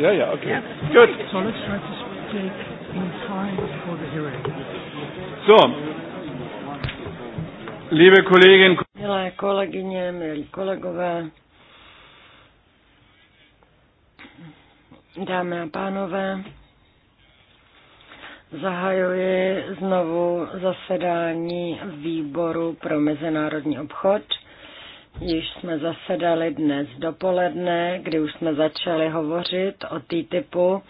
Yeah, yeah, okay. Yeah. Good. So let's try to speak in time for the hearing. So. Liebe Kollegin, Milé kolegyně, milí kolegové, dámy a pánové, zahajuji znovu zasedání výboru pro mezinárodní obchod. Již jsme zasedali dnes dopoledne, kdy už jsme začali hovořit o TTIPu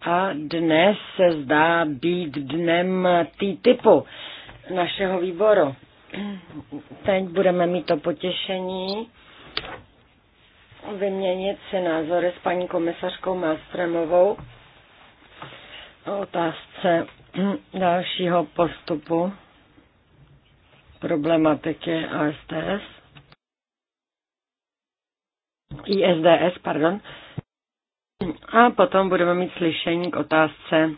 a dnes se zdá být dnem TTIPu našeho výboru. Teď budeme mít to potěšení vyměnit si názory s paní komisařkou Mastremovou o otázce dalšího postupu problematiky ASTS. ISDS, pardon. A potom budeme mít slyšení k otázce,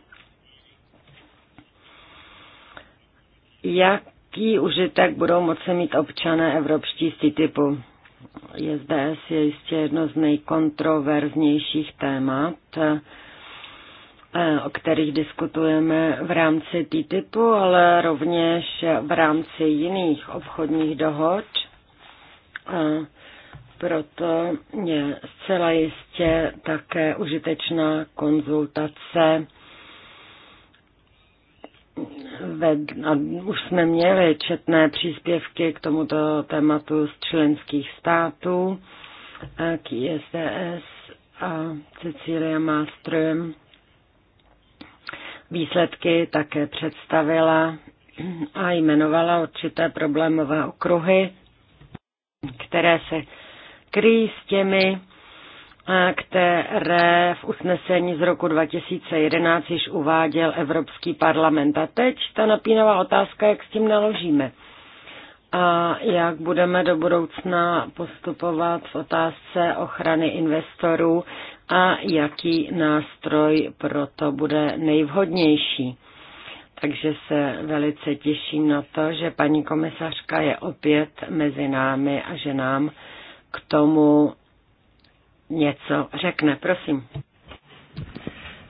jaký užitek budou moci mít občané evropští z typu. ISDS je jistě jedno z nejkontroverznějších témat, eh, o kterých diskutujeme v rámci TTIPu, ale rovněž v rámci jiných obchodních dohod. Eh, proto je zcela jistě také užitečná konzultace a už jsme měli četné příspěvky k tomuto tématu z členských států k ISDS a Cecília Mástrojem. výsledky také představila a jmenovala určité problémové okruhy, které se kryjí s těmi, eh, které v usnesení z roku 2011 již uváděl Evropský parlament. A teď ta napínavá otázka, jak s tím naložíme a jak budeme do budoucna postupovat v otázce ochrany investorů a jaký nástroj pro to bude nejvhodnější. Takže se velice těším na to, že paní komisařka je opět mezi námi a že nám k tomu něco řekne. Prosím.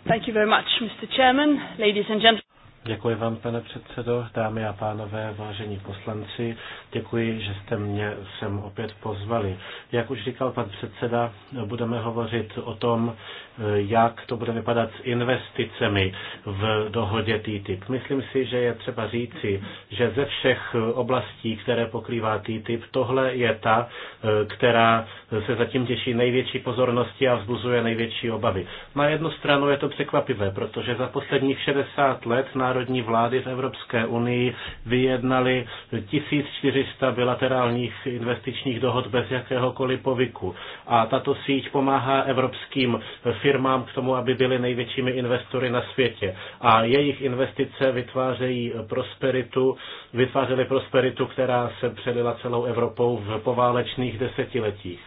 Thank you very much, Mr. Chairman, ladies and gentlemen. Děkuji vám, pane předsedo, dámy a pánové, vážení poslanci. Děkuji, že jste mě sem opět pozvali. Jak už říkal pan předseda, budeme hovořit o tom, jak to bude vypadat s investicemi v dohodě TTIP. Myslím si, že je třeba říci, že ze všech oblastí, které pokrývá TTIP, tohle je ta, která se zatím těší největší pozornosti a vzbuzuje největší obavy. Na jednu stranu je to překvapivé, protože za posledních 60 let na národní vlády v Evropské unii vyjednali 1400 bilaterálních investičních dohod bez jakéhokoliv povyku. A tato síť pomáhá evropským firmám k tomu, aby byly největšími investory na světě. A jejich investice vytvářejí prosperitu, vytvářely prosperitu, která se přelila celou Evropou v poválečných desetiletích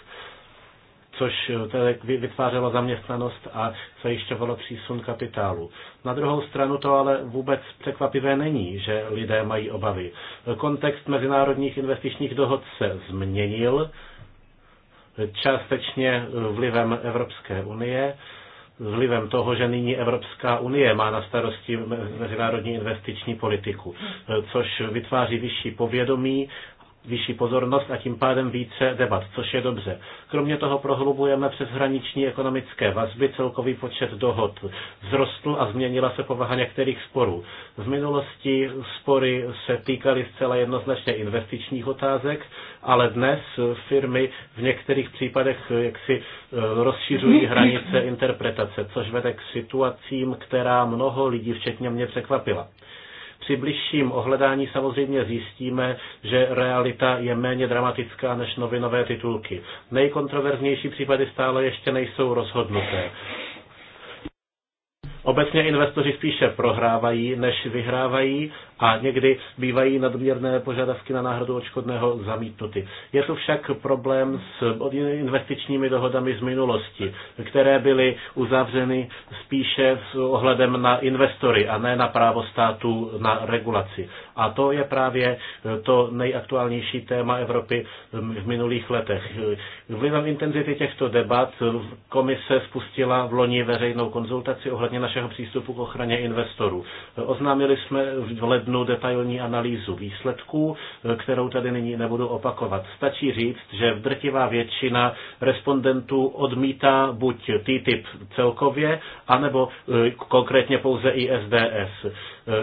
což eh, vytvářelo zaměstnanost a zajišťovalo přísun kapitálu. Na druhou stranu to ale vůbec překvapivé není, že lidé mají obavy. Kontext mezinárodních investičních dohod se změnil, částečně vlivem Evropské unie, vlivem toho, že nyní Evropská unie má na starosti mezinárodní investiční politiku, hmm. což vytváří vyšší povědomí vyšší pozornost a tím pádem více debat, což je dobře. Kromě toho prohlubujeme přeshraniční ekonomické vazby, celkový počet dohod vzrostl a změnila se povaha některých sporů. V minulosti spory se týkaly zcela jednoznačně investičních otázek, ale dnes firmy v některých případech jaksi e, rozšiřují hranice interpretace, což vede k situacím, která mnoho lidí, včetně mě, překvapila. Při bližším ohledání samozřejmě zjistíme, že realita je méně dramatická než novinové titulky. Nejkontroverznější případy stále ještě nejsou rozhodnuté. Obecně investoři spíše prohrávají, než vyhrávají a někdy bývají nadměrné požadavky na náhradu odškodného zamítnuty. Je to však problém s investičními dohodami z minulosti, které byly uzavřeny spíše s ohledem na investory a ne na právo státu na regulaci. A to je právě to nejaktuálnější téma Evropy v minulých letech. Vlivem intenzity těchto debat komise spustila v loni veřejnou konzultaci ohledně našeho přístupu k ochraně investorů. Oznámili jsme v jednu detailní analýzu výsledků, eh, kterou tady nyní nebudu opakovat. Stačí říct, že drtivá většina respondentů odmítá buď TTIP celkově, anebo eh, konkrétně pouze ISDS. Eh,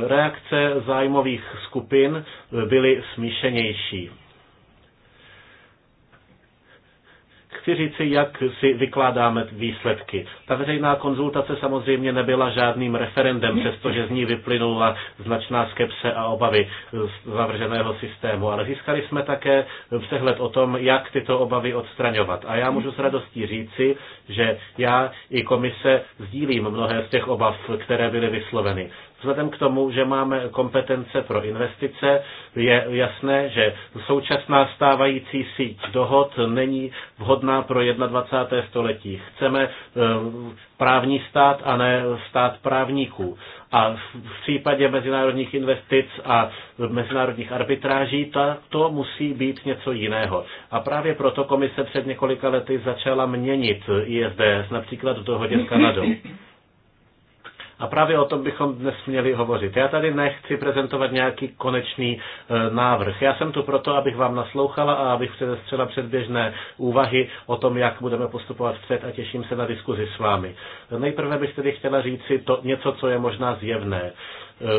reakce zájmových skupin byly smíšenější. chci říci, jak si vykládáme výsledky. Ta veřejná konzultace samozřejmě nebyla žádným referendem, přestože z ní vyplynula značná skepse a obavy z zavrženého systému, ale získali jsme také přehled o tom, jak tyto obavy odstraňovat. A já můžu s radostí říci, že já i komise sdílím mnohé z těch obav, které byly vysloveny. Vzhledem k tomu, že máme kompetence pro investice, je jasné, že současná stávající síť dohod není vhodná pro 21. století. Chceme eh, právní stát a ne stát právníků. A v případě mezinárodních investic a mezinárodních arbitráží ta, to musí být něco jiného. A právě proto komise před několika lety začala měnit ISDS, například v dohodě s Kanadou. A právě o tom bychom dnes měli hovořit. Já tady nechci prezentovat nějaký konečný e, návrh. Já jsem tu proto, abych vám naslouchala a abych předestřela předběžné úvahy o tom, jak budeme postupovat vpřed a těším se na diskuzi s vámi. Nejprve bych tedy chtěla říci to něco, co je možná zjevné.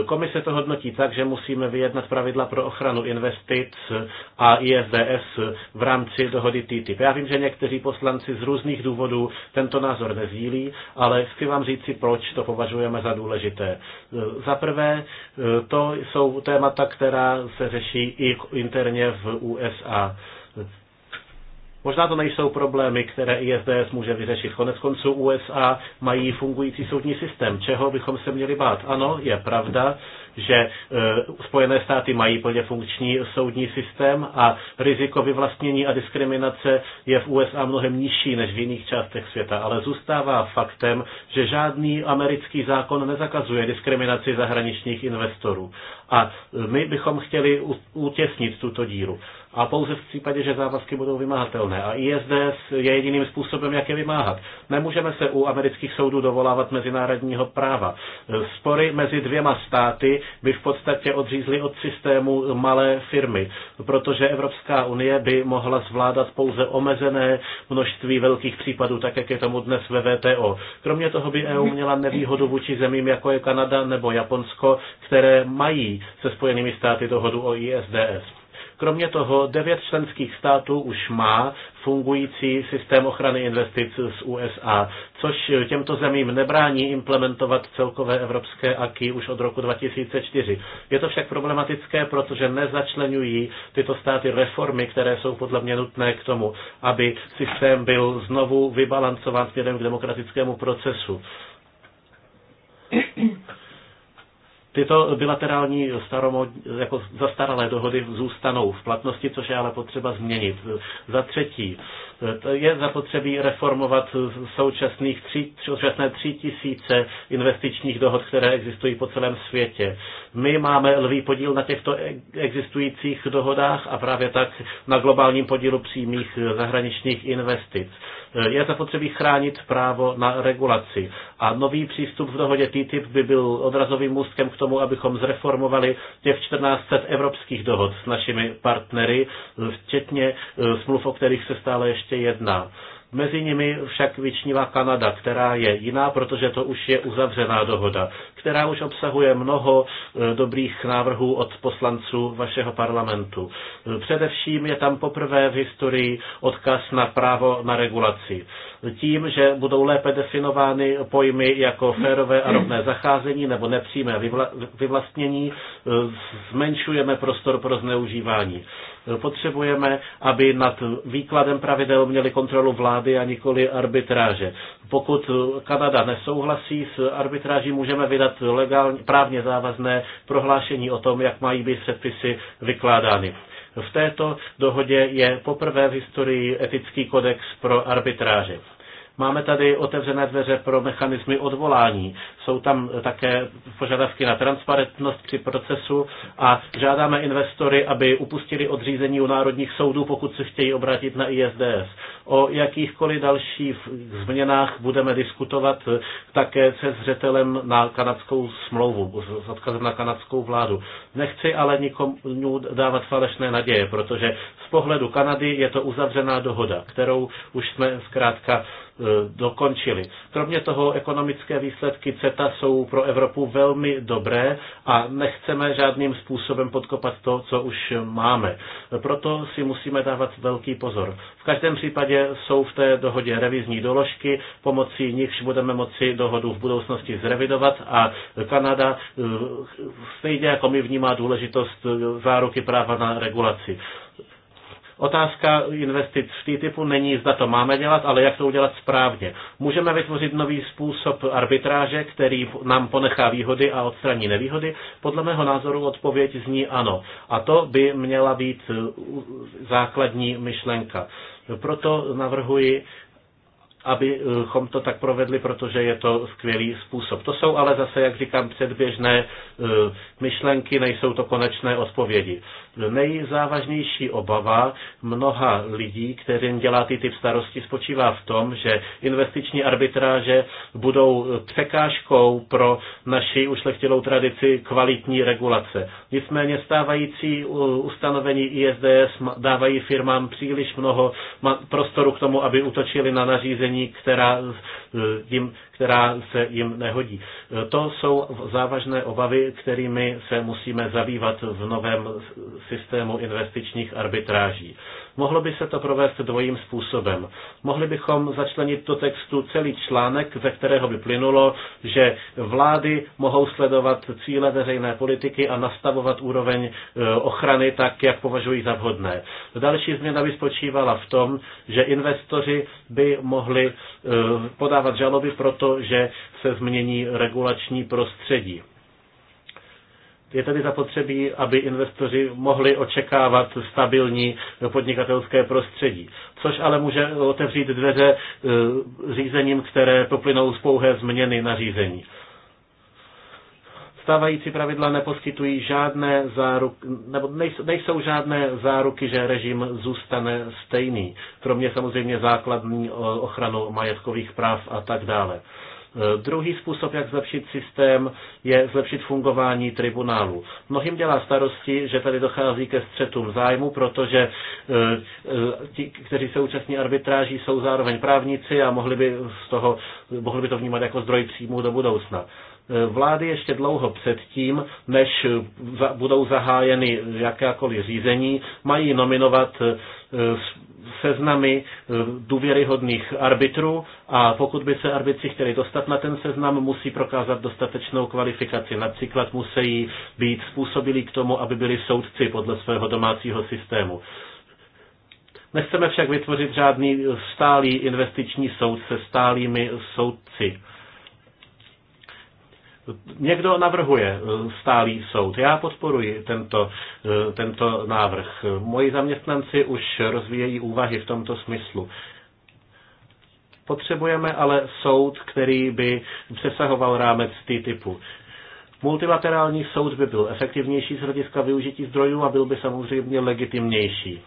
Komise to hodnotí tak, že musíme vyjednat pravidla pro ochranu investic a ISDS v rámci dohody TTIP. Já vím, že někteří poslanci z různých důvodů tento názor nezdílí, ale chci vám říci, proč to považujeme za důležité. Za prvé, to jsou témata, která se řeší i interně v USA. Možná to nejsou problémy, které ISDS může vyřešit. Konec konců USA mají fungující soudní systém. Čeho bychom se měli bát? Ano, je pravda, že e, Spojené státy mají plně funkční soudní systém a riziko vyvlastnění a diskriminace je v USA mnohem nižší než v jiných částech světa, ale zůstává faktem, že žádný americký zákon nezakazuje diskriminaci zahraničních investorů. A e, my bychom chtěli utěsnit tuto díru a pouze v případě, že závazky budou vymahatelné. A ISDS je jediným způsobem, jak je vymáhat. Nemůžeme se u amerických soudů dovolávat mezinárodního práva. Spory mezi dvěma státy by v podstatě odřízly od systému malé firmy, protože Evropská unie by mohla zvládat pouze omezené množství velkých případů, tak jak je tomu dnes ve VTO. Kromě toho by EU měla nevýhodu vůči zemím, jako je Kanada nebo Japonsko, které mají se Spojenými státy dohodu o ISDS. Kromě toho devět členských států už má fungující systém ochrany investic z USA, což těmto zemím nebrání implementovat celkové evropské aky už od roku 2004. Je to však problematické, protože nezačlenují tyto státy reformy, které jsou podle mě nutné k tomu, aby systém byl znovu vybalancován směrem k demokratickému procesu. Tyto bilaterální staromo, jako zastaralé dohody zůstanou v platnosti, což je ale potřeba změnit. Za třetí, je zapotřebí reformovat současných tři, současné tři tisíce investičních dohod, které existují po celém světě. My máme lvý podíl na těchto e- existujících dohodách a právě tak na globálním podílu přímých zahraničních investic. E, je zapotřebí chránit právo na regulaci. A nový přístup v dohodě TTIP by byl odrazovým můstkem k tomu, abychom zreformovali těch 1400 evropských dohod s našimi partnery, e, včetně smluv, o kterých se stále ještě jedná. Mezi nimi však vyčnívá Kanada, která je jiná, protože to už je uzavřená dohoda, která už obsahuje mnoho e, dobrých návrhů od poslanců vašeho parlamentu. E, především je tam poprvé v historii odkaz na právo na regulaci. Tím, že budou lépe definovány pojmy jako férové a rovné zacházení nebo nepřímé vyvla- vyvlastnění, e, zmenšujeme prostor pro zneužívání. Potřebujeme, aby nad výkladem pravidel měli kontrolu vlády a nikoli arbitráže. Pokud Kanada nesouhlasí s arbitráží, můžeme vydat legálně, právně závazné prohlášení o tom, jak mají být předpisy vykládány. V této dohodě je poprvé v historii etický kodex pro arbitráže. Máme tady otevřené dveře pro mechanismy odvolání. Jsou tam také požadavky na transparentnost při procesu a žádáme investory, aby upustili od řízení u národních soudů, pokud se chtějí obrátit na ISDS. O jakýchkoliv dalších změnách budeme diskutovat také se zřetelem na kanadskou smlouvu, s odkazem na kanadskou vládu. Nechci ale nikomu dávat falešné naděje, protože z pohledu Kanady je to uzavřená dohoda, kterou už jsme zkrátka E, dokončili. Kromě toho ekonomické výsledky CETA jsou pro Evropu velmi dobré a nechceme žádným způsobem podkopat to, co už máme. Proto si musíme dávat velký pozor. V každém případě jsou v té dohodě revizní doložky, pomocí nichž budeme moci dohodu v budoucnosti zrevidovat a Kanada e, stejně jako my vnímá důležitost záruky práva na regulaci. Otázka investic v typu není, zda to máme dělat, ale jak to udělat správně. Můžeme vytvořit nový způsob arbitráže, který nám ponechá výhody a odstraní nevýhody. Podle mého názoru odpověď zní ano. A to by měla být uh, základní myšlenka. Proto navrhuji abychom to tak provedli, protože je to skvělý způsob. To jsou ale zase, jak říkám, předběžné e, myšlenky, nejsou to konečné odpovědi. Nejzávažnější obava mnoha lidí, kterým dělá ty typ starosti, spočívá v tom, že investiční arbitráže budou překážkou pro naši ušlechtilou tradici kvalitní regulace. Nicméně stávající ustanovení ISDS dávají firmám příliš mnoho prostoru k tomu, aby utočili na nařízení která jim která se jim nehodí. To jsou závažné obavy, kterými se musíme zabývat v novém systému investičních arbitráží. Mohlo by se to provést dvojím způsobem. Mohli bychom začlenit do textu celý článek, ze kterého by plynulo, že vlády mohou sledovat cíle veřejné politiky a nastavovat úroveň e, ochrany tak, jak považují za vhodné. Další změna by spočívala v tom, že investoři by mohli e, podávat žaloby proto, to, že se změní regulační prostředí. Je tedy zapotřebí, aby investoři mohli očekávat stabilní podnikatelské prostředí, což ale může otevřít dveře eh, řízením, které poplynou z pouhé změny na řízení. Stávající pravidla neposkytují žádné záruky, nebo nejsou žádné záruky, že režim zůstane stejný, kromě samozřejmě základní ochranu majetkových práv a tak dále. E, druhý způsob, jak zlepšit systém, je zlepšit fungování tribunálu. Mnohým dělá starosti, že tady dochází ke střetům zájmu, protože e, e, ti, kteří se účastní arbitráží, jsou zároveň právníci a mohli by, z toho, mohli by to vnímat jako zdroj příjmů do budoucna. Eh, vlády ještě dlouho předtím, než eh, budou zahájeny jakékoliv řízení, mají nominovat eh, seznamy důvěryhodných arbitrů a pokud by se arbitři chtěli dostat na ten seznam, musí prokázat dostatečnou kvalifikaci. Například musí být způsobili k tomu, aby byli soudci podle svého domácího systému. Nechceme však vytvořit žádný stálý investiční soud se stálými soudci. Někdo navrhuje eh, stálý soud. Já podporuji tento, eh, tento návrh. Moji zaměstnanci už rozvíjejí úvahy v tomto smyslu. Potřebujeme ale soud, který by přesahoval rámec ty typu Multilaterální soud by byl efektivnější z hlediska využití zdrojů a byl by samozřejmě legitimnější.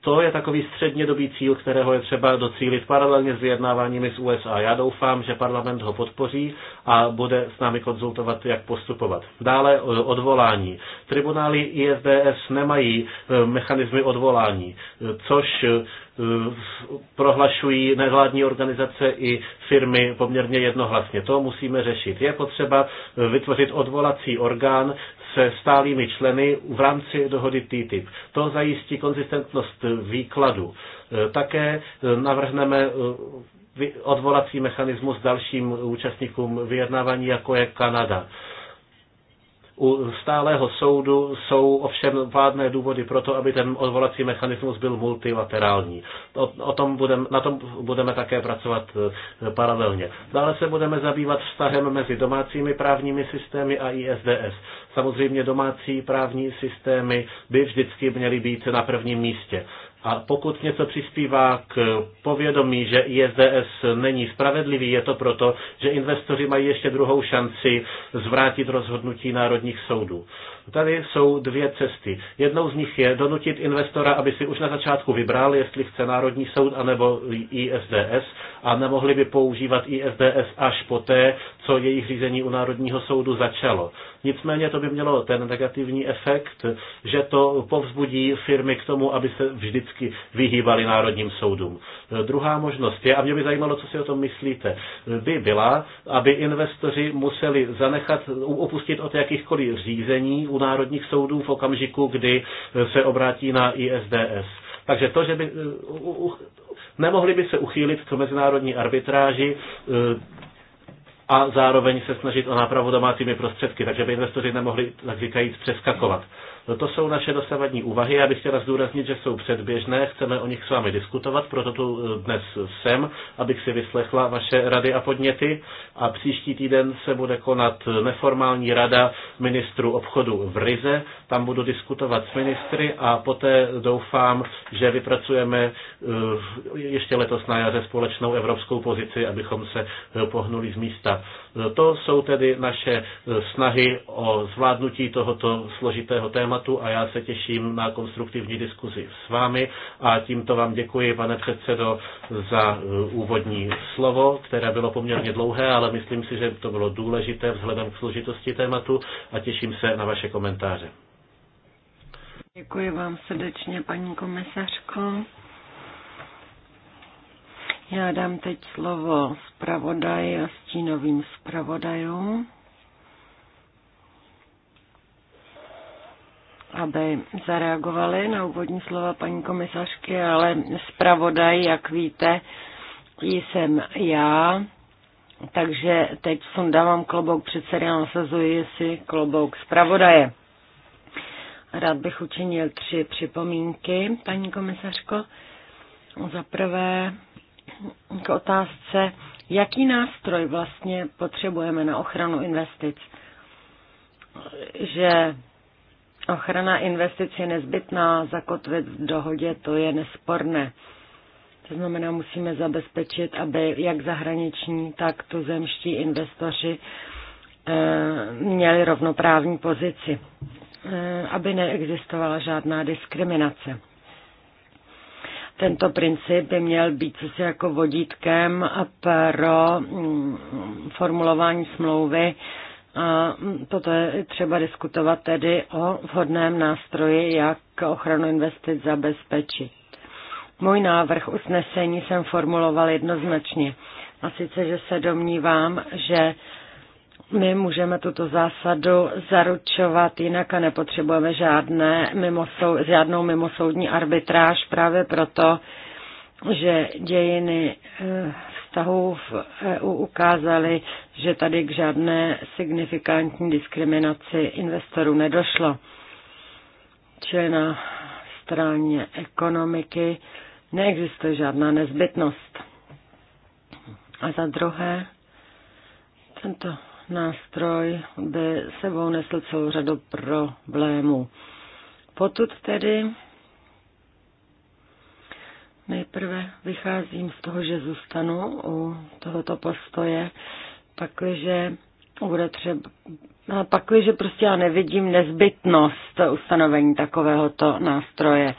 To je takový střednědobý cíl, kterého je třeba docílit paralelně s vyjednáváními z USA. Já doufám, že parlament ho podpoří a bude s námi konzultovat, jak postupovat. Dále eh, odvolání. Tribunály ISDS nemají eh, mechanizmy odvolání, eh, což prohlašují nevládní organizace i firmy poměrně jednohlasně. To musíme řešit. Je potřeba vytvořit odvolací orgán, se stálými členy v rámci dohody TTIP. To zajistí konzistentnost výkladu. E, také e, navrhneme e, odvolací mechanismus dalším účastníkům vyjednávání, jako je Kanada. U stálého soudu jsou ovšem vádné důvody pro to, aby ten odvolací mechanismus byl multilaterální. O, o tom budem, na tom budeme také pracovat e, paralelně. Dále se budeme zabývat vztahem mezi domácími právními systémy a ISDS. Samozřejmě domácí právní systémy by vždycky měly být na prvním místě. A pokud něco přispívá k povědomí, že ISDS není spravedlivý, je to proto, že investoři mají ještě druhou šanci zvrátit rozhodnutí národních soudů. Tady jsou dvě cesty. Jednou z nich je donutit investora, aby si už na začátku vybral, jestli chce Národní soud anebo ISDS a nemohli by používat ISDS až poté, co jejich řízení u Národního soudu začalo. Nicméně to by mělo ten negativní efekt, že to povzbudí firmy k tomu, aby se vždycky vyhýbali národním soudům. Druhá možnost je, a mě by zajímalo, co si o tom myslíte, by byla, aby investoři museli zanechat, opustit od jakýchkoliv řízení u národních soudů v okamžiku, kdy se obrátí na ISDS. Takže to, že by nemohli by se uchýlit k mezinárodní arbitráži a zároveň se snažit o nápravu domácími prostředky, takže by investoři nemohli, tak říkajíc, přeskakovat. No to jsou naše dosavadní úvahy. Já bych chtěla zdůraznit, že jsou předběžné, chceme o nich s vámi diskutovat, proto tu eh, dnes jsem, abych si vyslechla vaše rady a podněty. A příští týden se bude konat neformální rada ministrů obchodu v Rize. Tam budu diskutovat s ministry a poté doufám, že vypracujeme eh, ještě letos na jaře společnou evropskou pozici, abychom se eh, pohnuli z místa. To jsou tedy naše snahy o zvládnutí tohoto složitého tématu tématu a já se těším na konstruktivní diskuzi s vámi a tímto vám děkuji, pane předsedo, za eh, úvodní slovo, které bylo poměrně dlouhé, ale myslím si, že to bylo důležité vzhledem k složitosti tématu a těším se na vaše komentáře. Děkuji vám srdečně, paní komisařko. Já dám teď slovo zpravodaj a stínovým zpravodajům. aby zareagovali na úvodní slova paní komisařky, ale zpravodaj, jak víte, jsem já, takže teď sundávám klobouk předsedy a nasazuji si klobouk zpravodaje. Rád bych učinil tři připomínky, paní komisařko. Za prvé k otázce, jaký nástroj vlastně potřebujeme na ochranu investic. Že Ochrana investic je nezbytná zakotvit v dohodě, to je nesporné. To znamená, musíme zabezpečit, aby jak zahraniční, tak tuzemští investoři eh, měli rovnoprávní pozici, eh, aby neexistovala žádná diskriminace. Tento princip by měl být se jako vodítkem pro mm, formulování smlouvy a toto je třeba diskutovat tedy o vhodném nástroji, jak ochranu investic zabezpečit. Můj návrh usnesení jsem formuloval jednoznačně. A sice, že se domnívám, že my můžeme tuto zásadu zaručovat jinak a nepotřebujeme žádné mimo, žádnou mimosoudní arbitráž právě proto, že dějiny eh, vztahů v EU ukázaly, že tady k žádné signifikantní diskriminaci investorů nedošlo. Čili na straně ekonomiky neexistuje žádná nezbytnost. A za druhé, tento nástroj by sebou nesl celou řadu problémů. Potud tedy Nejprve vycházím z toho, že zůstanu u tohoto postoje, pakliže bude třeba, a pakliže prostě já nevidím nezbytnost ustanovení takovéhoto nástroje.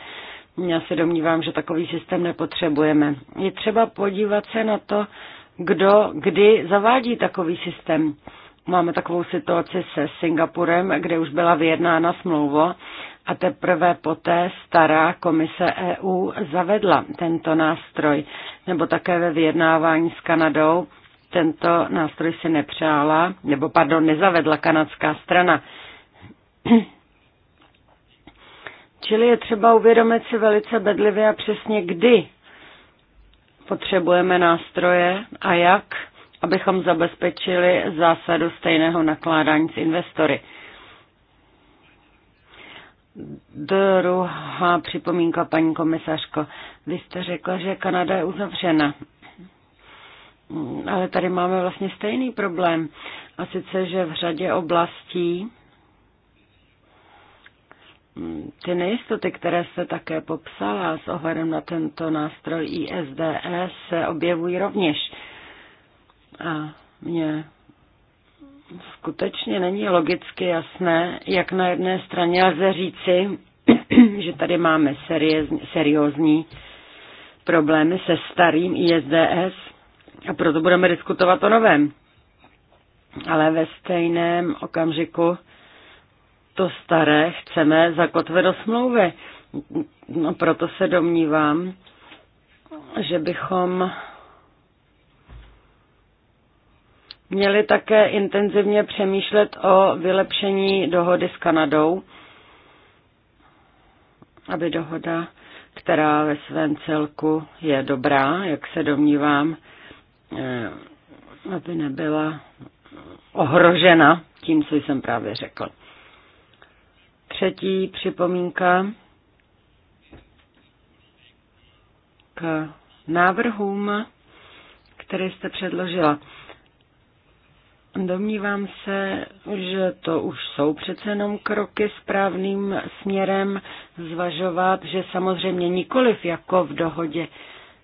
Já se domnívám, že takový systém nepotřebujeme. Je třeba podívat se na to, kdo kdy zavádí takový systém. Máme takovou situaci se Singapurem, kde už byla vyjednána smlouva a teprve poté stará komise EU zavedla tento nástroj, nebo také ve vyjednávání s Kanadou tento nástroj si nepřála, nebo pardon, nezavedla kanadská strana. Čili je třeba uvědomit si velice bedlivě a přesně kdy potřebujeme nástroje a jak abychom zabezpečili zásadu stejného nakládání s investory. Druhá připomínka, paní komisařko. Vy jste řekla, že Kanada je uzavřena. Ale tady máme vlastně stejný problém. A sice, že v řadě oblastí ty nejistoty, které jste také popsala s ohledem na tento nástroj ISDS, se objevují rovněž. A mě skutečně není logicky jasné, jak na jedné straně lze říci, že tady máme seriózní problémy se starým ISDS a proto budeme diskutovat o novém. Ale ve stejném okamžiku to staré chceme zakotvit do smlouvy. No proto se domnívám, že bychom měli také intenzivně přemýšlet o vylepšení dohody s Kanadou, aby dohoda, která ve svém celku je dobrá, jak se domnívám, eh, aby nebyla ohrožena tím, co jsem právě řekl. Třetí připomínka k návrhům, které jste předložila. Domnívám se, že to už jsou přece jenom kroky správným směrem zvažovat, že samozřejmě nikoliv jako v dohodě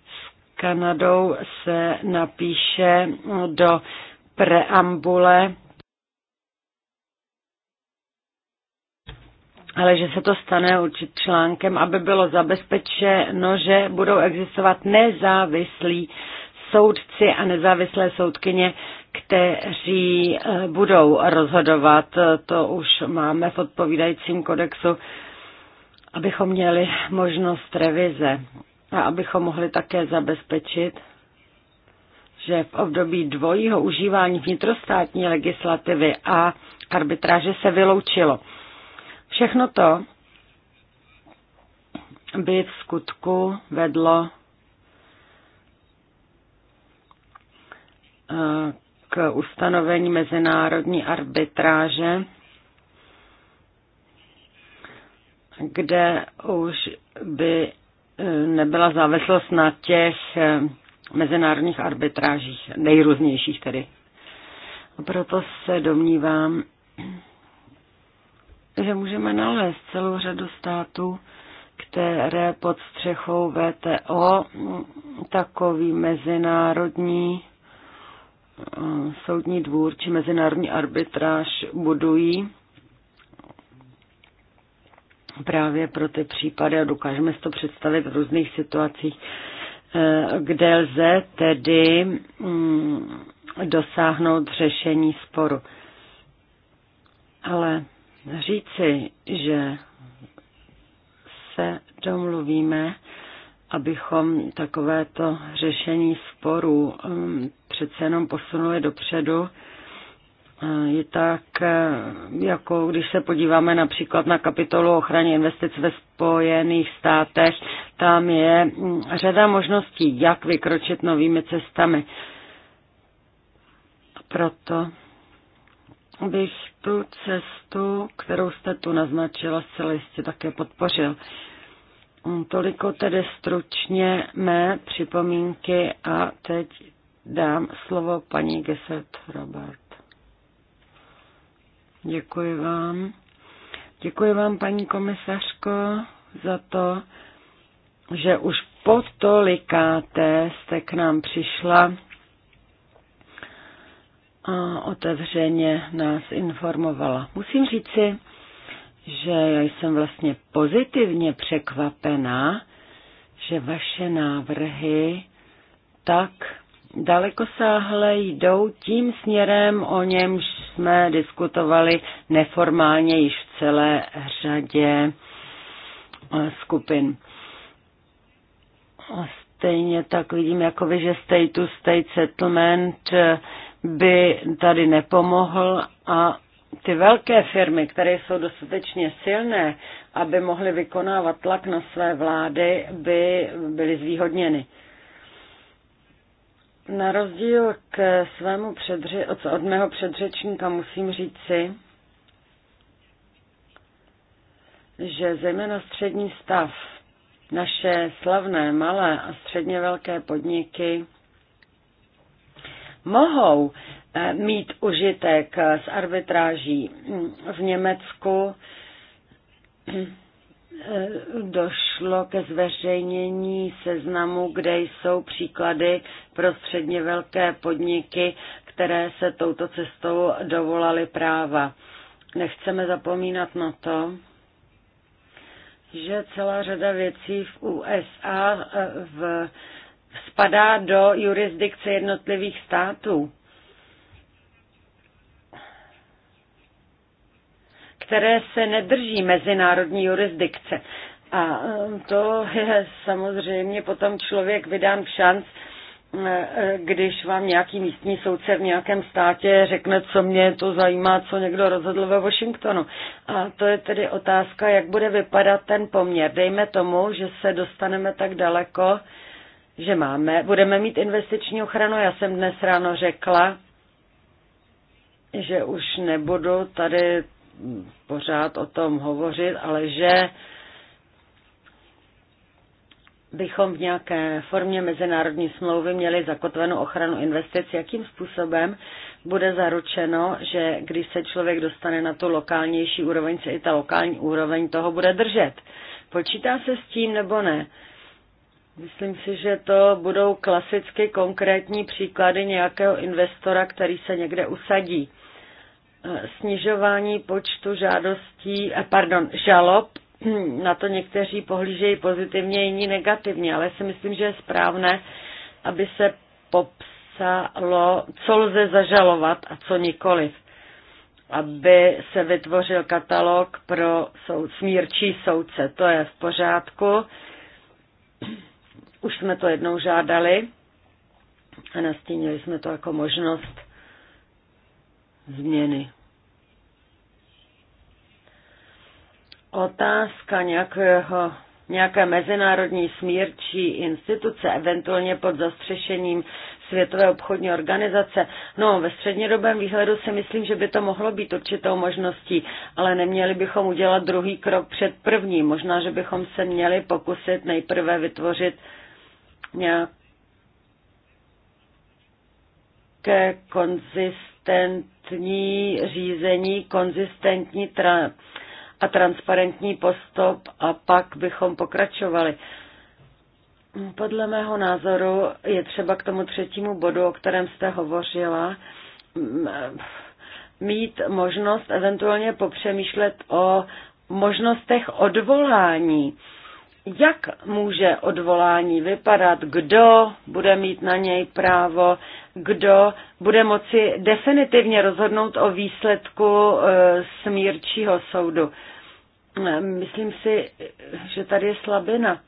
s Kanadou se napíše do preambule, ale že se to stane určit článkem, aby bylo zabezpečeno, že budou existovat nezávislí soudci a nezávislé soudkyně kteří eh, budou rozhodovat, to už máme v odpovídajícím kodexu, abychom měli možnost revize a abychom mohli také zabezpečit, že v období dvojího užívání vnitrostátní legislativy a arbitráže se vyloučilo. Všechno to by v skutku vedlo eh, k ustanovení mezinárodní arbitráže, kde už by eh, nebyla závislost na těch eh, mezinárodních arbitrážích, nejrůznějších tedy. A proto se domnívám, že můžeme nalézt celou řadu států, které pod střechou VTO takový mezinárodní soudní dvůr či mezinárodní arbitráž budují právě pro ty případy a dokážeme si to představit v různých situacích, eh, kde lze tedy mm, dosáhnout řešení sporu. Ale říci, že se domluvíme abychom takovéto řešení sporů um, přece jenom posunuli dopředu. Uh, je tak, uh, jako když se podíváme například na kapitolu ochraně investic ve Spojených státech, tam je um, řada možností, jak vykročit novými cestami. Proto bych tu cestu, kterou jste tu naznačila, zcela jistě také podpořil. Mm, toliko tedy stručně mé připomínky a teď dám slovo paní Geset Robert. Děkuji vám. Děkuji vám, paní komisařko, za to, že už po tolikáté jste k nám přišla a otevřeně nás informovala. Musím říci, že já jsem vlastně pozitivně překvapená, že vaše návrhy tak daleko sáhle jdou tím směrem, o němž jsme diskutovali neformálně již v celé řadě eh, skupin. Stejně tak vidím, jako vy, že state to state settlement eh, by tady nepomohl a ty velké firmy, které jsou dostatečně silné, aby mohly vykonávat tlak na své vlády, by byly zvýhodněny. Na rozdíl k svému předře- od, od mého předřečníka musím říci, že zejména střední stav, naše slavné malé a středně velké podniky mohou mít užitek z arbitráží v Německu. Došlo ke zveřejnění seznamu, kde jsou příklady pro středně velké podniky, které se touto cestou dovolaly práva. Nechceme zapomínat na to, že celá řada věcí v USA eh, v, spadá do jurisdikce jednotlivých států. které se nedrží mezinárodní jurisdikce. A e, to je samozřejmě potom člověk vydán v šanc, e, když vám nějaký místní soudce v nějakém státě řekne, co mě to zajímá, co někdo rozhodl ve Washingtonu. A to je tedy otázka, jak bude vypadat ten poměr. Dejme tomu, že se dostaneme tak daleko, že máme, budeme mít investiční ochranu. Já jsem dnes ráno řekla, že už nebudu tady pořád o tom hovořit, ale že bychom v nějaké formě mezinárodní smlouvy měli zakotvenou ochranu investic, jakým způsobem bude zaručeno, že když se člověk dostane na tu lokálnější úroveň, se i ta lokální úroveň toho bude držet. Počítá se s tím nebo ne? Myslím si, že to budou klasicky konkrétní příklady nějakého investora, který se někde usadí snižování počtu žádostí, eh, pardon, žalob. Na to někteří pohlížejí pozitivně, jiní negativně, ale si myslím, že je správné, aby se popsalo, co lze zažalovat a co nikoliv. Aby se vytvořil katalog pro soud, smírčí soudce. To je v pořádku. Už jsme to jednou žádali a nastínili jsme to jako možnost změny. Otázka nějakého, nějaké mezinárodní smírčí instituce, eventuálně pod zastřešením Světové obchodní organizace. No, ve střednědobém výhledu si myslím, že by to mohlo být určitou možností, ale neměli bychom udělat druhý krok před první. Možná, že bychom se měli pokusit nejprve vytvořit nějaké konzistentní řízení, konzistentní tra- a transparentní postup a pak bychom pokračovali. Podle mého názoru je třeba k tomu třetímu bodu, o kterém jste hovořila, mít možnost eventuálně popřemýšlet o možnostech odvolání jak může odvolání vypadat, kdo bude mít na něj právo, kdo bude moci definitivně rozhodnout o výsledku e, smírčího soudu. E, myslím si, že tady je slabina,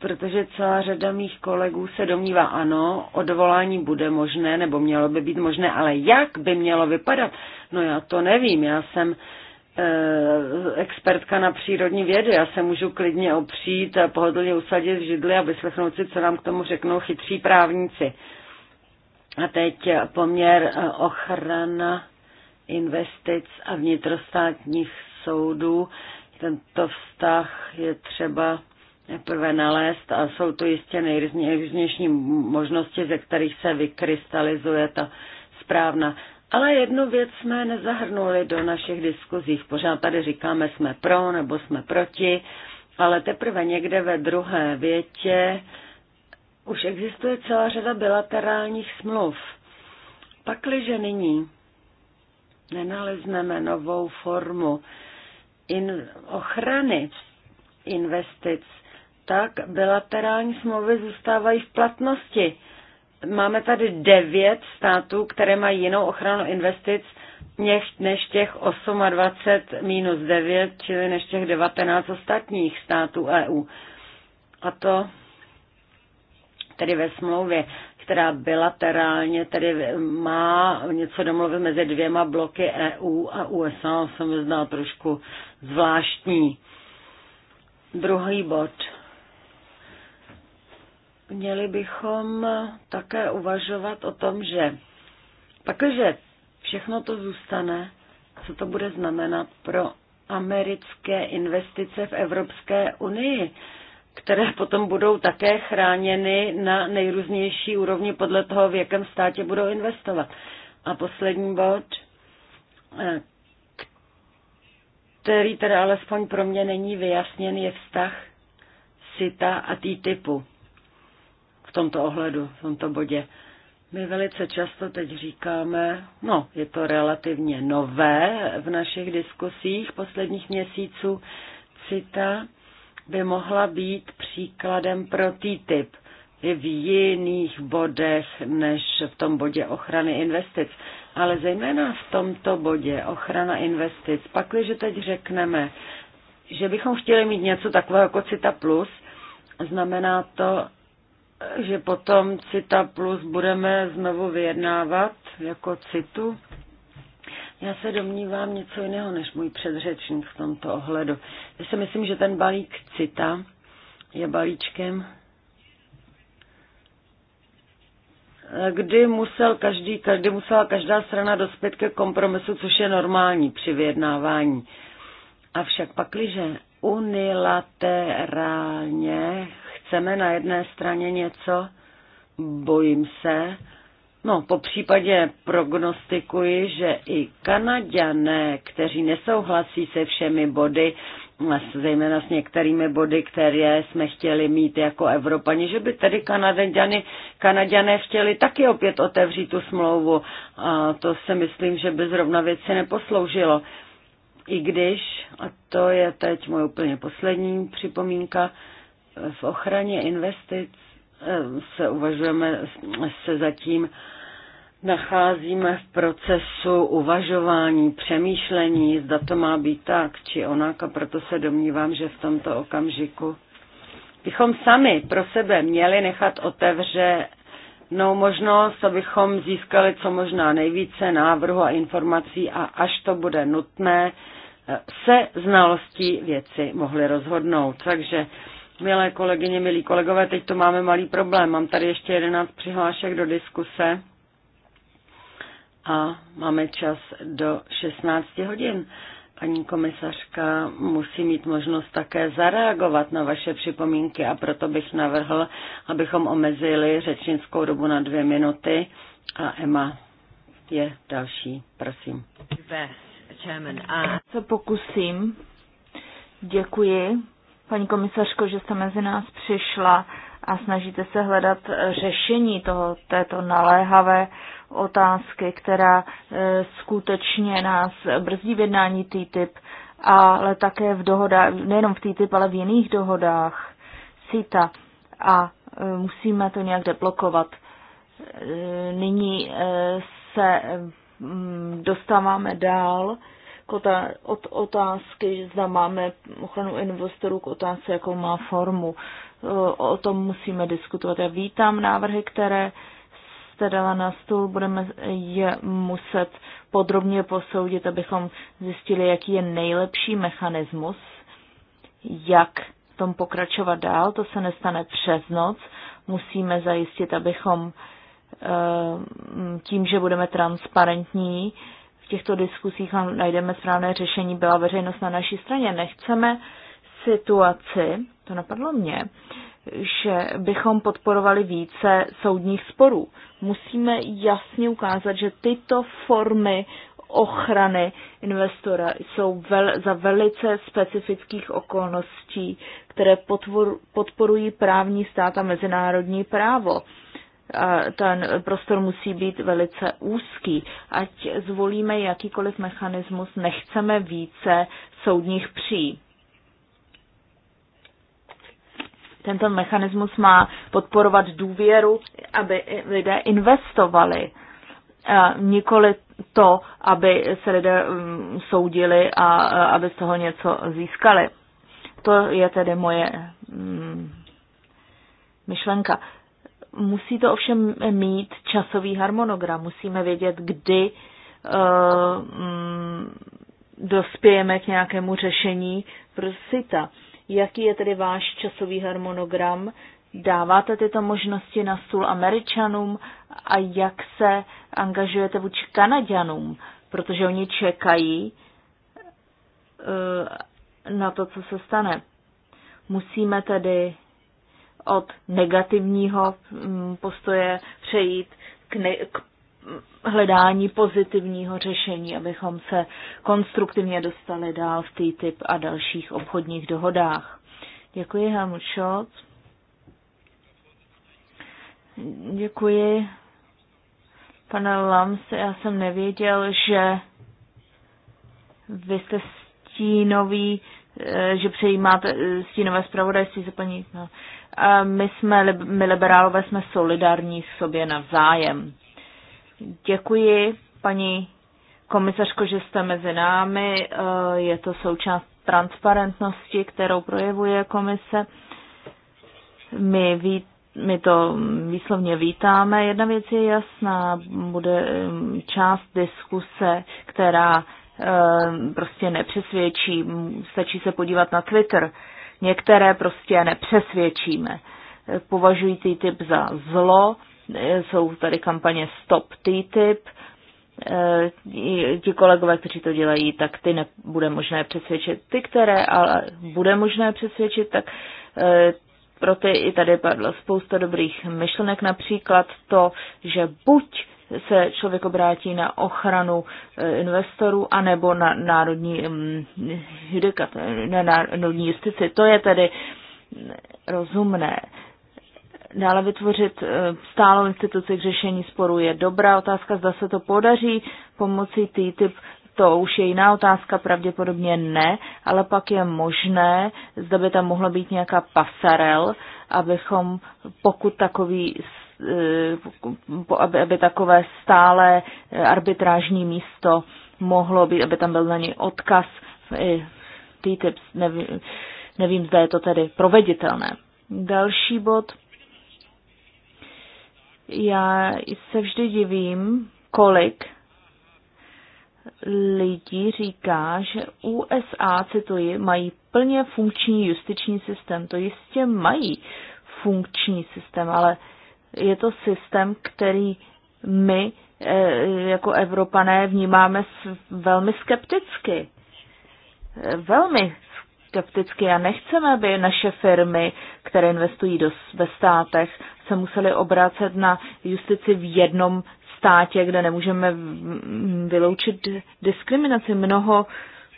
protože celá řada mých kolegů se domnívá, ano, odvolání bude možné, nebo mělo by být možné, ale jak by mělo vypadat? No já to nevím, já jsem uh, Eh, expertka na přírodní vědy. Já se můžu klidně opřít a pohodlně usadit v židli a vyslechnout si, co nám k tomu řeknou chytří právníci. A teď poměr eh, ochrana investic a vnitrostátních soudů. Tento vztah je třeba prvé nalézt a jsou to jistě nejrůznější možnosti, ze kterých se vykrystalizuje ta správna ale jednu věc jsme nezahrnuli do našich diskuzí. Pořád tady říkáme, jsme pro nebo jsme proti, ale teprve někde ve druhé větě už existuje celá řada bilaterálních smluv. Pakliže nyní nenalezneme novou formu in, ochrany investic, tak bilaterální smlouvy zůstávají v platnosti Máme tady devět států, které mají jinou ochranu investic než těch 28 minus 9, čili než těch 19 ostatních států EU. A to tedy ve smlouvě, která bilaterálně tedy má něco domluvit mezi dvěma bloky EU a USA, jsem mi znal trošku zvláštní. Druhý bod Měli bychom také uvažovat o tom, že pakliže všechno to zůstane, co to bude znamenat pro americké investice v Evropské unii, které potom budou také chráněny na nejrůznější úrovni podle toho, v jakém státě budou investovat. A poslední bod, který teda alespoň pro mě není vyjasněn, je vztah SITA a tý typu v tomto ohledu, v tomto bodě. My velice často teď říkáme, no, je to relativně nové v našich diskusích posledních měsíců, CITA by mohla být příkladem pro TTIP i v jiných bodech než v tom bodě ochrany investic. Ale zejména v tomto bodě ochrana investic, pakliže teď řekneme, že bychom chtěli mít něco takového jako CITA+, plus, znamená to, že potom CITA plus budeme znovu vyjednávat jako CITu. Já se domnívám něco jiného než můj předřečník v tomto ohledu. Já si myslím, že ten balík CITA je balíčkem, kdy, musel každý, kdy musela každá strana dospět ke kompromisu, což je normální při vyjednávání. Avšak pakliže unilaterálně chceme na jedné straně něco, bojím se, No, po případě prognostikuji, že i Kanaďané, kteří nesouhlasí se všemi body, zejména s některými body, které jsme chtěli mít jako Evropani, že by tedy Kanaděny, Kanaděné chtěli taky opět otevřít tu smlouvu. A to si myslím, že by zrovna věci neposloužilo. I když, a to je teď moje úplně poslední připomínka, v ochraně investic eh, se uvažujeme, se zatím nacházíme v procesu uvažování, přemýšlení, zda to má být tak či onak a proto se domnívám, že v tomto okamžiku bychom sami pro sebe měli nechat otevřenou možnost, abychom získali co možná nejvíce návrhu a informací a až to bude nutné, eh, se znalostí věci mohli rozhodnout. Takže Milé kolegyně, milí kolegové, teď to máme malý problém. Mám tady ještě 11 přihlášek do diskuse a máme čas do 16 hodin. Paní komisařka musí mít možnost také zareagovat na vaše připomínky a proto bych navrhl, abychom omezili řečnickou dobu na dvě minuty. A Emma je další, prosím. Se uh, pokusím. Děkuji paní komisařko, že jste mezi nás přišla a snažíte se hledat eh, řešení toho, této naléhavé otázky, která eh, skutečně nás brzdí v jednání TTIP, ale také v dohodách, nejenom v TTIP, ale v jiných dohodách CITA a eh, musíme to nějak deblokovat. Nyní se mm, dostáváme dál od otázky, zda máme ochranu investorů k otázce, jakou má formu. O tom musíme diskutovat. Já vítám návrhy, které jste dala na stůl, budeme je muset podrobně posoudit, abychom zjistili, jaký je nejlepší mechanismus, jak v tom pokračovat dál. To se nestane přes noc. Musíme zajistit, abychom eh, tím, že budeme transparentní, těchto diskusích a najdeme správné řešení, byla veřejnost na naší straně. Nechceme situaci, to napadlo mě, že bychom podporovali více soudních sporů. Musíme jasně ukázat, že tyto formy ochrany investora jsou vel, za velice specifických okolností, které podporují právní stát a mezinárodní právo a ten prostor musí být velice úzký. Ať zvolíme jakýkoliv mechanismus, nechceme více soudních pří. Tento mechanismus má podporovat důvěru, aby lidé investovali, nikoli to, aby se lidé mm, soudili a aby z toho něco získali. To je tedy moje mm, myšlenka. Musí to ovšem mít časový harmonogram. Musíme vědět, kdy eh, mm, dospějeme k nějakému řešení pro SITA. Jaký je tedy váš časový harmonogram? Dáváte tyto možnosti na stůl Američanům a jak se angažujete vůči Kanaďanům, protože oni čekají eh, na to, co se stane. Musíme tedy od negativního mm, postoje přejít k, ne, k hledání pozitivního řešení, abychom se konstruktivně dostali dál v TTIP a dalších obchodních dohodách. Děkuji, Helmut Scholz. Děkuji. Pane Lams, já jsem nevěděl, že vy jste stínový, eh, že přejímáte eh, stínové zpravodajství za paní. No. My, jsme, my liberálové jsme solidární s sobě navzájem. Děkuji, paní komisařko, že jste mezi námi. E, je to součást transparentnosti, kterou projevuje komise. My, ví, my to výslovně vítáme. Jedna věc je jasná, bude část diskuse, která e, prostě nepřesvědčí. Stačí se podívat na Twitter. Některé prostě nepřesvědčíme. Považují TTIP za zlo, jsou tady kampaně Stop TTIP, ti kolegové, kteří to dělají, tak ty nebude možné přesvědčit. Ty, které ale bude možné přesvědčit, tak eh, pro ty i tady padlo spousta dobrých myšlenek, například to, že buď se člověk obrátí na ochranu e, investorů anebo na národní mm, judikat, na národní justici. To je tedy rozumné. Dále vytvořit e, stálou instituci k řešení sporů je dobrá otázka, zda se to podaří pomocí TTIP to už je jiná otázka, pravděpodobně ne, ale pak je možné, zda by tam mohla být nějaká pasarel, abychom, pokud takový aby, aby takové stále eh, arbitrážní místo mohlo být, aby tam byl na něj odkaz i TTIP, nevím, nevím, zda je to tedy proveditelné. Další bod. Já se vždy divím, kolik lidí říká, že USA, cituji, mají plně funkční justiční systém. To jistě mají funkční systém, ale je to systém, který my eh, jako Evropané vnímáme velmi skepticky. Eh, velmi skepticky a nechceme, aby naše firmy, které investují do, ve státech, se musely obrácet na justici v jednom státě, kde nemůžeme vyloučit diskriminaci. Mnoho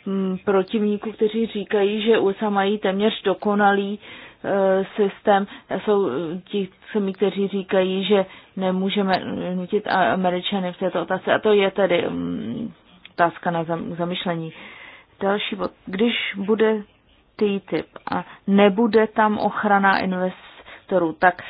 Mm, protivníků, kteří říkají, že USA mají téměř dokonalý e, systém. Jsou e, ti sami, kteří říkají, že nemůžeme nutit Američany v této otázce. A to je tedy mm, otázka na zamyšlení. Další bod. Když bude TTIP a nebude tam ochrana investorů, tak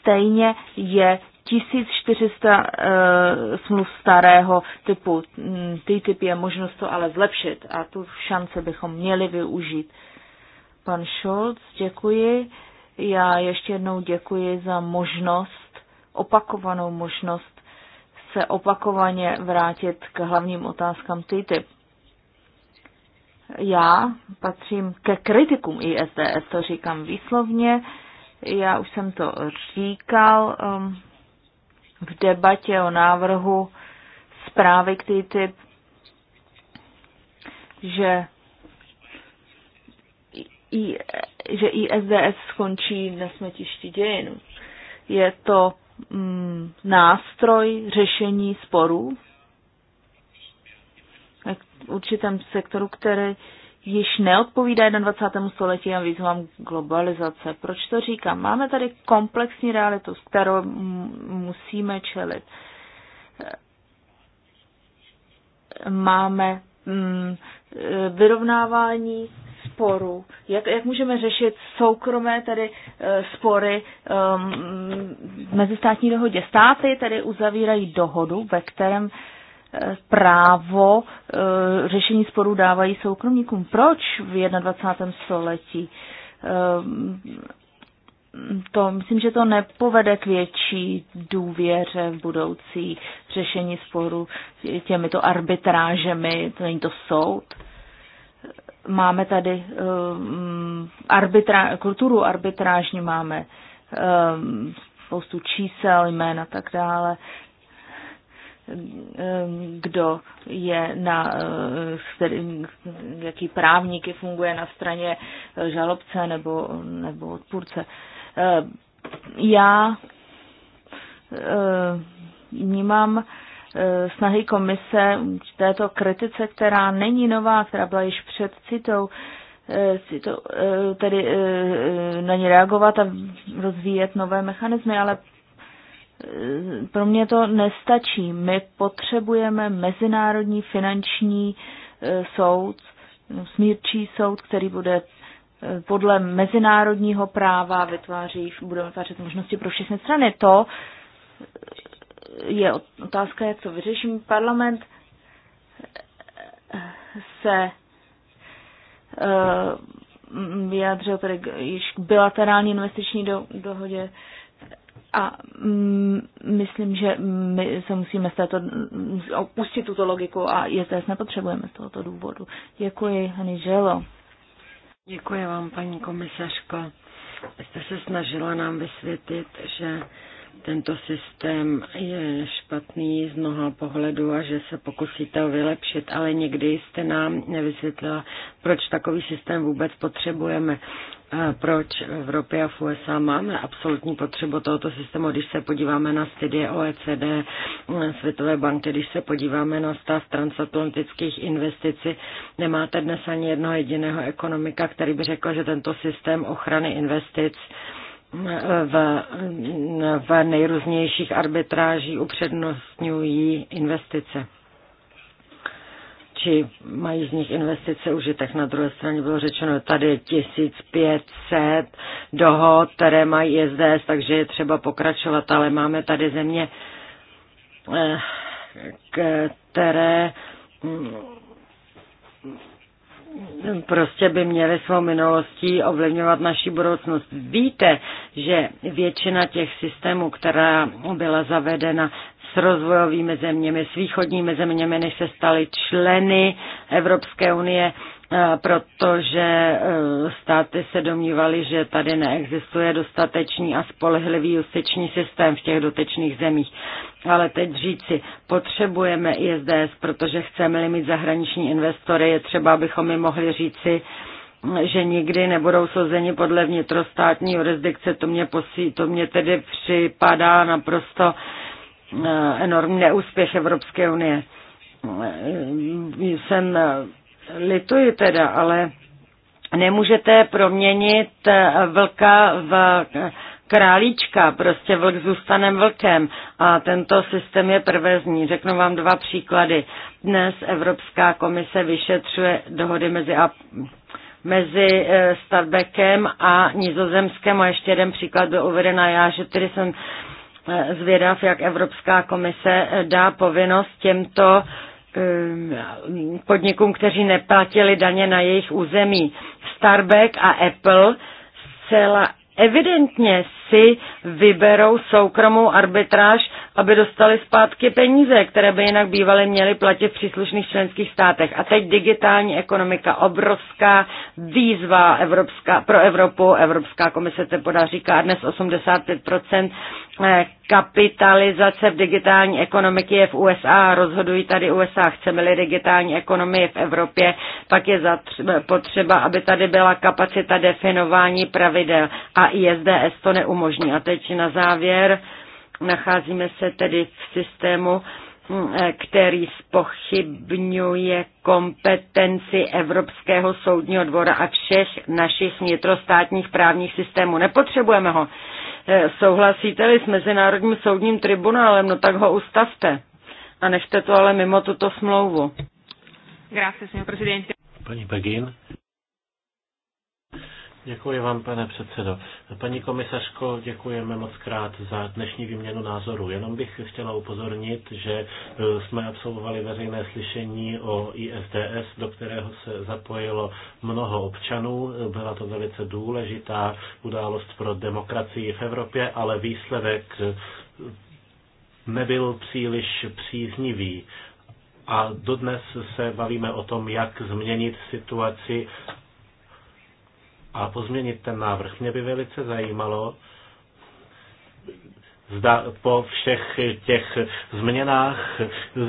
stejně je 1400 uh, eh, smluv starého typu. Mm, TTIP je možnost to ale zlepšit a tu šance bychom měli využít. Pan Scholz, děkuji. Já ještě jednou děkuji za možnost, opakovanou možnost se opakovaně vrátit k hlavním otázkám TTIP. Já patřím ke kritikům ISDS, to říkám výslovně. Já už jsem to říkal. Um, v debatě o návrhu zprávy k TTIP, že, I, že ISDS skončí na smetišti dějin. Je to mm, nástroj řešení sporů v určitém sektoru, který již neodpovídá 21. století a výzvám globalizace. Proč to říkám? Máme tady komplexní realitu, s kterou musíme čelit. Máme mm, vyrovnávání sporů. Jak, jak můžeme řešit soukromé tedy e, spory um, e, státní dohodě? Státy tedy uzavírají dohodu, ve kterém právo eh, řešení sporů dávají soukromníkům. Proč v 21. století? Eh, to, myslím, že to nepovede k větší důvěře v budoucí řešení sporu těmito arbitrážemi, to není to soud. Máme tady um, arbitra, kulturu arbitrážní, máme um, spoustu čísel, jména a tak dále. Ehm, kdo je na, eh, který, jaký právníky funguje na straně eh, žalobce nebo, nebo odpůrce. Ehm, já ehm, vnímám eh, snahy komise této kritice, která není nová, která byla již před citou, si to, tedy na ně reagovat a rozvíjet nové mechanismy, ale pro mě to nestačí. My potřebujeme mezinárodní finanční e, soud, smírčí soud, který bude e, podle mezinárodního práva vytváří, budeme vytvářet možnosti pro všechny strany. To e, je otázka, jak to vyřeším. Parlament se vyjádřil tedy již k bilaterální investiční do, dohodě a mm, myslím, že my se musíme z této, opustit tuto logiku a ISDS nepotřebujeme z tohoto důvodu. Děkuji, Hany Želo. Děkuji vám, paní komisařko. Jste se snažila nám vysvětlit, že tento systém je špatný z mnoha pohledů a že se pokusíte ho vylepšit, ale někdy jste nám nevysvětlila, proč takový systém vůbec potřebujeme proč v Evropě a v USA máme absolutní potřebu tohoto systému, když se podíváme na studie OECD, eh, Světové banky, když se podíváme na stav transatlantických investicí, nemáte dnes ani jednoho jediného ekonomika, který by řekl, že tento systém ochrany investic eh, v, eh, v nejrůznějších arbitráží upřednostňují investice či mají z nich investice užitek. Na druhé straně bylo řečeno, tady je 1500 dohod, které mají SDS, takže je třeba pokračovat, ale máme tady země, eh, které mm, prostě by měly svou minulostí ovlivňovat naši budoucnost. Víte, že většina těch systémů, která byla zavedena s rozvojovými zeměmi, s východními zeměmi, než se staly členy Evropské unie, eh, protože eh, státy se domnívaly, že tady neexistuje dostatečný a spolehlivý justiční systém v těch dotečných zemích. Ale teď říci, potřebujeme ISDS, protože chceme-li mít zahraniční investory, je třeba, abychom mi mohli říci, že nikdy nebudou souzeni podle vnitrostátní jurisdikce, to mě, posí, to mě tedy připadá naprosto enormní neúspěch Evropské unie. Jsem eh, lituji teda, ale nemůžete proměnit eh, vlka v králíčka, prostě vlk zůstane vlkem a tento systém je prvezní. Řeknu vám dva příklady. Dnes Evropská komise vyšetřuje dohody mezi a mezi eh, Starbekem a Nizozemskem a ještě jeden příklad byl uvedena já, že tedy jsem Eh, zvědav, jak Evropská komise eh, dá povinnost těmto eh, podnikům, kteří neplatili daně na jejich území. Starbucks a Apple zcela evidentně si vyberou soukromou arbitráž, aby dostali zpátky peníze, které by jinak bývaly měly platit v příslušných členských státech. A teď digitální ekonomika, obrovská výzva Evropská, pro Evropu. Evropská komise se podá říká dnes 85% eh, kapitalizace v digitální ekonomiky je v USA, rozhodují tady USA, chceme-li digitální ekonomii v Evropě, pak je potřeba, aby tady byla kapacita definování pravidel a ISDS to neumí umožní. A teď na závěr nacházíme se tedy v systému, hm, eh, který spochybňuje kompetenci Evropského soudního dvora a všech našich vnitrostátních právních systémů. Nepotřebujeme ho. Eh, souhlasíte-li s Mezinárodním soudním tribunálem, no tak ho ustavte. A nechte to ale mimo tuto smlouvu. Grazie, signor Presidente. Pani Begin. Děkuji vám, pane předsedo. Paní komisařko, děkujeme moc krát za dnešní výměnu názorů. Jenom bych chtěla upozornit, že e, jsme absolvovali veřejné slyšení o ISDS, do kterého se zapojilo mnoho občanů. Byla to velice důležitá událost pro demokracii v Evropě, ale výsledek e, nebyl příliš příznivý. A dodnes se bavíme o tom, jak změnit situaci a pozměnit ten návrh. Mě by velice zajímalo, zda po všech těch změnách,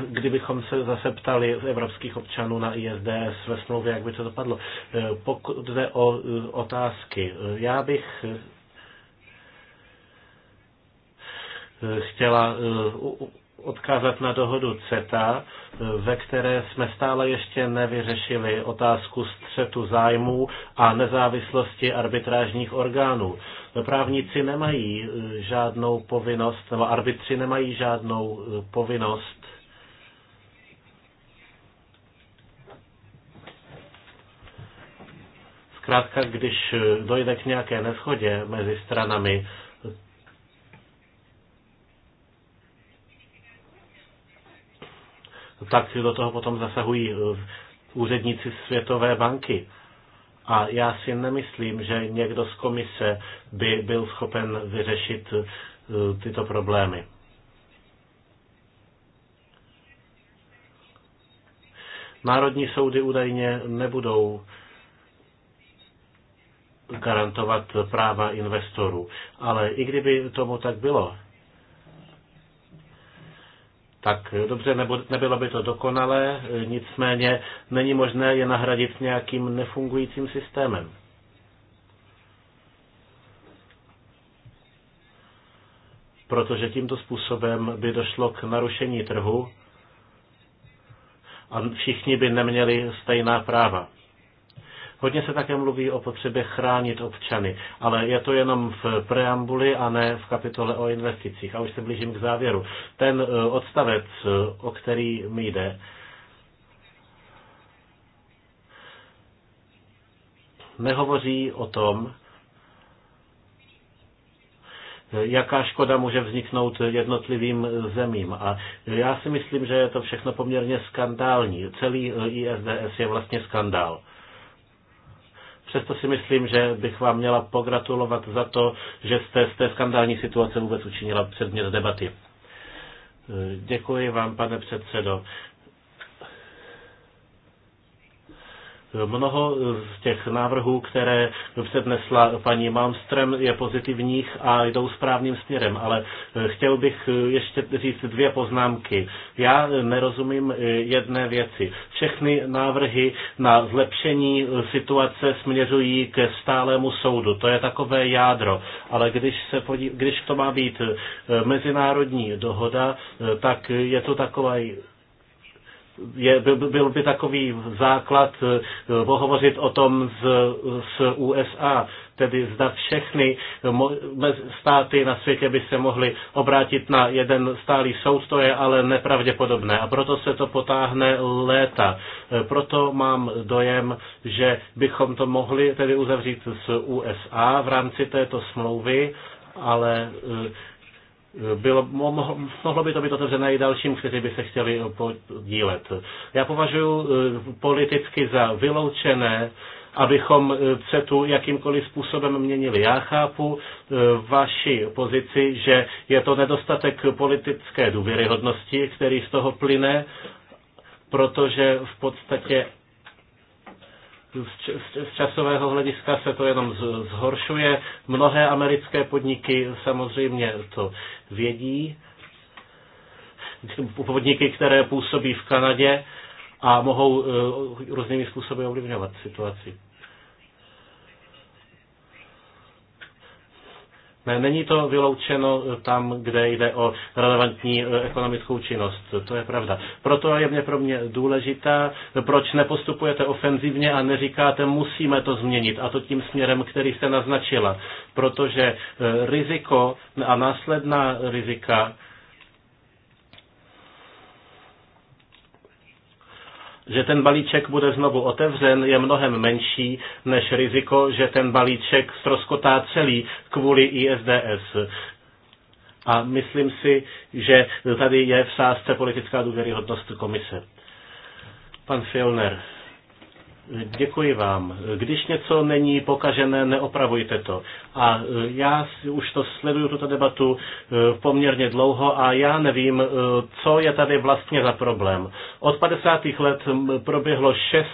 kdybychom se zase ptali evropských občanů na ISDS ve smlouvě, jak by to dopadlo. Eh, pokud jde o eh, otázky, eh, já bych chtěla odkázat na dohodu CETA, ve které jsme stále ještě nevyřešili otázku střetu zájmů a nezávislosti arbitrážních orgánů. Právníci nemají eh, žádnou povinnost, nebo arbitři nemají žádnou eh, povinnost Zkrátka, když eh, dojde k nějaké neschodě mezi stranami, tak do toho potom zasahují eh, úředníci Světové banky. A já si nemyslím, že někdo z komise by byl schopen vyřešit eh, tyto problémy. Národní soudy údajně nebudou garantovat práva investorů. Ale i kdyby tomu tak bylo, tak dobře, nebylo by to dokonalé, nicméně není možné je nahradit nějakým nefungujícím systémem. Protože tímto způsobem by došlo k narušení trhu a všichni by neměli stejná práva. Hodně se také mluví o potřebě chránit občany, ale je to jenom v preambuli a ne v kapitole o investicích. A už se blížím k závěru. Ten eh, odstavec, eh, o který mi jde, nehovoří o tom, eh, jaká škoda může vzniknout jednotlivým zemím. A já si myslím, že je to všechno poměrně skandální. Celý ISDS je vlastně skandál. Přesto si myslím, že bych vám měla pogratulovat za to, že jste z té skandální situace vůbec učinila předmět debaty. Děkuji vám, pane předsedo. Mnoho z těch návrhů, které přednesla paní Malmström, je pozitivních a jdou správným směrem, ale eh, chtěl bych eh, ještě říct dvě poznámky. Já nerozumím eh, jedné věci. Všechny návrhy na zlepšení situace směřují ke stálému soudu. To je takové jádro. Ale když, se podí... když to má být mezinárodní dohoda, tak je to taková je, byl, byl by takový základ eh, pohovořit o tom z, z USA, tedy zda všechny eh, státy na světě by se mohly obrátit na jeden stálý soud, to je ale nepravděpodobné a proto se to potáhne léta. Eh, proto mám dojem, že bychom to mohli tedy uzavřít s USA v rámci této smlouvy, ale bylo, mohlo by to být otevřené i dalším, kteří by se chtěli podílet. Já považuji eh, politicky za vyloučené, abychom eh, tu jakýmkoliv způsobem měnili. Já chápu eh, vaši pozici, že je to nedostatek politické důvěryhodnosti, který z toho plyne, protože v podstatě z časového hlediska se to jenom zhoršuje. Mnohé americké podniky samozřejmě to vědí. Podniky, které působí v Kanadě a mohou eh, různými způsoby ovlivňovat situaci. Ne, není to vyloučeno tam, kde jde o relevantní eh, ekonomickou činnost. To je pravda. Proto je mě pro mě důležitá, proč nepostupujete ofenzivně a neříkáte, musíme to změnit a to tím směrem, který se naznačila. Protože eh, riziko a následná rizika že ten balíček bude znovu otevřen, je mnohem menší než riziko, že ten balíček stroskotá celý kvůli ISDS. A myslím si, že tady je v sázce politická důvěryhodnost komise. Pan Filner. Děkuji vám. Když něco není pokažené, neopravujte to. A e, já už to sleduju, tuto debatu e, poměrně dlouho a já nevím, e, co je tady vlastně za problém. Od 50. let proběhlo 600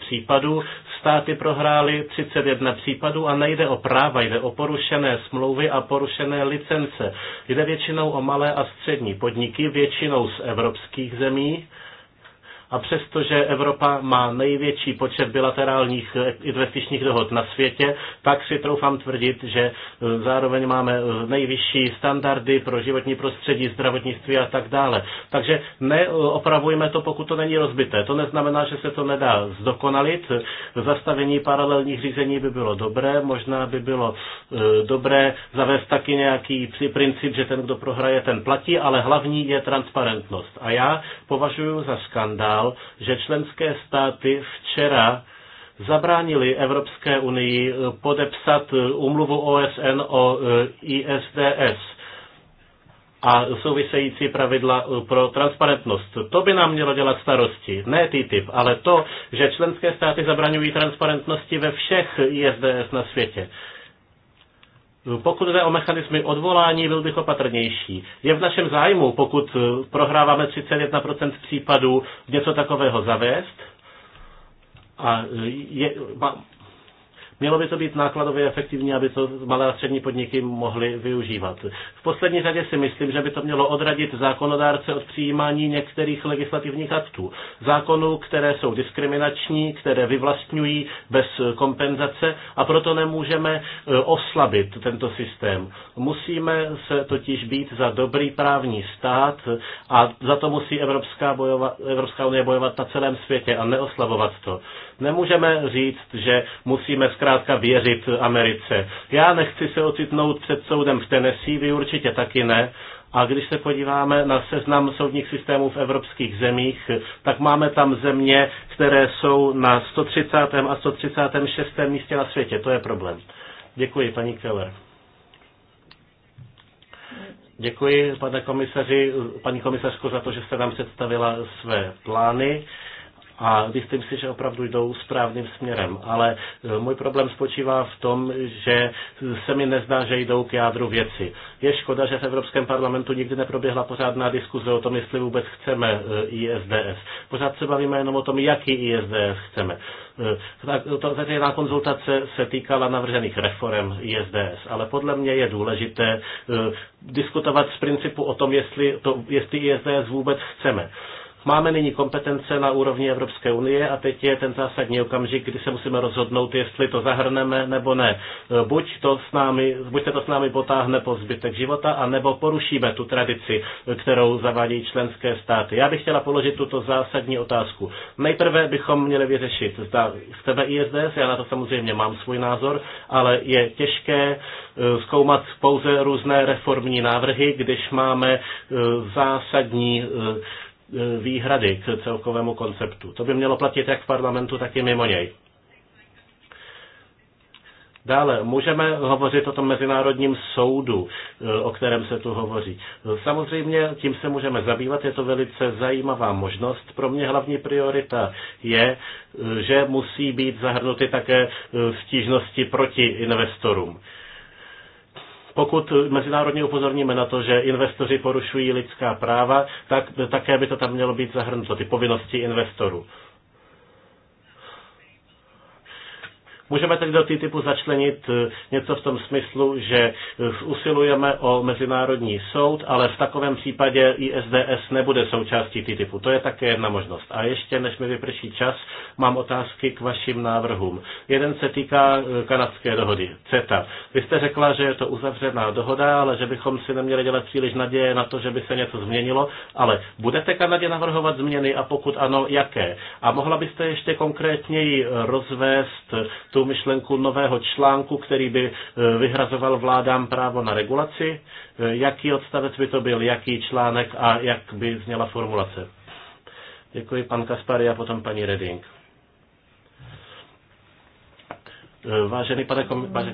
případů, státy prohrály 31 případů a nejde o práva, jde o porušené smlouvy a porušené licence. Jde většinou o malé a střední podniky, většinou z evropských zemí a přestože Evropa má největší počet bilaterálních eh, investičních dohod na světě, tak si troufám tvrdit, že eh, zároveň máme eh, nejvyšší standardy pro životní prostředí, zdravotnictví a tak dále. Takže neopravujme to, pokud to není rozbité. To neznamená, že se to nedá zdokonalit. Zastavení paralelních řízení by bylo dobré, možná by bylo dobré zavést taky nějaký princip, že ten, kdo prohraje, ten platí, ale hlavní je transparentnost. A já považuji za skandál, signál, že členské státy včera zabránili Evropské unii eh, podepsat umluvu eh, OSN o ISDS eh, a související pravidla pro transparentnost. To by nám mělo dělat starosti. Ne TTIP, ale to, že členské státy zabraňují transparentnosti ve všech ISDS na světě. Pokud jde o mechanismy odvolání, byl bych opatrnější. Je v našem zájmu, pokud eh, prohráváme 31% případů, něco takového zavést. A eh, je, Mělo by to být nákladově efektivní, aby to malé a střední podniky mohly využívat. V poslední řadě si myslím, že by to mělo odradit zákonodárce od přijímání některých legislativních aktů. Zákonů, které jsou diskriminační, které vyvlastňují bez kompenzace a proto nemůžeme e, oslabit tento systém. Musíme se totiž být za dobrý právní stát a za to musí Evropská, bojova, Evropská unie bojovat na celém světě a neoslabovat to. Nemůžeme říct, že musíme zkrátka věřit Americe. Já nechci se ocitnout před soudem v Tennessee, vy určitě taky ne. A když se podíváme na seznam soudních systémů v evropských zemích, tak máme tam země, které jsou na 130. a 136. místě na světě. To je problém. Děkuji, paní Keller. Děkuji, pane komisaři, paní komisařko, za to, že jste nám představila své plány. A myslím si, že opravdu jdou správným směrem. Ale e, můj problém spočívá v tom, že se mi nezdá, že jdou k jádru věci. Je škoda, že v Evropském parlamentu nikdy neproběhla pořádná diskuze o tom, jestli vůbec chceme e, ISDS. Pořád se bavíme jenom o tom, jaký ISDS chceme. E, Ta veřejná konzultace se týkala navržených reform ISDS, ale podle mě je důležité diskutovat z principu o tom, jestli, to, jestli ISDS vůbec chceme. Máme nyní kompetence na úrovni Evropské unie a teď je ten zásadní okamžik, kdy se musíme rozhodnout, jestli to zahrneme nebo ne. E, buď, to s námi, buď se to s námi potáhne po zbytek života, anebo porušíme tu tradici, kterou zavádějí členské státy. Já bych chtěla položit tuto zásadní otázku. Nejprve bychom měli vyřešit, zda chceme ISDS, já na to samozřejmě mám svůj názor, ale je těžké e, zkoumat pouze různé reformní návrhy, když máme e, zásadní výhrady k celkovému konceptu. To by mělo platit jak v parlamentu, tak i mimo něj. Dále můžeme hovořit o tom mezinárodním soudu, e, o kterém se tu hovoří. Samozřejmě tím se můžeme zabývat, je to velice zajímavá možnost. Pro mě hlavní priorita je, e, že musí být zahrnuty také e, stížnosti proti investorům. Pokud mezinárodně upozorníme na to, že investoři porušují lidská práva, tak také by to tam mělo být zahrnuto, ty povinnosti investorů. Můžeme tedy do té typu začlenit eh, něco v tom smyslu, že eh, usilujeme o mezinárodní soud, ale v takovém případě ISDS nebude součástí té typu. To je také jedna možnost. A ještě, než mi vyprší čas, mám otázky k vašim návrhům. Jeden se týká eh, kanadské dohody, CETA. Vy jste řekla, že je to uzavřená dohoda, ale že bychom si neměli dělat příliš naděje na to, že by se něco změnilo. Ale budete Kanadě navrhovat změny a pokud ano, jaké? A mohla byste ještě konkrétněji rozvést tu myšlenku nového článku, který by eh, vyhrazoval vládám právo na regulaci? Eh, jaký odstavec by to byl, jaký článek a jak by zněla formulace? Děkuji pan Kaspary a potom paní Reding. Eh, vážený pane komisaři.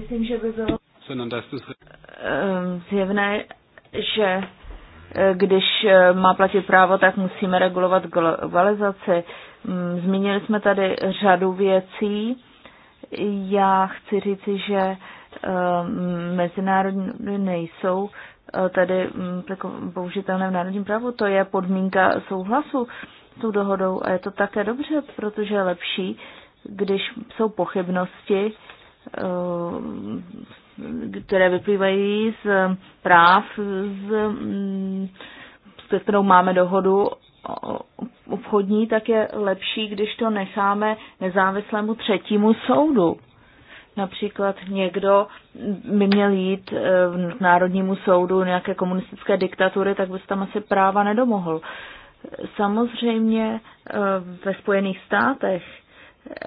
Myslím, že by bylo zjevné, že když má platit právo, tak musíme regulovat globalizaci. Mm, zmínili jsme tady řadu věcí. Já chci říci, že ehm, mezinárodní nejsou eh, tady mm, jako použitelné v národním právu. To je podmínka souhlasu s tou dohodou a je to také dobře, protože je lepší, když jsou pochybnosti, ehm, které vyplývají z práv, s, mm, se kterou máme dohodu obchodní, tak je lepší, když to necháme nezávislému třetímu soudu. Například někdo by měl jít eh, k Národnímu soudu nějaké komunistické diktatury, tak by se tam asi práva nedomohl. Samozřejmě eh, ve Spojených státech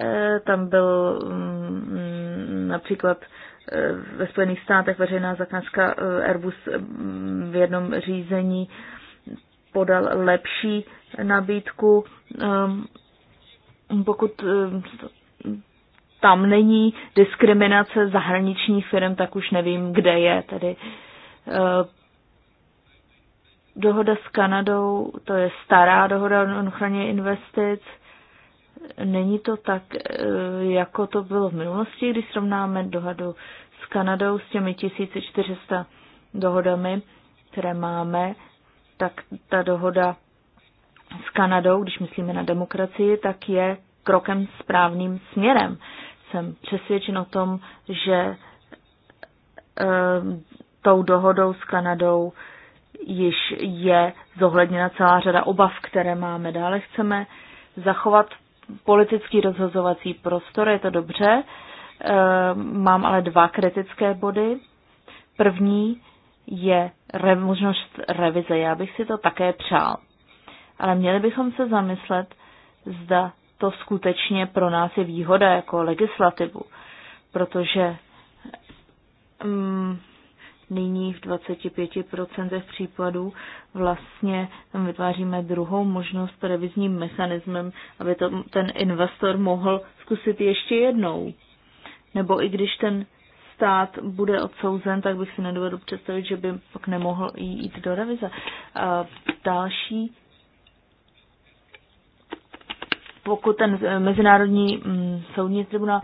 eh, tam byl mm, například ve Spojených státech veřejná zakázka Airbus v jednom řízení podal lepší nabídku, ehm, pokud ehm, tam není diskriminace zahraničních firm, tak už nevím, kde je tedy. Ehm, dohoda s Kanadou, to je stará dohoda o ochraně investic. Není to tak, jako to bylo v minulosti, když srovnáme dohodu s Kanadou s těmi 1400 dohodami, které máme tak ta dohoda s Kanadou, když myslíme na demokracii, tak je krokem správným směrem. Jsem přesvědčen o tom, že e, tou dohodou s Kanadou již je zohledněna celá řada obav, které máme. Dále chceme zachovat politický rozhozovací prostor, je to dobře. E, mám ale dva kritické body. První je re, možnost revize. Já bych si to také přál. Ale měli bychom se zamyslet, zda to skutečně pro nás je výhoda jako legislativu, protože mm, nyní v 25% případů vlastně tam vytváříme druhou možnost revizním mechanismem, aby to, ten investor mohl zkusit ještě jednou. Nebo i když ten stát bude odsouzen, tak bych si nedovedl představit, že by pak nemohl jít do revize. A další, pokud ten mezinárodní mm, soudní tribunál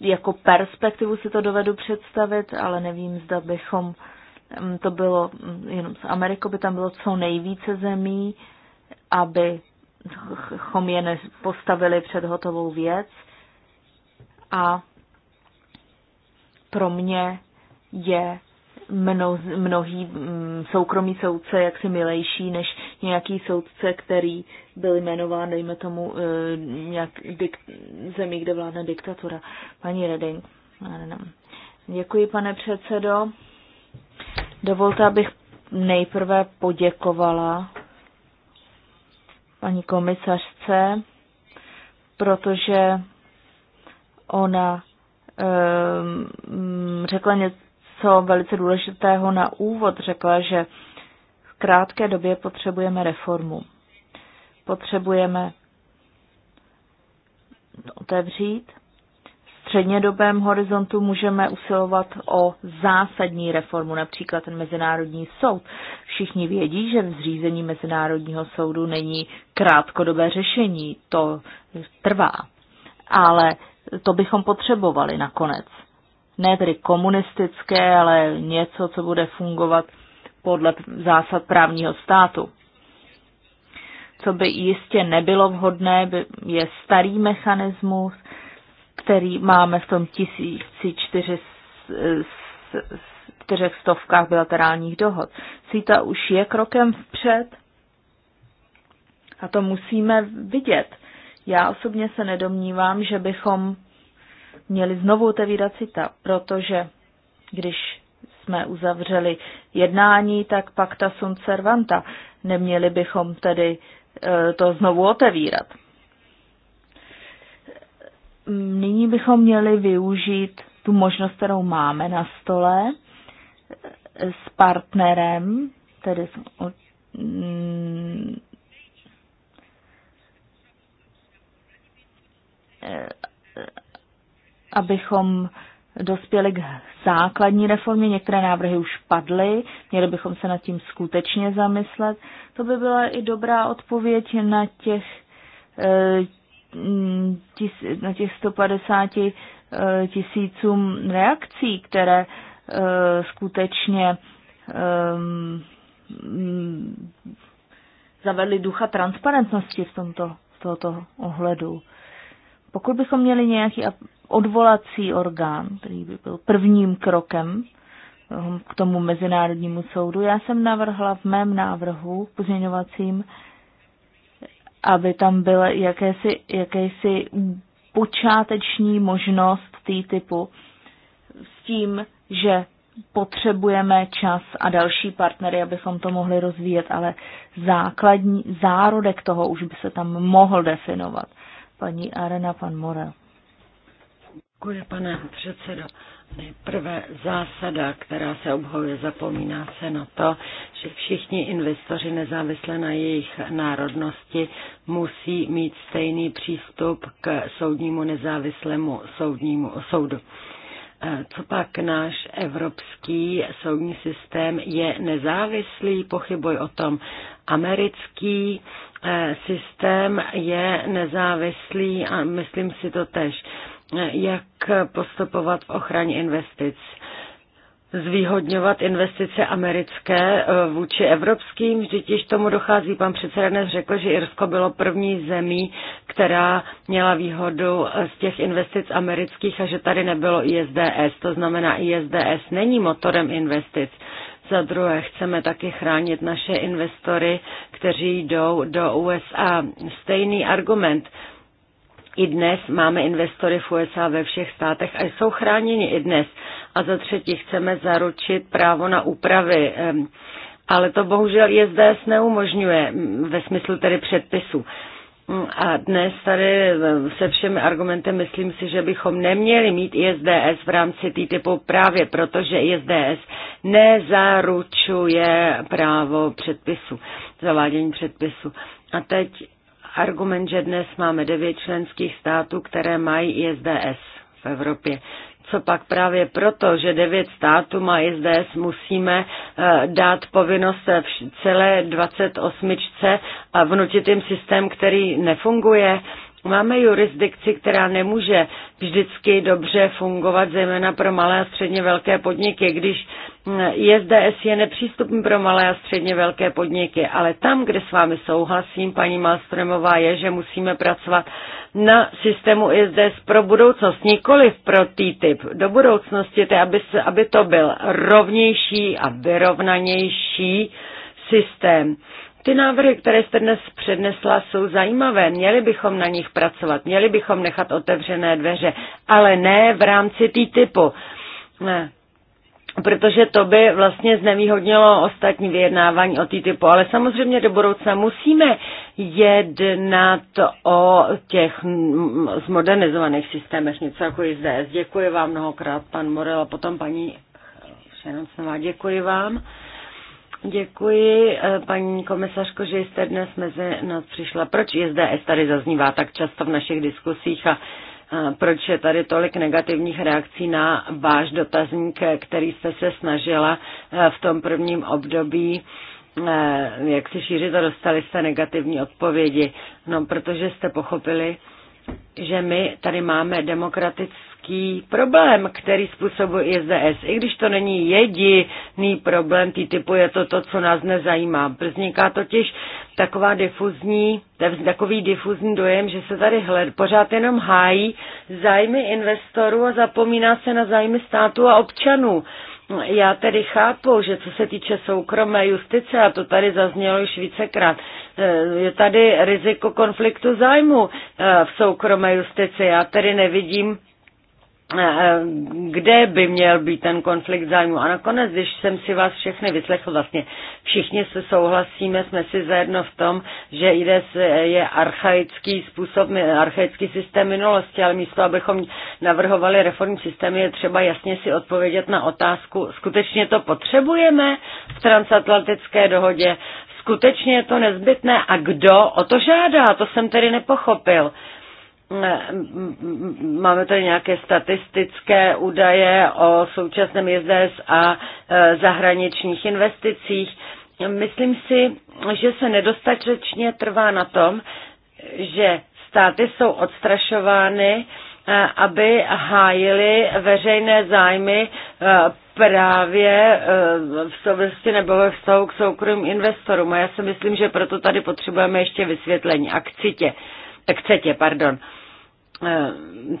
jako perspektivu si to dovedu představit, ale nevím, zda bychom mm, to bylo mm, jenom s Amerikou, by tam bylo co nejvíce zemí, abychom je postavili před hotovou věc. A pro mě je mno, mnohý mm, soukromý soudce jaksi milejší než nějaký soudce, který byl jmenován, dejme tomu, eh, nějak dik, zemí, kde vládne diktatura. Paní Reding, děkuji, pane předsedo. Dovolte, abych nejprve poděkovala paní komisařce, protože ona Ehm, řekla něco velice důležitého na úvod. Řekla, že v krátké době potřebujeme reformu. Potřebujeme otevřít. V střednědobém horizontu můžeme usilovat o zásadní reformu, například ten Mezinárodní soud. Všichni vědí, že v zřízení Mezinárodního soudu není krátkodobé řešení, to trvá. Ale to bychom potřebovali nakonec. Ne tedy komunistické, ale něco, co bude fungovat podle zásad právního státu. Co by jistě nebylo vhodné, je starý mechanismus, který máme v tom 1400 bilaterálních dohod. CITA už je krokem vpřed a to musíme vidět já osobně se nedomnívám, že bychom měli znovu otevírat CITA, protože když jsme uzavřeli jednání, tak pakta sunt servanta. Neměli bychom tedy e, to znovu otevírat. Nyní bychom měli využít tu možnost, kterou máme na stole e, s partnerem, tedy s mm, Eh, abychom dospěli k základní reformě. Některé návrhy už padly, měli bychom se nad tím skutečně zamyslet. To by byla i dobrá odpověď na těch, eh, na těch 150 eh, tisícům reakcí, které skutečně ehm, zavedly ducha transparentnosti v tomto v tohoto ohledu. Pokud bychom měli nějaký odvolací orgán, který by byl prvním krokem eh, k tomu Mezinárodnímu soudu, já jsem navrhla v mém návrhu pozměňovacím, aby tam byla jakési, jakési počáteční možnost té typu s tím, že potřebujeme čas a další partnery, abychom to mohli rozvíjet, ale základní zárodek toho už by se tam mohl definovat paní Arena van Mora. Děkuji, pane předsedo. Nejprve zásada, která se obhově zapomíná se na to, že všichni investoři nezávisle na jejich národnosti musí mít stejný přístup k soudnímu nezávislému soudnímu soudu. E, co pak náš evropský soudní systém je nezávislý, pochybuj o tom. Americký Eh, systém je nezávislý a myslím si to tež. Eh, jak postupovat v ochraně investic? zvýhodňovat investice americké eh, vůči evropským. Vždyť již tomu dochází. Pan předseda dnes řekl, že Irsko bylo první zemí, která měla výhodu z těch investic amerických a že tady nebylo ISDS. To znamená, ISDS není motorem investic. Za druhé, chceme taky chránit naše investory, kteří jdou do USA. Stejný argument. I dnes máme investory v USA ve všech státech a jsou chráněni i dnes. A za třetí, chceme zaručit právo na úpravy. Ehm, ale to bohužel je zde neumožňuje mm, ve smyslu tedy předpisů. A dnes tady eh, se všemi argumentem myslím si, že bychom neměli mít ISDS v rámci TTIPu právě proto, že ISDS nezaručuje právo předpisu, zavádění předpisu. A teď argument, že dnes máme devět členských států, které mají ISDS v Evropě co pak právě proto, že devět států má SDS, musíme eh, dát povinnost v celé 28 a vnutit jim systém, který nefunguje. Máme jurisdikci, která nemůže vždycky dobře fungovat, zejména pro malé a středně velké podniky, když ISDS mm, je nepřístupný pro malé a středně velké podniky, ale tam, kde s vámi souhlasím, paní Malstromová, je, že musíme pracovat na systému ISDS pro budoucnost, nikoli pro TTIP. Do budoucnosti, to, aby, se, aby to byl rovnější a vyrovnanější systém ty návrhy, které jste dnes přednesla, jsou zajímavé. Měli bychom na nich pracovat, měli bychom nechat otevřené dveře, ale ne v rámci typu. Ne. Protože to by vlastně znevýhodnilo ostatní vyjednávání o TTIPu. Ale samozřejmě do budoucna musíme jednat o těch zmodernizovaných systémech, něco jako i zde. Děkuji vám mnohokrát, pan Morel, a potom paní Šenocnová. Děkuji vám. Děkuji, eh, paní komisařko, že jste dnes mezi nás přišla. Proč JSDS tady zaznívá tak často v našich diskusích a proč je tady tolik negativních reakcí na váš dotazník, eh, který jste se snažila eh, v tom prvním období jak si šířit a dostali jste negativní odpovědi. No, protože jste pochopili, že my tady máme demokratickou velký problém, který způsobuje IZS. I když to není jediný problém typu je to to, co nás nezajímá. Vzniká totiž taková difuzní, takový difuzní dojem, že se tady hled, pořád jenom hájí zájmy investorů a zapomíná se na zájmy státu a občanů. Já tedy chápu, že co se týče soukromé justice, a to tady zaznělo již vícekrát, eh, je tady riziko konfliktu zájmu eh, v soukromé justici. Já tedy nevidím Eh, kde by měl být ten konflikt zájmu. A nakonec, když jsem si vás všechny vyslechl, vlastně všichni se souhlasíme, jsme si zajedno v tom, že IDES je archaický způsob, archaický systém minulosti, ale místo, abychom navrhovali reformní systémy, je třeba jasně si odpovědět na otázku, skutečně to potřebujeme v transatlantické dohodě, skutečně je to nezbytné a kdo o to žádá, to jsem tedy nepochopil máme tady nějaké statistické údaje o současném JZS a e, zahraničních investicích. Myslím si, že se nedostatečně trvá na tom, že státy jsou odstrašovány, e, aby hájili veřejné zájmy e, právě v souvislosti nebo ve vztahu k soukromým investorům. A já si myslím, že proto tady potřebujeme ještě vysvětlení. A k citě. Excetě, pardon. Eh,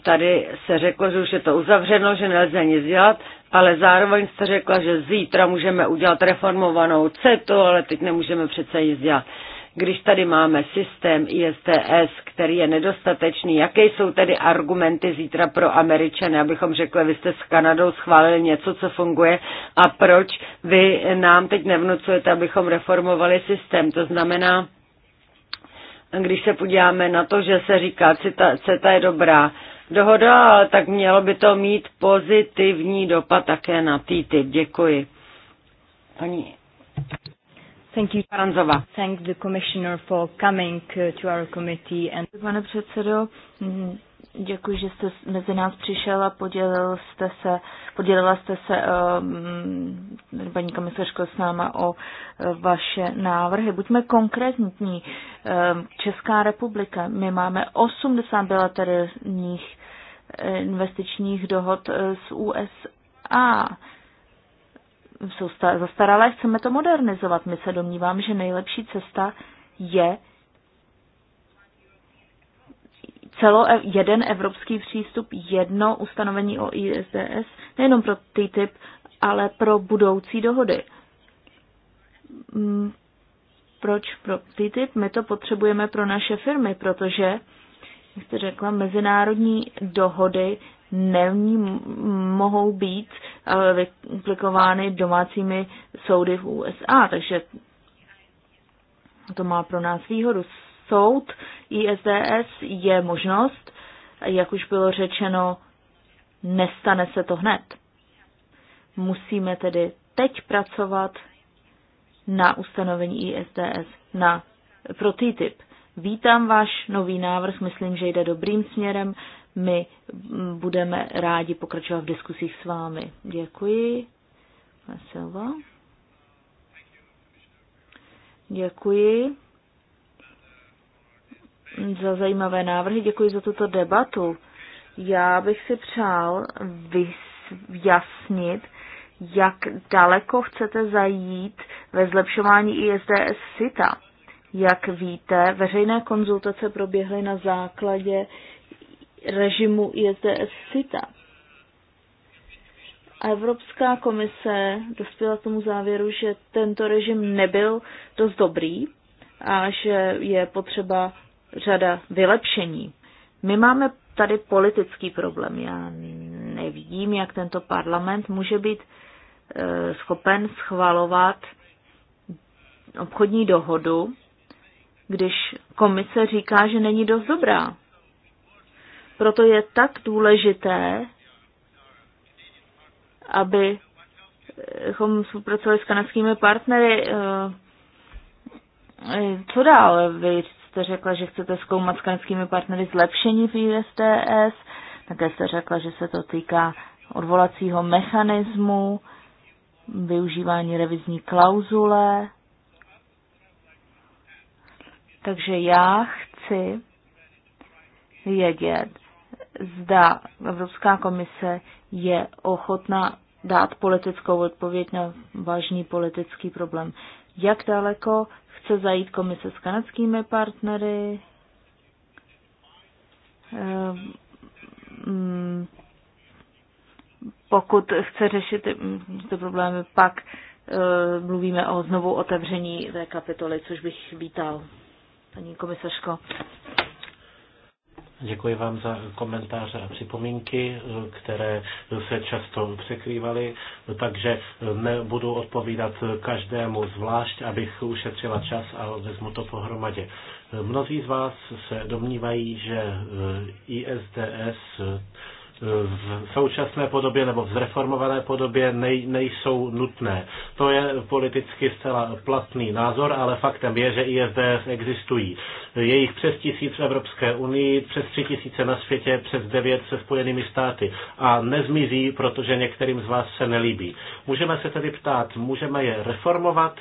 tady se řeklo, že už je to uzavřeno, že nelze nic dělat, ale zároveň jste řekla, že zítra můžeme udělat reformovanou CETu, ale teď nemůžeme přece nic dělat. Když tady máme systém ISTS, který je nedostatečný, jaké jsou tedy argumenty zítra pro Američany, abychom řekli, vy jste s Kanadou schválili něco, co funguje a proč vy nám teď nevnucujete, abychom reformovali systém. To znamená, když se podíváme na to, že se říká, CETA, CETA je dobrá dohoda, ale tak mělo by to mít pozitivní dopad také na TTIP. Děkuji. Paní Thank you. Paranzova. Thank the commissioner for coming uh, to our committee and Pane předsedo, děkuji, že jste mezi nás přišel a podělil jste se Podělila jste se, ehm, paní komisařko, s náma o eh, vaše návrhy. Buďme konkrétní. Ehm, Česká republika, my máme 80 bilaterálních eh, investičních dohod z eh, USA jsou zastaralé, chceme to modernizovat. My se domnívám, že nejlepší cesta je celo jeden evropský přístup, jedno ustanovení o ISDS, nejenom pro TTIP, ale pro budoucí dohody. Mm, proč pro TTIP? My to potřebujeme pro naše firmy, protože, jak jste řekla, mezinárodní dohody není, mohou být aplikovány eh, domácími soudy v USA, takže to má pro nás výhodu. Soud ISDS je možnost, jak už bylo řečeno, nestane se to hned. Musíme tedy teď pracovat na ustanovení ISDS, na pro TTIP. Vítám váš nový návrh, myslím, že jde dobrým směrem. My budeme rádi pokračovat v diskusích s vámi. Děkuji. Silva. Děkuji za zajímavé návrhy, děkuji za tuto debatu. Já bych si přál vyjasnit, jak daleko chcete zajít ve zlepšování ISDS SITA. Jak víte, veřejné konzultace proběhly na základě režimu ISDS SITA. A Evropská komise dospěla k tomu závěru, že tento režim nebyl dost dobrý a že je potřeba řada vylepšení. My máme tady politický problém. Já nevidím, jak tento parlament může být e, schopen schvalovat obchodní dohodu, když komise říká, že není dost dobrá. Proto je tak důležité, abychom spolupracovali s kanadskými partnery. E, e, co dál? Vy jste řekla, že chcete zkoumat s kanadskými partnery zlepšení v ISTS, také jste řekla, že se to týká odvolacího mechanismu, využívání revizní klauzule. Takže já chci vědět, zda Evropská komise je ochotná dát politickou odpověď na vážný politický problém jak daleko chce zajít komise s kanadskými partnery, ehm, mm, pokud chce řešit mm, ty problémy, pak eh, mluvíme o znovu otevření té kapitoly, což bych vítal, paní komisařko. Děkuji vám za komentáře a připomínky, které se často překrývaly, takže nebudu odpovídat každému zvlášť, abych ušetřila čas a vezmu to pohromadě. Mnozí z vás se domnívají, že ISDS v současné podobě nebo v zreformované podobě nej, nejsou nutné. To je politicky zcela platný názor, ale faktem je, že ISDS existují. Je jich přes tisíc v Evropské unii, přes tři tisíce na světě, přes devět se spojenými státy a nezmizí, protože některým z vás se nelíbí. Můžeme se tedy ptát, můžeme je reformovat?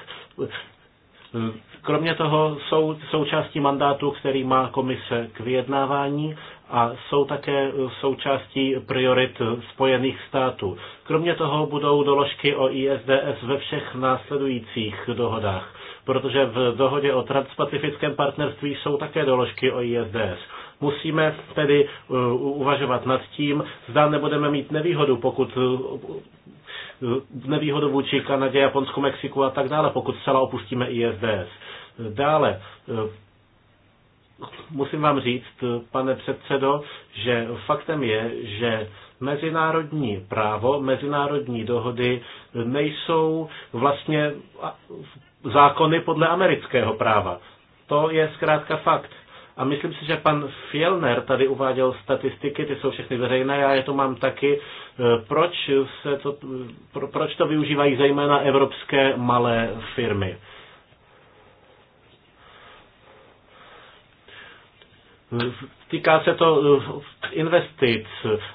Kromě toho jsou součástí mandátu, který má komise k vyjednávání a jsou také součástí priorit Spojených států. Kromě toho budou doložky o ISDS ve všech následujících dohodách, protože v dohodě o transpacifickém partnerství jsou také doložky o ISDS. Musíme tedy eh, uvažovat nad tím, zda nebudeme mít nevýhodu, pokud eh, Eh, nevýhodu vůči Kanadě, Japonsku, Mexiku a tak dále, pokud zcela opustíme ISDS. Dále, eh, musím vám říct, eh, pane předsedo, že faktem je, že mezinárodní právo, mezinárodní dohody nejsou vlastně zákony podle amerického práva. To je zkrátka fakt. A myslím si, že pan Fielner tady uváděl statistiky, ty jsou všechny veřejné, já je to mám taky. E, proč, se to, pro, proč to využívají zejména evropské malé firmy? Týká se to eh, investic,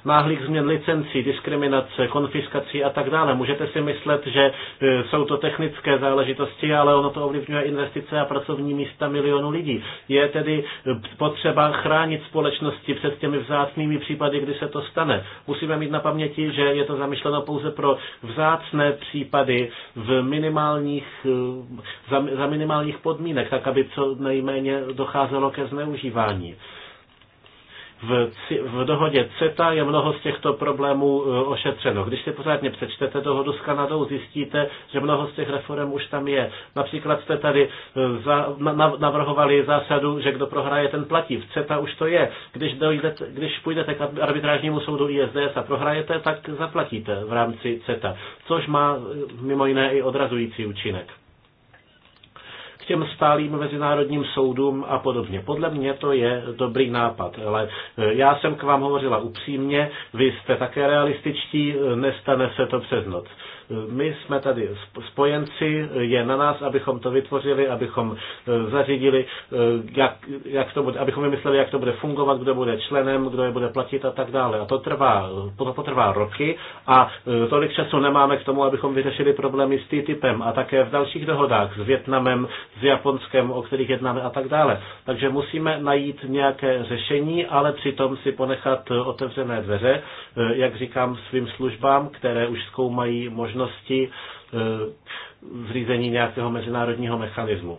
náhlých změn licencí, diskriminace, konfiskací a tak dále. Můžete si myslet, že eh, jsou to technické záležitosti, ale ono to ovlivňuje investice a pracovní místa milionů lidí. Je tedy eh, potřeba chránit společnosti před těmi vzácnými případy, kdy se to stane. Musíme mít na paměti, že je to zamýšleno pouze pro vzácné případy v minimálních, za, za minimálních podmínek, tak aby co nejméně docházelo ke zneužívání. V, v dohodě CETA je mnoho z těchto problémů e, ošetřeno. Když si pořádně přečtete dohodu s Kanadou, zjistíte, že mnoho z těch reform už tam je. Například jste tady e, za, na, navrhovali zásadu, že kdo prohraje, ten platí. V CETA už to je. Když, dojdete, když půjdete k arbitrážnímu soudu ISDS a prohrajete, tak zaplatíte v rámci CETA, což má e, mimo jiné i odrazující účinek těm stálým mezinárodním soudům a podobně. Podle mě to je dobrý nápad, ale e, já jsem k vám hovořila upřímně, vy jste také realističtí, e, nestane se to přes noc. My jsme tady spojenci, je na nás, abychom to vytvořili, abychom e, zařídili, e, jak, jak to bude, abychom vymysleli, jak to bude fungovat, kdo bude členem, kdo je bude platit a tak dále. A to trvá, to potrvá roky a e, tolik času nemáme k tomu, abychom vyřešili problémy s TTIPem a také v dalších dohodách s Větnamem, s Japonskem, o kterých jednáme a tak dále. Takže musíme najít nějaké řešení, ale přitom si ponechat otevřené dveře, jak říkám, svým službám, které už zkoumají možnost možnosti zřízení eh, nějakého mezinárodního mechanismu.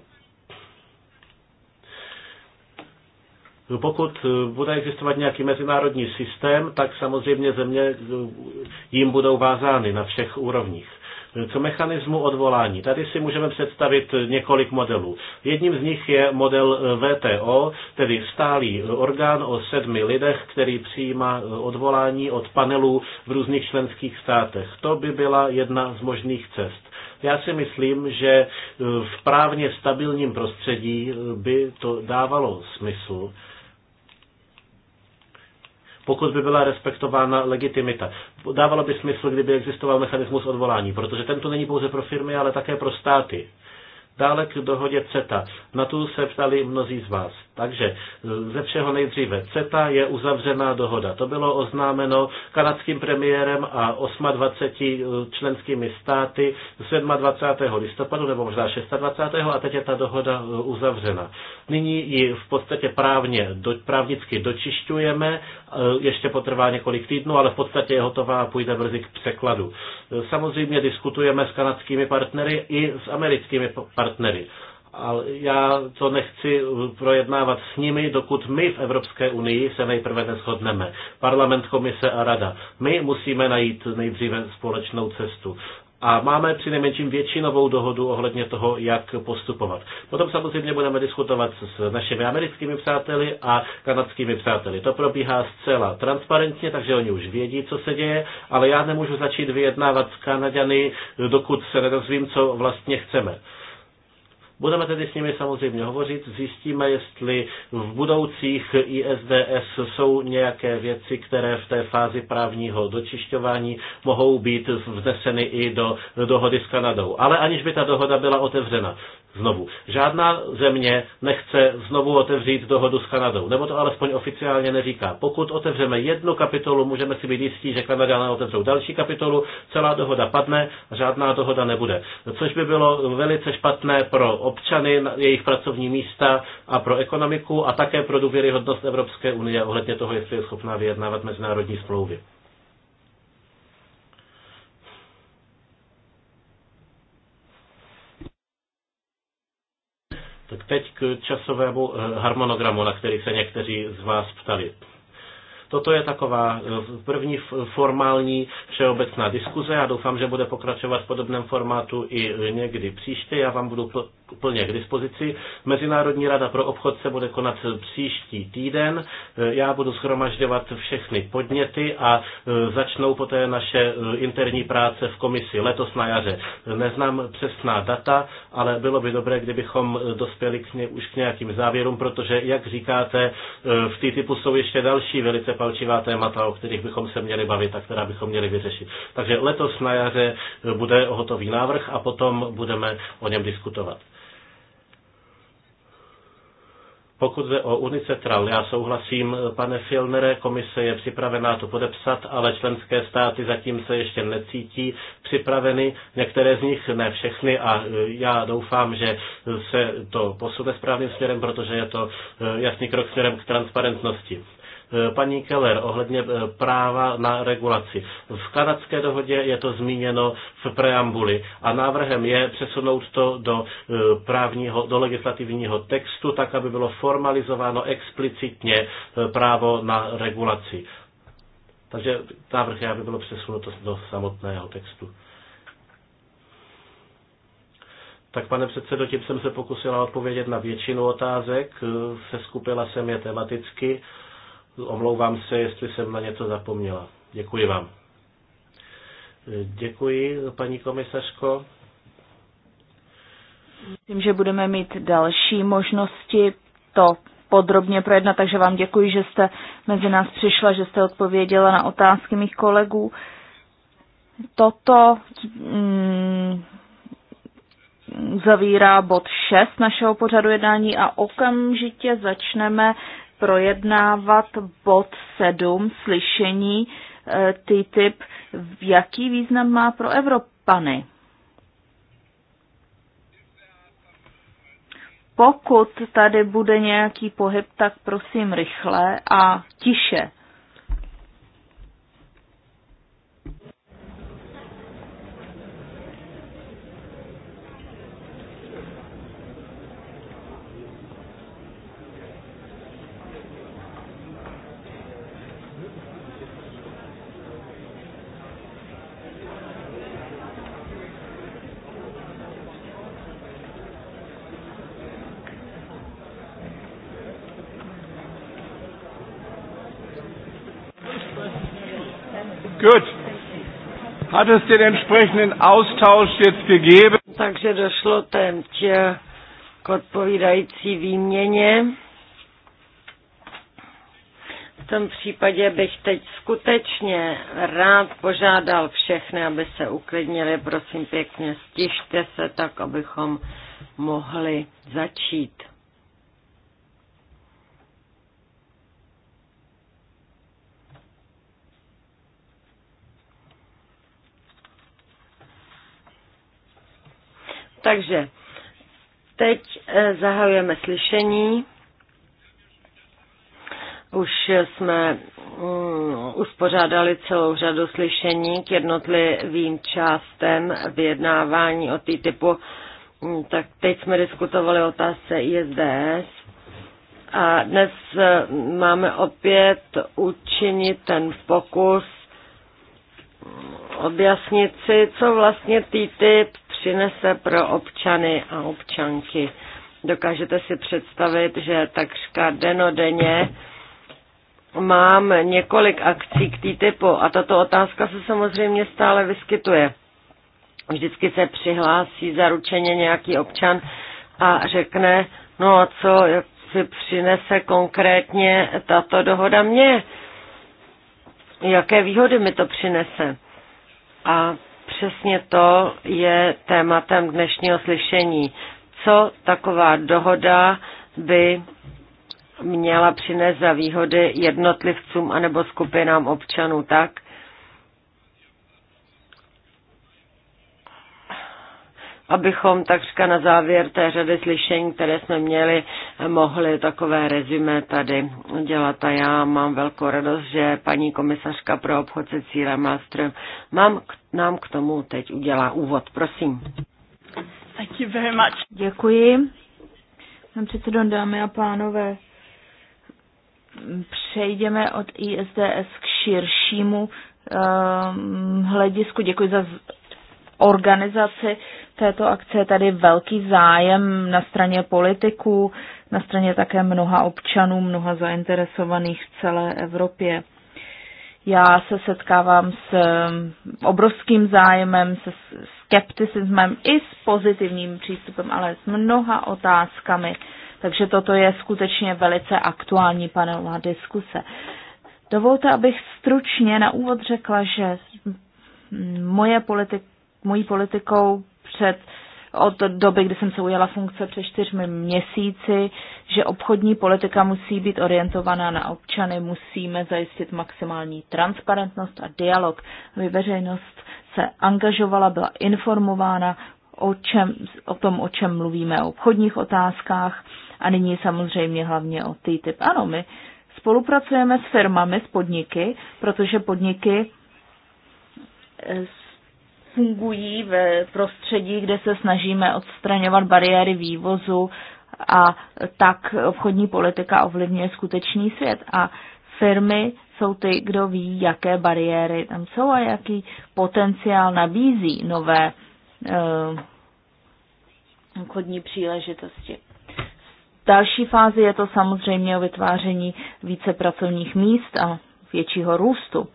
No, pokud eh, bude existovat nějaký mezinárodní systém, tak samozřejmě země eh, jim budou vázány na všech úrovních. Co mechanismu odvolání? Tady si můžeme představit několik modelů. Jedním z nich je model VTO, tedy stálý orgán o sedmi lidech, který přijímá odvolání od panelů v různých členských státech. To by byla jedna z možných cest. Já si myslím, že v právně stabilním prostředí by to dávalo smysl pokud by byla respektována legitimita. Dávalo by smysl, kdyby existoval mechanismus odvolání, protože tento není pouze pro firmy, ale také pro státy. Dále k dohodě CETA. Na tu se ptali mnozí z vás. Takže ze všeho nejdříve CETA je uzavřená dohoda. To bylo oznámeno kanadským premiérem a 28 eh, členskými státy 27. listopadu nebo možná 26. a teď je ta dohoda eh, uzavřena. Nyní ji v podstatě právně, do, právnicky dočišťujeme, eh, ještě potrvá několik týdnů, ale v podstatě je hotová a půjde brzy k překladu. Samozřejmě diskutujeme s kanadskými partnery i s americkými partnery ale já to nechci projednávat s nimi, dokud my v Evropské unii se nejprve neschodneme. Parlament, komise a rada. My musíme najít nejdříve společnou cestu. A máme při nejmenším většinovou dohodu ohledně toho, jak postupovat. Potom samozřejmě budeme diskutovat s našimi americkými přáteli a kanadskými přáteli. To probíhá zcela transparentně, takže oni už vědí, co se děje, ale já nemůžu začít vyjednávat s Kanaďany, dokud se nedozvím, co vlastně chceme. Budeme tedy s nimi samozřejmě hovořit, zjistíme, jestli v budoucích ISDS jsou nějaké věci, které v té fázi právního dočišťování mohou být vneseny i do dohody s Kanadou. Ale aniž by ta dohoda byla otevřena znovu. Žádná země nechce znovu otevřít dohodu s Kanadou, nebo to alespoň oficiálně neříká. Pokud otevřeme jednu kapitolu, můžeme si být jistí, že Kanada otevřou další kapitolu, celá dohoda padne a žádná dohoda nebude. Což by bylo velice špatné pro občany, jejich pracovní místa a pro ekonomiku a také pro důvěryhodnost Evropské unie ohledně toho, jestli je schopná vyjednávat mezinárodní smlouvy. Tak teď k časovému eh, harmonogramu, na který se někteří z vás ptali. Toto je taková eh, první formální všeobecná diskuze a doufám, že bude pokračovat v podobném formátu i eh, někdy příště. Já vám budu plně k dispozici. Mezinárodní rada pro obchod se bude konat příští týden. E, já budu schromažďovat všechny podněty a e, začnou poté naše e, interní práce v komisi letos na jaře. Neznám přesná data, ale bylo by dobré, kdybychom dospěli k ně, už k nějakým závěrům, protože, jak říkáte, v té typu jsou ještě další velice palčivá témata, o kterých bychom se měli bavit a která bychom měli vyřešit. Takže letos na jaře bude hotový návrh a potom budeme o něm diskutovat. Pokud jde o Unicetral, já souhlasím, pane Filnere, komise je připravená to podepsat, ale členské státy zatím se ještě necítí připraveny, některé z nich, ne všechny a e, já doufám, že se to posune správným směrem, protože je to e, jasný krok směrem k transparentnosti. Eh, paní Keller, ohledně eh, práva na regulaci. V kanadské dohodě je to zmíněno v preambuli a návrhem je přesunout to do eh, právního, do legislativního textu, tak, aby bylo formalizováno explicitně právo na regulaci. Takže návrh je, aby bylo přesunuto do samotného textu. Tak pane předsedo, tím jsem se pokusila odpovědět na většinu otázek, seskupila jsem je tematicky Omlouvám se, jestli jsem na něco zapomněla. Děkuji vám. Děkuji, paní komisařko. Myslím, že budeme mít další možnosti to podrobně projednat, takže vám děkuji, že jste mezi nás přišla, že jste odpověděla na otázky mých kolegů. Toto mm, zavírá bod 6 našeho pořadu jednání a okamžitě začneme projednávat bod 7 slyšení eh, TTIP, jaký význam má pro Evropany. Pokud tady bude nějaký pohyb, tak prosím rychle a tiše. Gut. Hat es den entsprechenden Austausch jetzt gegeben? Takže došlo teď k odpovídající výměně. V tom případě bych teď skutečně rád požádal všechny, aby se uklidnili. Prosím pěkně, stižte se tak, abychom mohli začít. Takže teď eh, zahajujeme slyšení. Už jsme mm, uspořádali celou řadu slyšení k jednotlivým částem vyjednávání o té typu. Mm, tak teď jsme diskutovali o otázce ISDS. A dnes eh, máme opět učinit ten pokus mm, objasnit si, co vlastně TTIP přinese pro občany a občanky. Dokážete si představit, že takřka denodenně mám několik akcí k typu a tato otázka se samozřejmě stále vyskytuje. Vždycky se přihlásí zaručeně nějaký občan a řekne, no a co, si přinese konkrétně tato dohoda mě? Jaké výhody mi to přinese? A Přesně to je tématem dnešního slyšení. Co taková dohoda by měla přinést za výhody jednotlivcům anebo skupinám občanů tak, abychom takřka na závěr té řady slyšení, které jsme měli, mohli takové rezime tady dělat. A já mám velkou radost, že paní komisařka pro obchod se cílem Malström mám, nám k tomu teď udělá úvod. Prosím. Thank you very much. Děkuji. Pane předsedo, dámy a pánové, přejdeme od ISDS k širšímu um, ehm, hledisku. Děkuji za organizaci této akce je tady velký zájem na straně politiků, na straně také mnoha občanů, mnoha zainteresovaných v celé Evropě. Já se setkávám s um, obrovským zájemem, se skepticismem i s pozitivním přístupem, ale s mnoha otázkami. Takže toto je skutečně velice aktuální panelová diskuse. Dovolte, abych stručně na úvod řekla, že moje politik, mojí politikou před od doby, kdy jsem se ujala funkce před čtyřmi měsíci, že obchodní politika musí být orientovaná na občany, musíme zajistit maximální transparentnost a dialog, aby veřejnost se angažovala, byla informována o, čem, o tom, o čem mluvíme, o obchodních otázkách a nyní samozřejmě hlavně o TTIP. Ano, my spolupracujeme s firmami, s podniky, protože podniky eh, fungují v prostředí, kde se snažíme odstraňovat bariéry vývozu a tak obchodní politika ovlivňuje skutečný svět. A firmy jsou ty, kdo ví, jaké bariéry tam jsou a jaký potenciál nabízí nové eh, obchodní příležitosti. další fázi je to samozřejmě o vytváření více pracovních míst a většího růstu.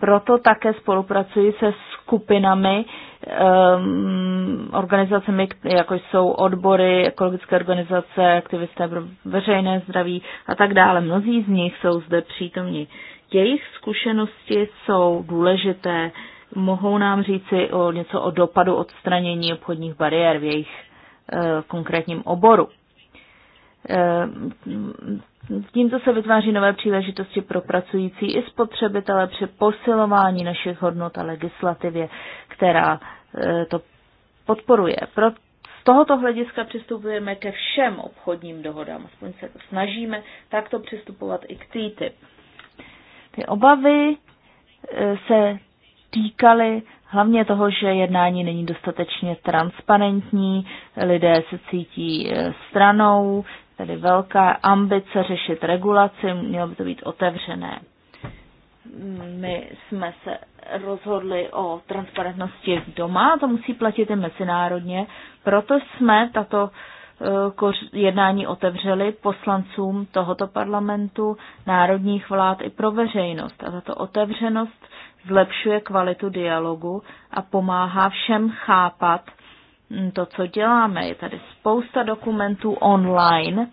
Proto také spolupracuji se skupinami, ehm, organizacemi, jako jsou odbory, ekologické organizace, aktivisté pro veřejné zdraví a tak dále. Mnozí z nich jsou zde přítomni. Jejich zkušenosti jsou důležité, mohou nám říci o něco o dopadu odstranění obchodních bariér v jejich eh, konkrétním oboru ehm, Tímto se vytváří nové příležitosti pro pracující i spotřebitele při posilování našich hodnot a legislativě, která e, to podporuje. Pro z tohoto hlediska přistupujeme ke všem obchodním dohodám, aspoň se snažíme takto přistupovat i k TTIP. Ty obavy e, se týkaly hlavně toho, že jednání není dostatečně transparentní, lidé se cítí eh, stranou, tedy velká ambice řešit regulaci, mělo by to být otevřené. My jsme se rozhodli o transparentnosti doma, to musí platit i mezinárodně, proto jsme tato eh, jednání otevřeli poslancům tohoto parlamentu, národních vlád i pro veřejnost. A tato otevřenost zlepšuje kvalitu dialogu a pomáhá všem chápat hm, to, co děláme. Je tady spousta dokumentů online,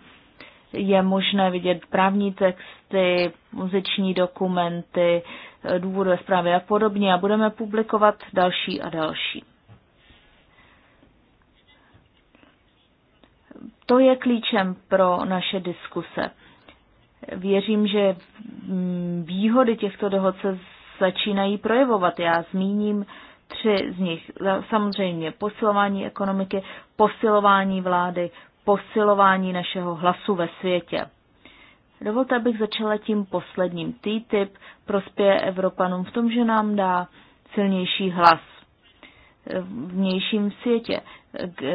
je možné vidět právní texty, muziční dokumenty, eh, důvodové zprávy a podobně a budeme publikovat další a další. To je klíčem pro naše diskuse. Věřím, že hm, výhody těchto dohod se začínají projevovat. Já zmíním tři z nich. Samozřejmě posilování ekonomiky, posilování vlády, posilování našeho hlasu ve světě. Dovolte, abych začala tím posledním. TTIP prospěje Evropanům v tom, že nám dá silnější hlas v vnějším světě k, eh,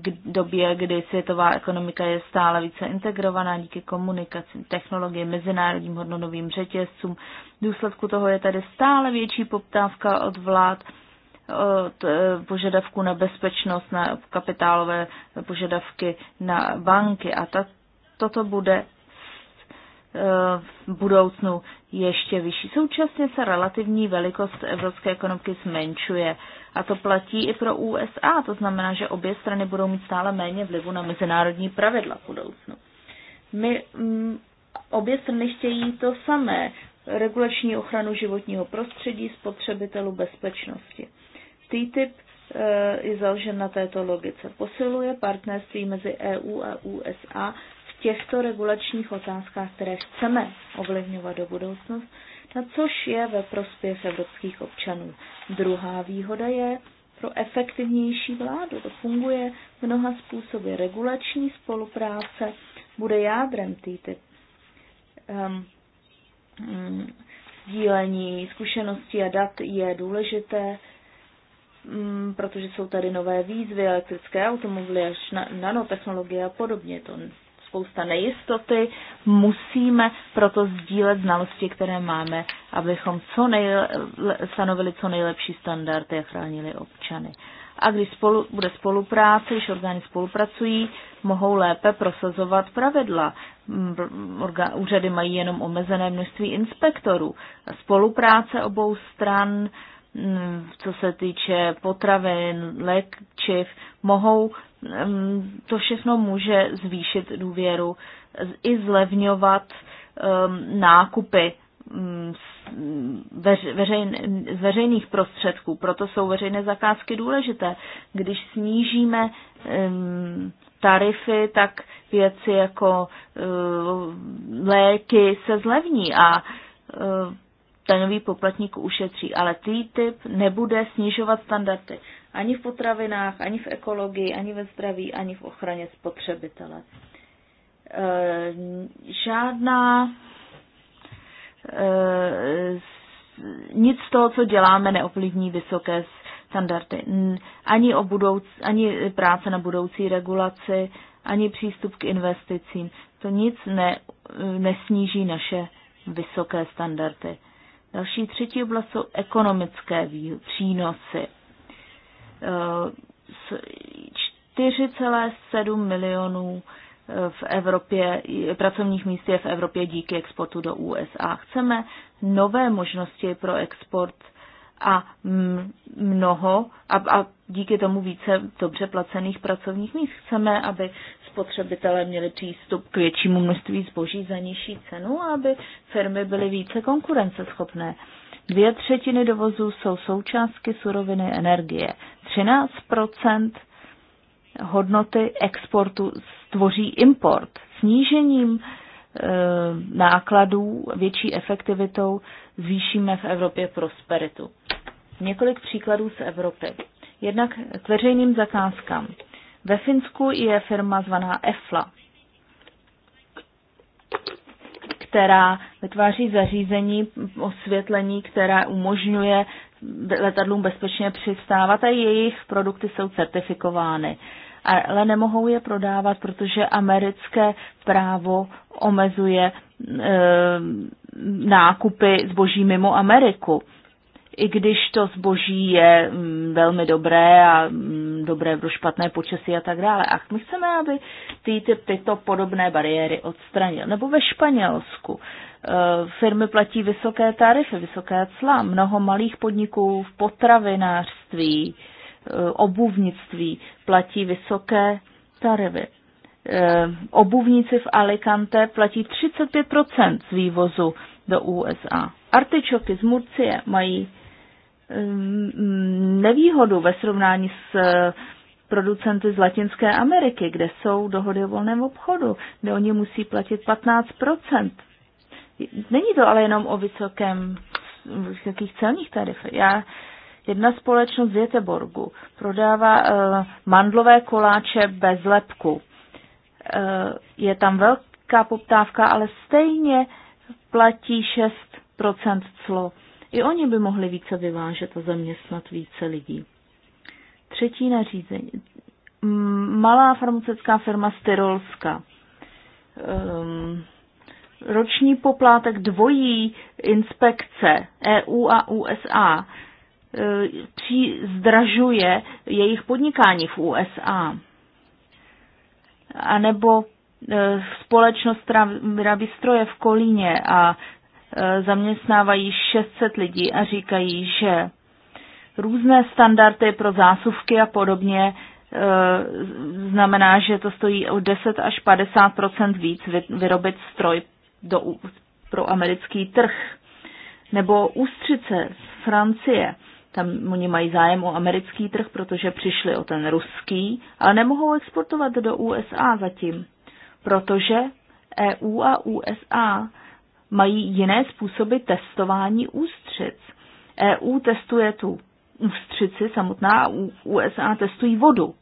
k době, kdy světová ekonomika je stále více integrovaná díky komunikacím, technologie mezinárodním hodnotovým řetězcům. V důsledku toho je tady stále větší poptávka od vlád, od eh, požadavků na bezpečnost, na kapitálové požadavky na banky a ta, toto bude eh, v budoucnu ještě vyšší. Současně se relativní velikost evropské ekonomiky zmenšuje. A to platí i pro USA, to znamená, že obě strany budou mít stále méně vlivu na mezinárodní pravidla v budoucnu. My m, mm, obě strany chtějí to samé, regulační ochranu životního prostředí, spotřebitelů, bezpečnosti. TTIP eh, je založen na této logice. Posiluje partnerství mezi EU a USA v těchto regulačních otázkách, které chceme ovlivňovat do budoucnosti což je ve prospěch evropských občanů. Druhá výhoda je pro efektivnější vládu. To funguje mnoha způsoby. Regulační spolupráce bude jádrem TTIP. Um, ehm, um, mm, sdílení zkušeností a dat je důležité, um, protože jsou tady nové výzvy, elektrické automobily, až na, nanotechnologie a podobně. To spousta nejistoty, musíme proto sdílet znalosti, které máme, abychom co nejle- stanovili co nejlepší standardy a chránili občany. A když spolu, bude spolupráce, když orgány spolupracují, mohou lépe prosazovat pravidla. Orga, úřady mají jenom omezené množství inspektorů. Spolupráce obou stran co se týče potravin, léčiv, mohou to všechno může zvýšit důvěru i zlevňovat nákupy z veřejných prostředků. Proto jsou veřejné zakázky důležité. Když snížíme tarify, tak věci jako e, léky se zlevní a daňový e, poplatník ušetří. Ale TTIP nebude snižovat standardy ani v potravinách, ani v ekologii, ani ve zdraví, ani v ochraně spotřebitele. Eh, žádná eh, nic z toho, co děláme, neovlivní vysoké standardy. Ani, o budouc, ani práce na budoucí regulaci, ani přístup k investicím. To nic ne, nesníží naše vysoké standardy. Další třetí oblast jsou ekonomické výhody, přínosy. 4,7 milionů eh, v Evropě, pracovních míst je v Evropě díky exportu do USA. Chceme nové možnosti pro export a mnoho a, a díky tomu více dobře placených pracovních míst. Chceme, aby spotřebitelé měli přístup k většímu množství zboží za nižší cenu, a aby firmy byly více konkurenceschopné. Uh, Dvě třetiny dovozu jsou součástky suroviny energie. 13 hodnoty exportu stvoří import. Snížením e, nákladů, větší efektivitou zvýšíme v Evropě prosperitu. Několik příkladů z Evropy. Jednak k veřejným zakázkám. Ve Finsku je firma zvaná EFLA, která vytváří zařízení osvětlení, které umožňuje letadlům bezpečně přistávat a jejich produkty jsou certifikovány. Ale nemohou je prodávat, protože americké právo omezuje e, nákupy zboží mimo Ameriku i když to zboží je mm, velmi dobré a mm, dobré pro špatné počasí a tak dále. A my chceme, aby ty, ty tyto podobné bariéry odstranil. Nebo ve Španělsku eh, firmy platí vysoké tarify, vysoké cla. Mnoho malých podniků v potravinářství, eh, obuvnictví platí vysoké tarify. Eh, obuvníci v Alicante platí 35 z vývozu do USA. Artičoky z Murcie mají Mm, nevýhodu ve srovnání s eh, producenty z Latinské Ameriky, kde jsou dohody o volném obchodu, kde oni musí platit 15 Není to ale jenom o vysokém, vysokých celních tarifech. Já, jedna společnost z Jeteborgu prodává uh, mandlové koláče bez lepku. Uh, je tam velká poptávka, ale stejně platí 6 clo. I oni by mohli více vyvážet a zaměstnat více lidí. Třetí nařízení. Malá farmaceutická firma z Um, ehm, roční poplátek dvojí inspekce EU a USA e, při zdražuje jejich podnikání v USA. A nebo e, společnost, která vyrábí stroje v Kolíně a Eh, zaměstnávají 600 lidí a říkají, že různé standardy pro zásuvky a podobně eh, znamená, že to stojí o 10 až 50 víc vyrobit stroj do, pro americký trh. Nebo ústřice z Francie. Tam oni mají zájem o americký trh, protože přišli o ten ruský, ale nemohou exportovat do USA zatím, protože EU a USA mají jiné způsoby testování ústřic. EU testuje tu ústřici samotná, USA testují vodu.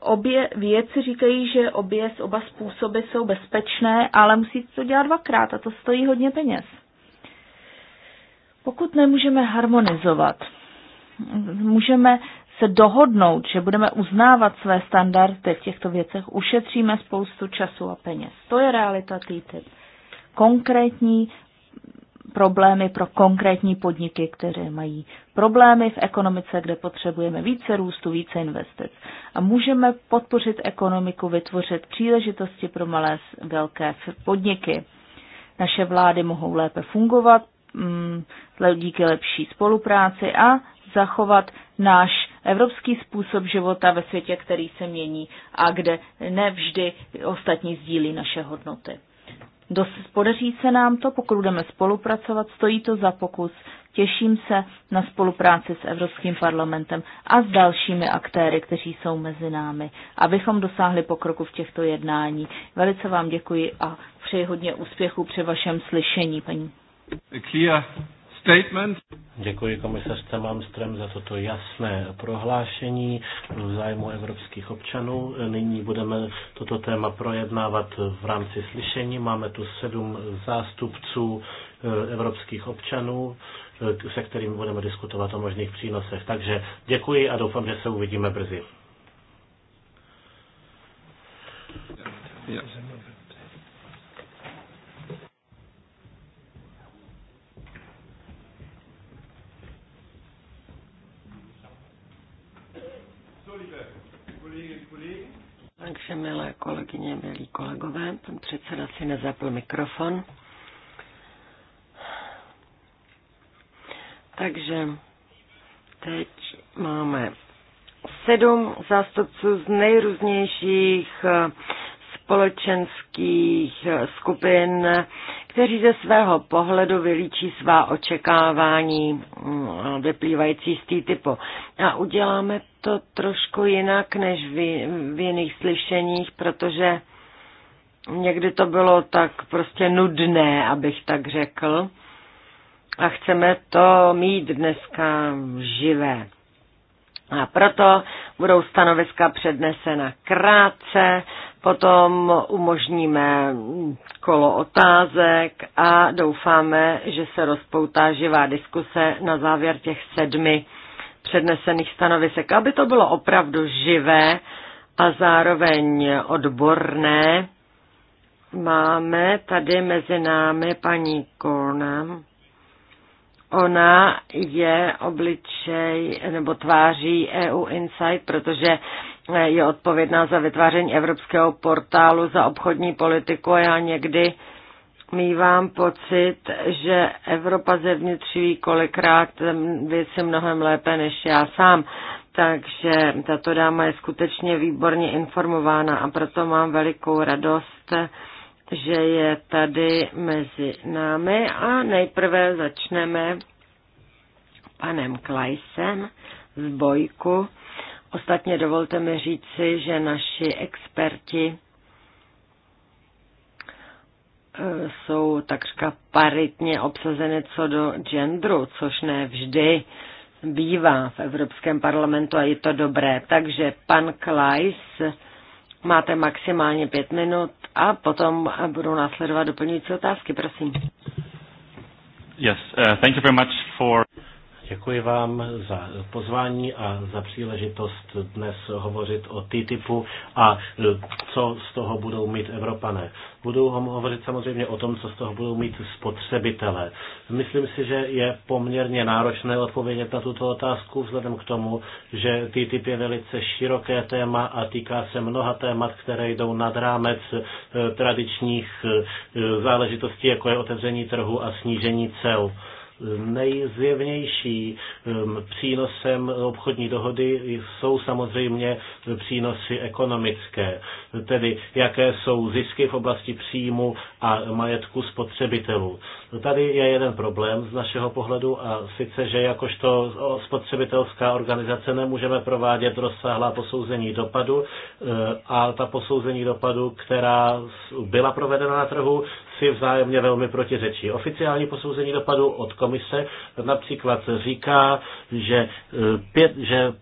Obě věci říkají, že obě z oba způsoby jsou bezpečné, ale musí to dělat dvakrát a to stojí hodně peněz. Pokud nemůžeme harmonizovat, můžeme se dohodnout, že budeme uznávat své standardy v těchto věcech, ušetříme spoustu času a peněz. To je realita TTIP konkrétní problémy pro konkrétní podniky, které mají problémy v ekonomice, kde potřebujeme více růstu, více investic. A můžeme podpořit ekonomiku, vytvořit příležitosti pro malé velké podniky. Naše vlády mohou lépe fungovat mm, díky lepší spolupráci a zachovat náš evropský způsob života ve světě, který se mění a kde nevždy ostatní sdílí naše hodnoty. Dos, podaří se nám to, pokud budeme spolupracovat, stojí to za pokus. Těším se na spolupráci s Evropským parlamentem a s dalšími aktéry, kteří jsou mezi námi, abychom dosáhli pokroku v těchto jednání. Velice vám děkuji a přeji hodně úspěchů při vašem slyšení, paní. Clear statement. Děkuji komisařce Malmström za toto jasné prohlášení v zájmu evropských občanů. Nyní budeme toto téma projednávat v rámci slyšení. Máme tu sedm zástupců eh, evropských občanů, eh, se kterými budeme diskutovat o možných přínosech. Takže děkuji a doufám, že se uvidíme brzy. Yeah. Takže, milé kolegyně, milí kolegové, pan předseda si nezapl mikrofon. Takže teď máme sedm zástupců z nejrůznějších eh, společenských skupin, kteří ze svého pohledu vylíčí svá očekávání mm, vyplývající z té typu. A uděláme to trošku jinak než v, v jiných slyšeních, protože někdy to bylo tak prostě nudné, abych tak řekl. A chceme to mít dneska živé. A proto budou stanoviska přednesena krátce, Potom umožníme kolo otázek a doufáme, že se rozpoutá živá diskuse na závěr těch sedmi přednesených stanovisek, aby to bylo opravdu živé a zároveň odborné. Máme tady mezi námi paní Kornem. Ona je obličej nebo tváří EU Insight, protože eh, je odpovědná za vytváření evropského portálu za obchodní politiku a já někdy mývám pocit, že Evropa zevnitř ví kolikrát věci mnohem lépe než já sám. Takže tato dáma je skutečně výborně informována a proto mám velikou radost, že je tady mezi námi a nejprve začneme panem Klajsem z Bojku. Ostatně dovolte mi říci, že naši experti eh, jsou takřka paritně obsazeny co do genderu, což ne vždy bývá v Evropském parlamentu a je to dobré. Takže pan Klajs, máte maximálně pět minut a potom budou následovat doplňující otázky, prosím. Yes, uh, thank you very much for... Děkuji vám za pozvání a za příležitost dnes hovořit o TTIPu a e, co z toho budou mít Evropané. Budu hovořit samozřejmě o tom, co z toho budou mít spotřebitelé. Myslím si, že je poměrně náročné odpovědět na tuto otázku vzhledem k tomu, že TTIP je velice široké téma a týká se mnoha témat, které jdou nad rámec e, tradičních e, záležitostí, jako je otevření trhu a snížení cel Nejzjevnější um, přínosem obchodní dohody jsou samozřejmě přínosy ekonomické, tedy jaké jsou zisky v oblasti příjmu a majetku spotřebitelů. Tady je jeden problém z našeho pohledu a sice, že jakožto spotřebitelská organizace nemůžeme provádět rozsáhlá posouzení dopadu eh, a ta posouzení dopadu, která byla provedena na trhu, si vzájemně velmi protiřečí. Oficiální posouzení dopadu od komise například říká, že, e, pět, že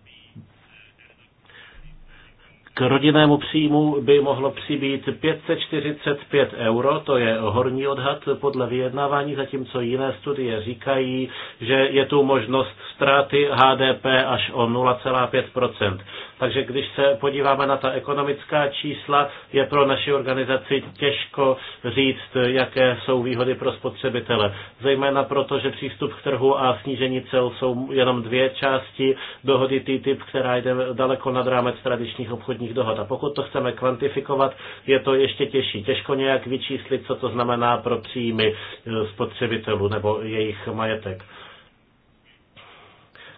k rodinnému příjmu by mohlo přibýt 545 euro, to je horní odhad podle vyjednávání, zatímco jiné studie říkají, že je tu možnost ztráty HDP až o 0,5%. Takže když se podíváme na ta ekonomická čísla, je pro naši organizaci těžko říct, jaké jsou výhody pro spotřebitele. Zejména proto, že přístup k trhu a snížení cel jsou jenom dvě části dohody TTIP, která jde daleko nad rámec tradičních obchodních dohod. A pokud to chceme kvantifikovat, je to ještě těžší. Těžko nějak vyčíslit, co to znamená pro příjmy eh, spotřebitelů nebo jejich majetek.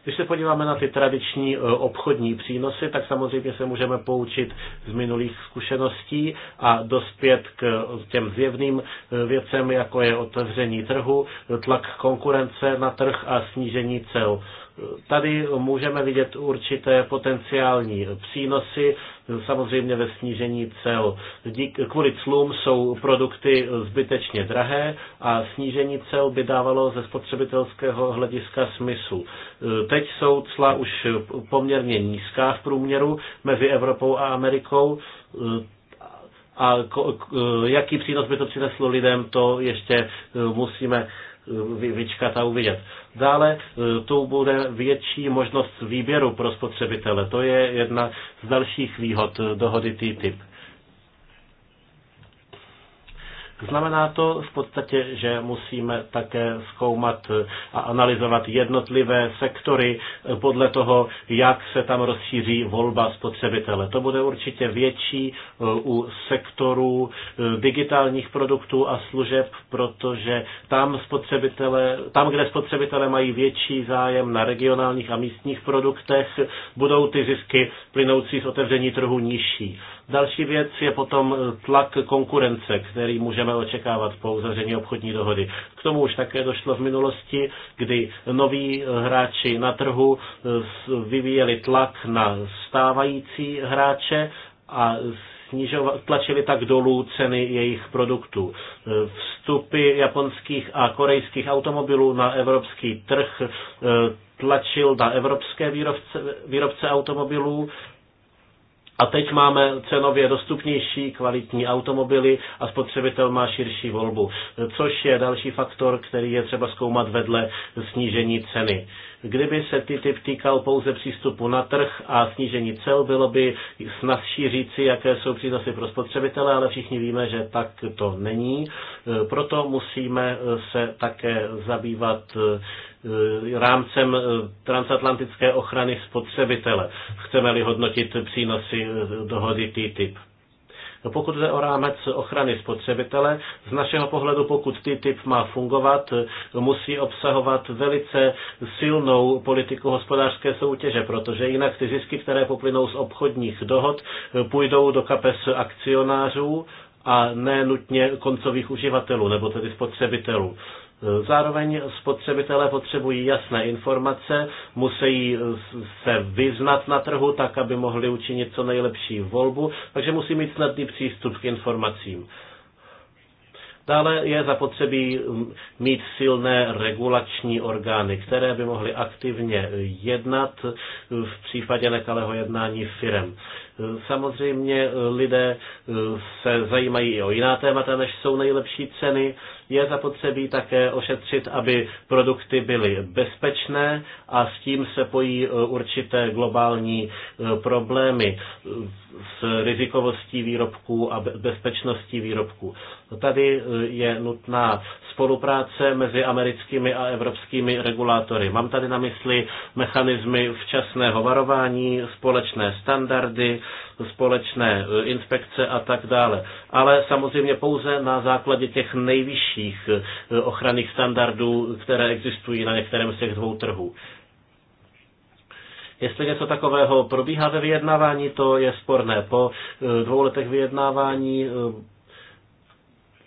Když se podíváme na ty tradiční e, obchodní přínosy, tak samozřejmě se můžeme poučit z minulých zkušeností a dospět k těm zjevným e, věcem, jako je otevření trhu, e, tlak konkurence na trh a snížení cel. Tady můžeme vidět určité potenciální přínosy, samozřejmě ve snížení cel. Dík, kvůli clům jsou produkty zbytečně drahé a snížení cel by dávalo ze spotřebitelského hlediska smysl. Teď jsou cla už poměrně nízká v průměru mezi Evropou a Amerikou a jaký přínos by to přineslo lidem, to ještě musíme Eh, vyčkat a uvidět. Dále eh, tu bude větší možnost výběru pro spotřebitele. To je jedna z dalších výhod eh, dohody TTIP. Znamená to v podstatě, že musíme také zkoumat a analyzovat jednotlivé sektory podle toho, jak se tam rozšíří volba spotřebitele. To bude určitě větší eh, u sektorů eh, digitálních produktů a služeb, protože tam, spotřebitele, tam kde spotřebitele mají větší zájem na regionálních a místních produktech, budou ty zisky plynoucí z otevření trhu nižší. Další věc je potom eh, tlak konkurence, který můžeme očekávat po uzavření obchodní dohody. K tomu už také došlo v minulosti, kdy noví eh, hráči na trhu eh, vyvíjeli tlak na stávající hráče a tlačili tak dolů ceny jejich produktů. Vstupy japonských a korejských automobilů na evropský trh tlačil na evropské výrobce, výrobce automobilů a teď máme cenově dostupnější kvalitní automobily a spotřebitel má širší volbu, což je další faktor, který je třeba zkoumat vedle snížení ceny. Kdyby se ty typ týkal pouze přístupu na trh a snížení cel, bylo by snazší říci, jaké jsou přínosy pro spotřebitele, ale všichni víme, že tak to není. Proto musíme se také zabývat Eh, rámcem eh, transatlantické ochrany spotřebitele, chceme-li hodnotit přínosy eh, dohody TTIP. No, pokud jde o rámec ochrany spotřebitele, z našeho pohledu, pokud TTIP má fungovat, musí obsahovat velice silnou politiku hospodářské soutěže, protože jinak ty zisky, které poplynou z obchodních dohod, půjdou do kapes akcionářů a ne nutně koncových uživatelů, nebo tedy spotřebitelů. Zároveň spotřebitelé potřebují jasné informace, musí eh, se vyznat na trhu tak, aby mohli učinit co nejlepší volbu, takže musí mít snadný přístup k informacím. Dále je zapotřebí mm, mít silné regulační orgány, které by mohly aktivně jednat eh, v případě nekalého jednání firem. Samozřejmě eh, lidé eh, se zajímají i o jiná témata, než jsou nejlepší ceny. Je zapotřebí také ošetřit, aby produkty byly bezpečné a s tím se pojí eh, určité globální problémy s rizikovostí výrobků a bezpečností výrobků. Tady je nutná spolupráce mezi americkými a evropskými regulátory. Mám tady na mysli mechanizmy včasného varování, společné standardy, společné e, inspekce a tak dále. Ale samozřejmě pouze na základě těch nejvyšších e, ochranných standardů, které existují na některém z těch dvou trhů. Jestli něco takového probíhá ve vyjednávání, to je sporné. Po e, dvou letech vyjednávání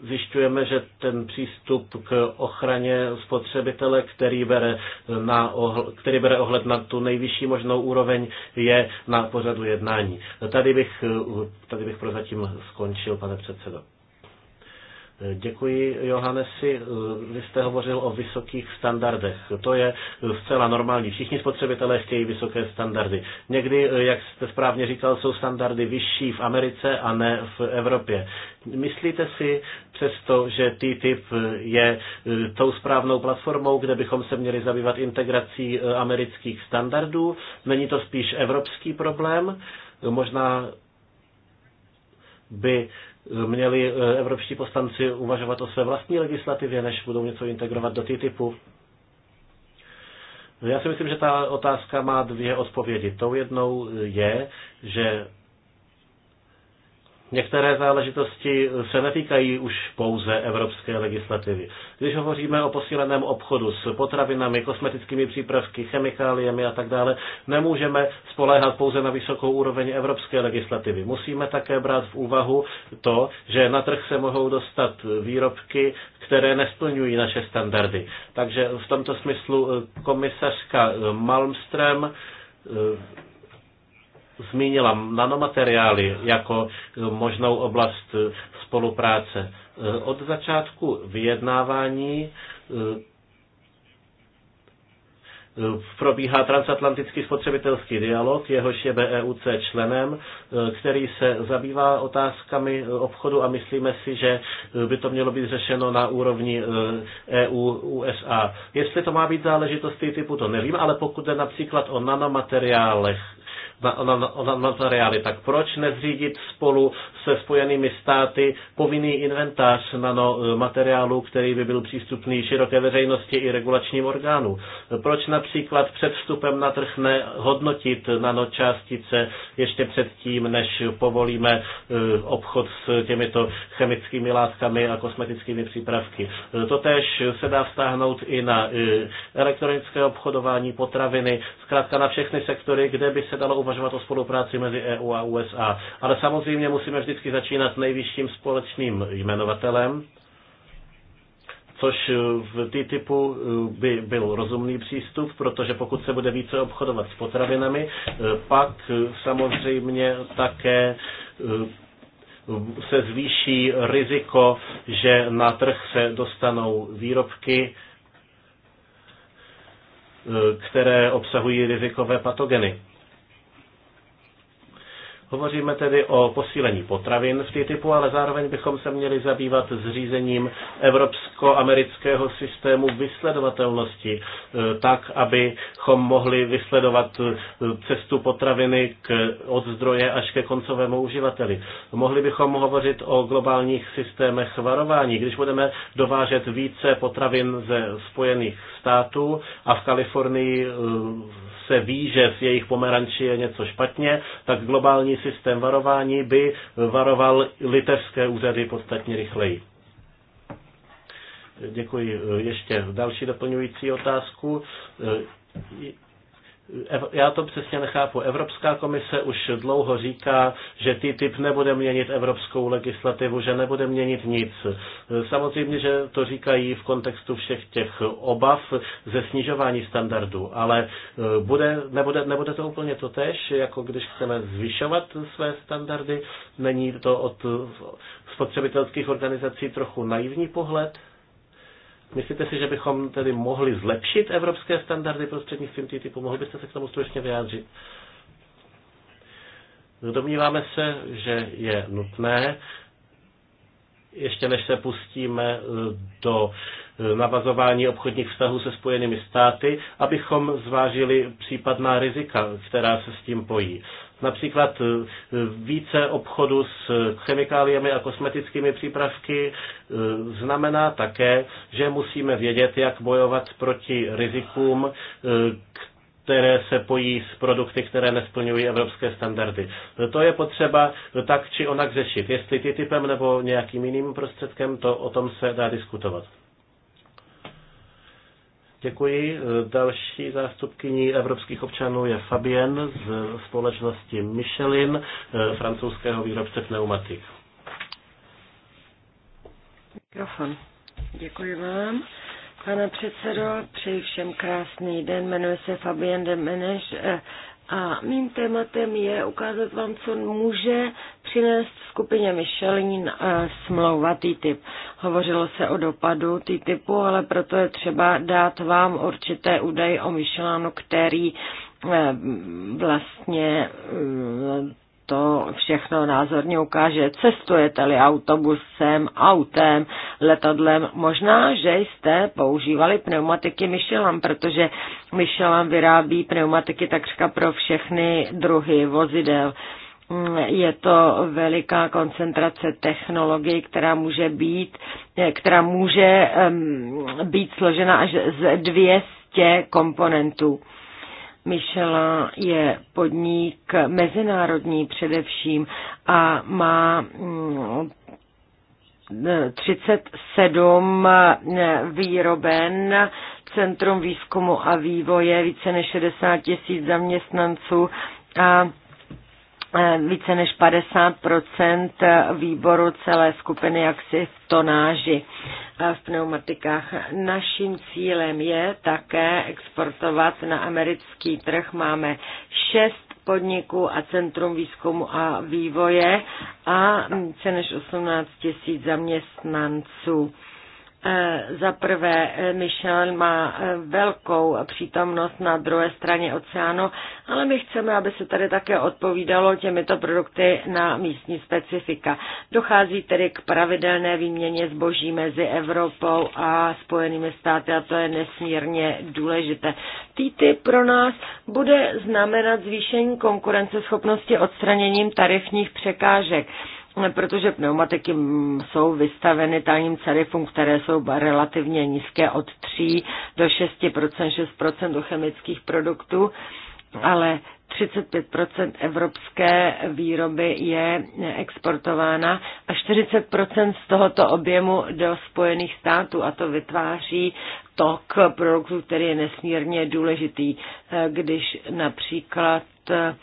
zjišťujeme, že ten přístup k ochraně spotřebitele, který bere, na ohl- který bere ohled na tu nejvyšší možnou úroveň, je na pořadu jednání. Tady bych, tady bych prozatím skončil, pane předsedo. Děkuji, Johannesi. Vy jste hovořil o vysokých standardech. To je zcela normální. Všichni spotřebitelé chtějí vysoké standardy. Někdy, jak jste správně říkal, jsou standardy vyšší v Americe a ne v Evropě. Myslíte si přesto, že TTIP je e, tou správnou platformou, kde bychom se měli zabývat integrací e, amerických standardů? Není to spíš evropský problém? Možná by měli eh, evropští poslanci uvažovat o své vlastní legislativě, než budou něco integrovat do TTIPu? Já si myslím, že ta otázka má dvě odpovědi. Tou jednou je, že Některé záležitosti se netýkají už pouze evropské legislativy. Když hovoříme o posíleném obchodu s potravinami, kosmetickými přípravky, chemikáliemi a tak dále, nemůžeme spoléhat pouze na vysokou úroveň evropské legislativy. Musíme také brát v úvahu to, že na trh se mohou dostat výrobky, které nesplňují naše standardy. Takže v tomto smyslu eh, komisařka eh, Malmström eh, zmínila nanomateriály jako možnou oblast spolupráce. Od začátku vyjednávání eh, probíhá transatlantický spotřebitelský dialog, jehož je BEUC členem, eh, který se zabývá otázkami obchodu a myslíme si, že eh, by to mělo být řešeno na úrovni EU-USA. E Jestli to má být záležitost typu, to nevím, ale pokud jde například o nanomateriálech, na, na, na, notariály, tak proč nezřídit spolu se Spojenými státy povinný inventář nanomateriálu, eh, který by byl přístupný široké veřejnosti i regulačním orgánu? Proč například před vstupem na trh nehodnotit nanočástice ještě předtím, než povolíme eh, obchod s těmito chemickými látkami a kosmetickými přípravky? Eh, Totež se dá vztáhnout i na elektronické obchodování, potraviny, zkrátka na všechny sektory, kde by se dalo uvažovat o spolupráci mezi EU a USA. Ale samozřejmě musíme vždycky začínat nejvyšším společným jmenovatelem, což v té typu eh, by byl rozumný přístup, protože pokud se bude více obchodovat s potravinami, eh, pak eh, samozřejmě také se zvýší riziko, že na trh se dostanou výrobky, které obsahují rizikové patogeny. Hovoříme tedy o posílení potravin v TTIPu, ale zároveň bychom se měli zabývat zřízením evropsko-amerického systému vysledovatelnosti, eh, tak, abychom mohli vysledovat eh, cestu potraviny k, od zdroje až ke koncovému uživateli. Mohli bychom hovořit o globálních systémech varování. Když budeme dovážet více potravin ze Spojených států a v Kalifornii eh, se ví, že s jejich pomeranči je něco špatně, tak globální systém varování by varoval litevské úřady podstatně rychleji. Děkuji. Ještě další doplňující otázku já to přesně nechápu. Evropská komise už dlouho říká, že TTIP nebude měnit evropskou legislativu, že nebude měnit nic. Samozřejmě, že to říkají v kontextu všech těch obav ze snižování standardů, ale e, bude, nebude, nebude to úplně to tež, jako když chceme zvyšovat své standardy. Není to od spotřebitelských organizací trochu naivní pohled? Myslíte si, že bychom tedy mohli zlepšit evropské standardy prostřednictvím TTIP? Mohl byste se k tomu stručně vyjádřit? Domníváme se, že je nutné, ještě než se pustíme eh, do eh, navazování obchodních vztahů se Spojenými státy, abychom zvážili případná rizika, která se s tím pojí například eh, více obchodu s chemikáliemi a kosmetickými přípravky eh, znamená také, že musíme vědět, jak bojovat proti rizikům, eh, které se pojí s produkty, které nesplňují evropské standardy. To je potřeba tak či onak řešit. Jestli ty typem nebo nějakým jiným prostředkem, to o tom se dá diskutovat. Děkuji. Další zástupkyní evropských občanů je Fabien z společnosti Michelin, eh, francouzského výrobce pneumatik. Mikrofon. Děkuji vám. Pane předsedo, přeji všem krásný den. Jmenuji se Fabien de Meneš eh, a mým tématem je ukázat vám, co může přinést skupině Michelin eh, smlouva TTIP. Hovořilo se o dopadu TTIPu, ale proto je třeba dát vám určité údaje o Michelinu, který eh, vlastně eh, to všechno názorně ukáže. Cestujete-li autobusem, autem, letadlem, možná, že jste používali pneumatiky Michelin, protože Michelin vyrábí pneumatiky takřka pro všechny druhy vozidel. Je to veliká koncentrace technologií, která může být, která může být složena až z 200 komponentů. Michela je podnik mezinárodní především a má 37 mm, mm, výroben, centrum výzkumu a vývoje, více než 60 tisíc zaměstnanců a Eh, více než 50 výboru celé skupiny jaksi v tonáži eh, v pneumatikách. Naším cílem je také exportovat na americký trh. Máme šest podniků a Centrum výzkumu a vývoje a více než 18 tisíc zaměstnanců. E, za prvé, e, Michel má e, velkou přítomnost na druhé straně oceánu, ale my chceme, aby se tady také odpovídalo těmito produkty na místní specifika. Dochází tedy k pravidelné výměně zboží mezi Evropou a Spojenými státy a to je nesmírně důležité. Týty pro nás bude znamenat zvýšení konkurenceschopnosti odstraněním tarifních překážek protože pneumatiky jsou vystaveny tajným tarifům, které jsou relativně nízké od 3 do 6%, 6% u chemických produktů, ale 35 evropské výroby je exportována a 40 z tohoto objemu do Spojených států a to vytváří tok produktů, který je nesmírně důležitý. Eh, když například eh,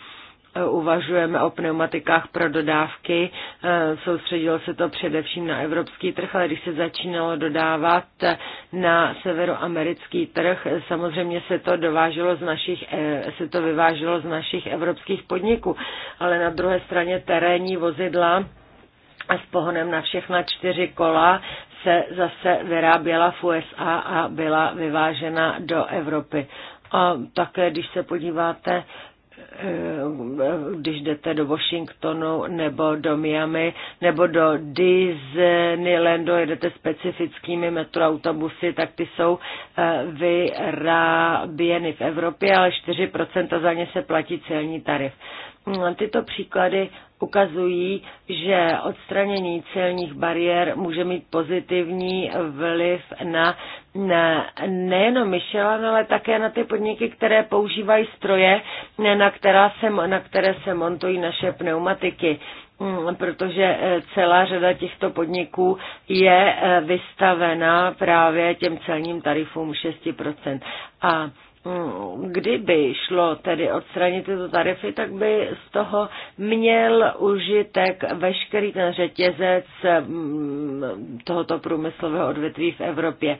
uvažujeme o pneumatikách pro dodávky. Eh, Soustředilo se to především na evropský trh, ale když se začínalo dodávat na severoamerický trh, samozřejmě se to dováželo z našich, eh, se to vyváželo z našich evropských podniků, ale na druhé straně terénní vozidla a s pohonem na všechna čtyři kola se zase vyráběla v USA a byla vyvážena do Evropy. A také, když se podíváte Eh, když jdete do Washingtonu nebo do Miami nebo do Disneylandu, jedete specifickými metroautobusy, tak ty jsou eh, vyráběny v Evropě, ale 4% za ně se platí celní tarif tyto příklady ukazují, že odstranění celních bariér může mít pozitivní vliv na, na nejenom Michelin, ale také na ty podniky, které používají stroje, na, která se, na které se montují naše pneumatiky mm, protože eh, celá řada těchto podniků je eh, vystavena právě těm celním tarifům 6%. A kdyby šlo tedy odstranit tyto tarify, tak by z toho měl užitek veškerý ten řetězec mm, tohoto průmyslového odvětví v Evropě.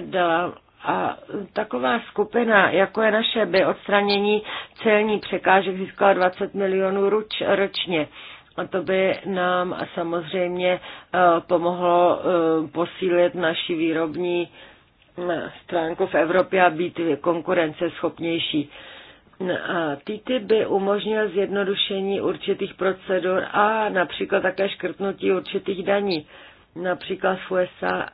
Dala a taková skupina, jako je naše, by odstranění celní překážek získala 20 milionů ruč, ročně. A to by nám samozřejmě eh, pomohlo eh, posílit naši výrobní stránku v Evropě a být konkurenceschopnější. No a TTIP by umožnil zjednodušení určitých procedur a například také škrtnutí určitých daní, například v USA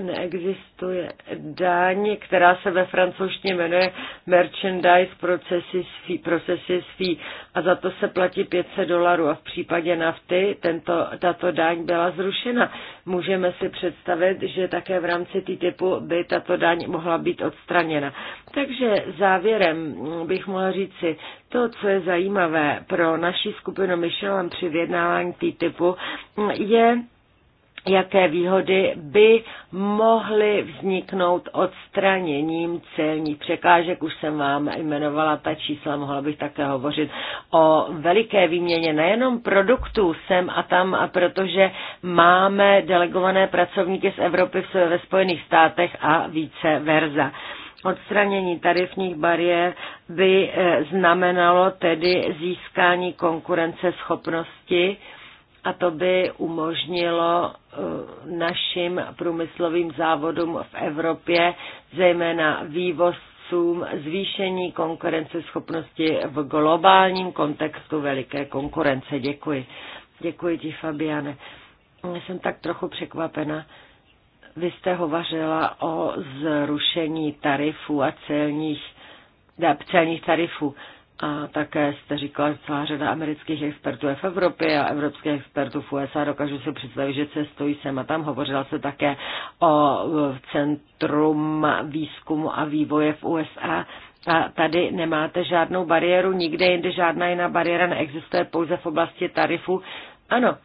neexistuje daň, která se ve francouzštině jmenuje merchandise processes fee, processes fee a za to se platí 500 dolarů a v případě nafty tento, tato daň byla zrušena. Můžeme si představit, že také v rámci typu by tato daň mohla být odstraněna. Takže závěrem bych mohla říci, to, co je zajímavé pro naší skupinu Michelin při vyjednávání typu, je jaké výhody by mohly vzniknout odstraněním celních překážek. Už jsem vám jmenovala ta čísla, mohla bych také hovořit o veliké výměně nejenom produktů sem a tam, a protože máme delegované pracovníky z Evropy ve Spojených státech a více verza. Odstranění tarifních bariér by eh, znamenalo tedy získání konkurenceschopnosti schopnosti a to by umožnilo eh, našim průmyslovým závodům v Evropě, zejména vývozcům, zvýšení konkurenceschopnosti v globálním kontextu veliké konkurence. Děkuji. Děkuji ti, Fabiane. Jsem tak trochu překvapena. Vy jste hovařila o zrušení tarifů a celních, celních tarifů. A také jste říkala, že celá řada amerických expertů je v Evropě a evropských expertů v USA. Dokážu si představit, že cestují sem a tam. Hovořila se také o Centrum výzkumu a vývoje v USA. A tady nemáte žádnou bariéru, nikde jinde žádná jiná bariéra neexistuje, pouze v oblasti tarifu. Ano,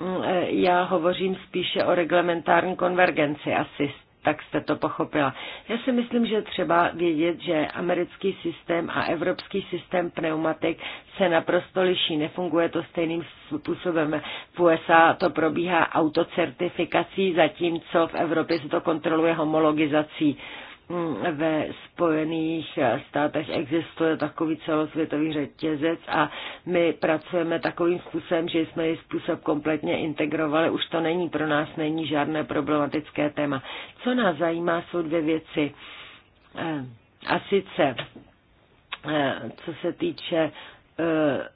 mm, e, já hovořím spíše o reglementární konvergenci asi tak jste to pochopila. Já si myslím, že třeba vědět, že americký systém a evropský systém pneumatik se naprosto liší. Nefunguje to stejným způsobem. V USA to probíhá autocertifikací, zatímco v Evropě se to kontroluje homologizací. Uh, ve Spojených státech existuje takový celosvětový řetězec a my pracujeme takovým způsobem, že jsme ji způsob kompletně integrovali. Už to není pro nás, není žádné problematické téma. Co nás zajímá, jsou dvě věci. Eh, a sice, eh, co se týče eh,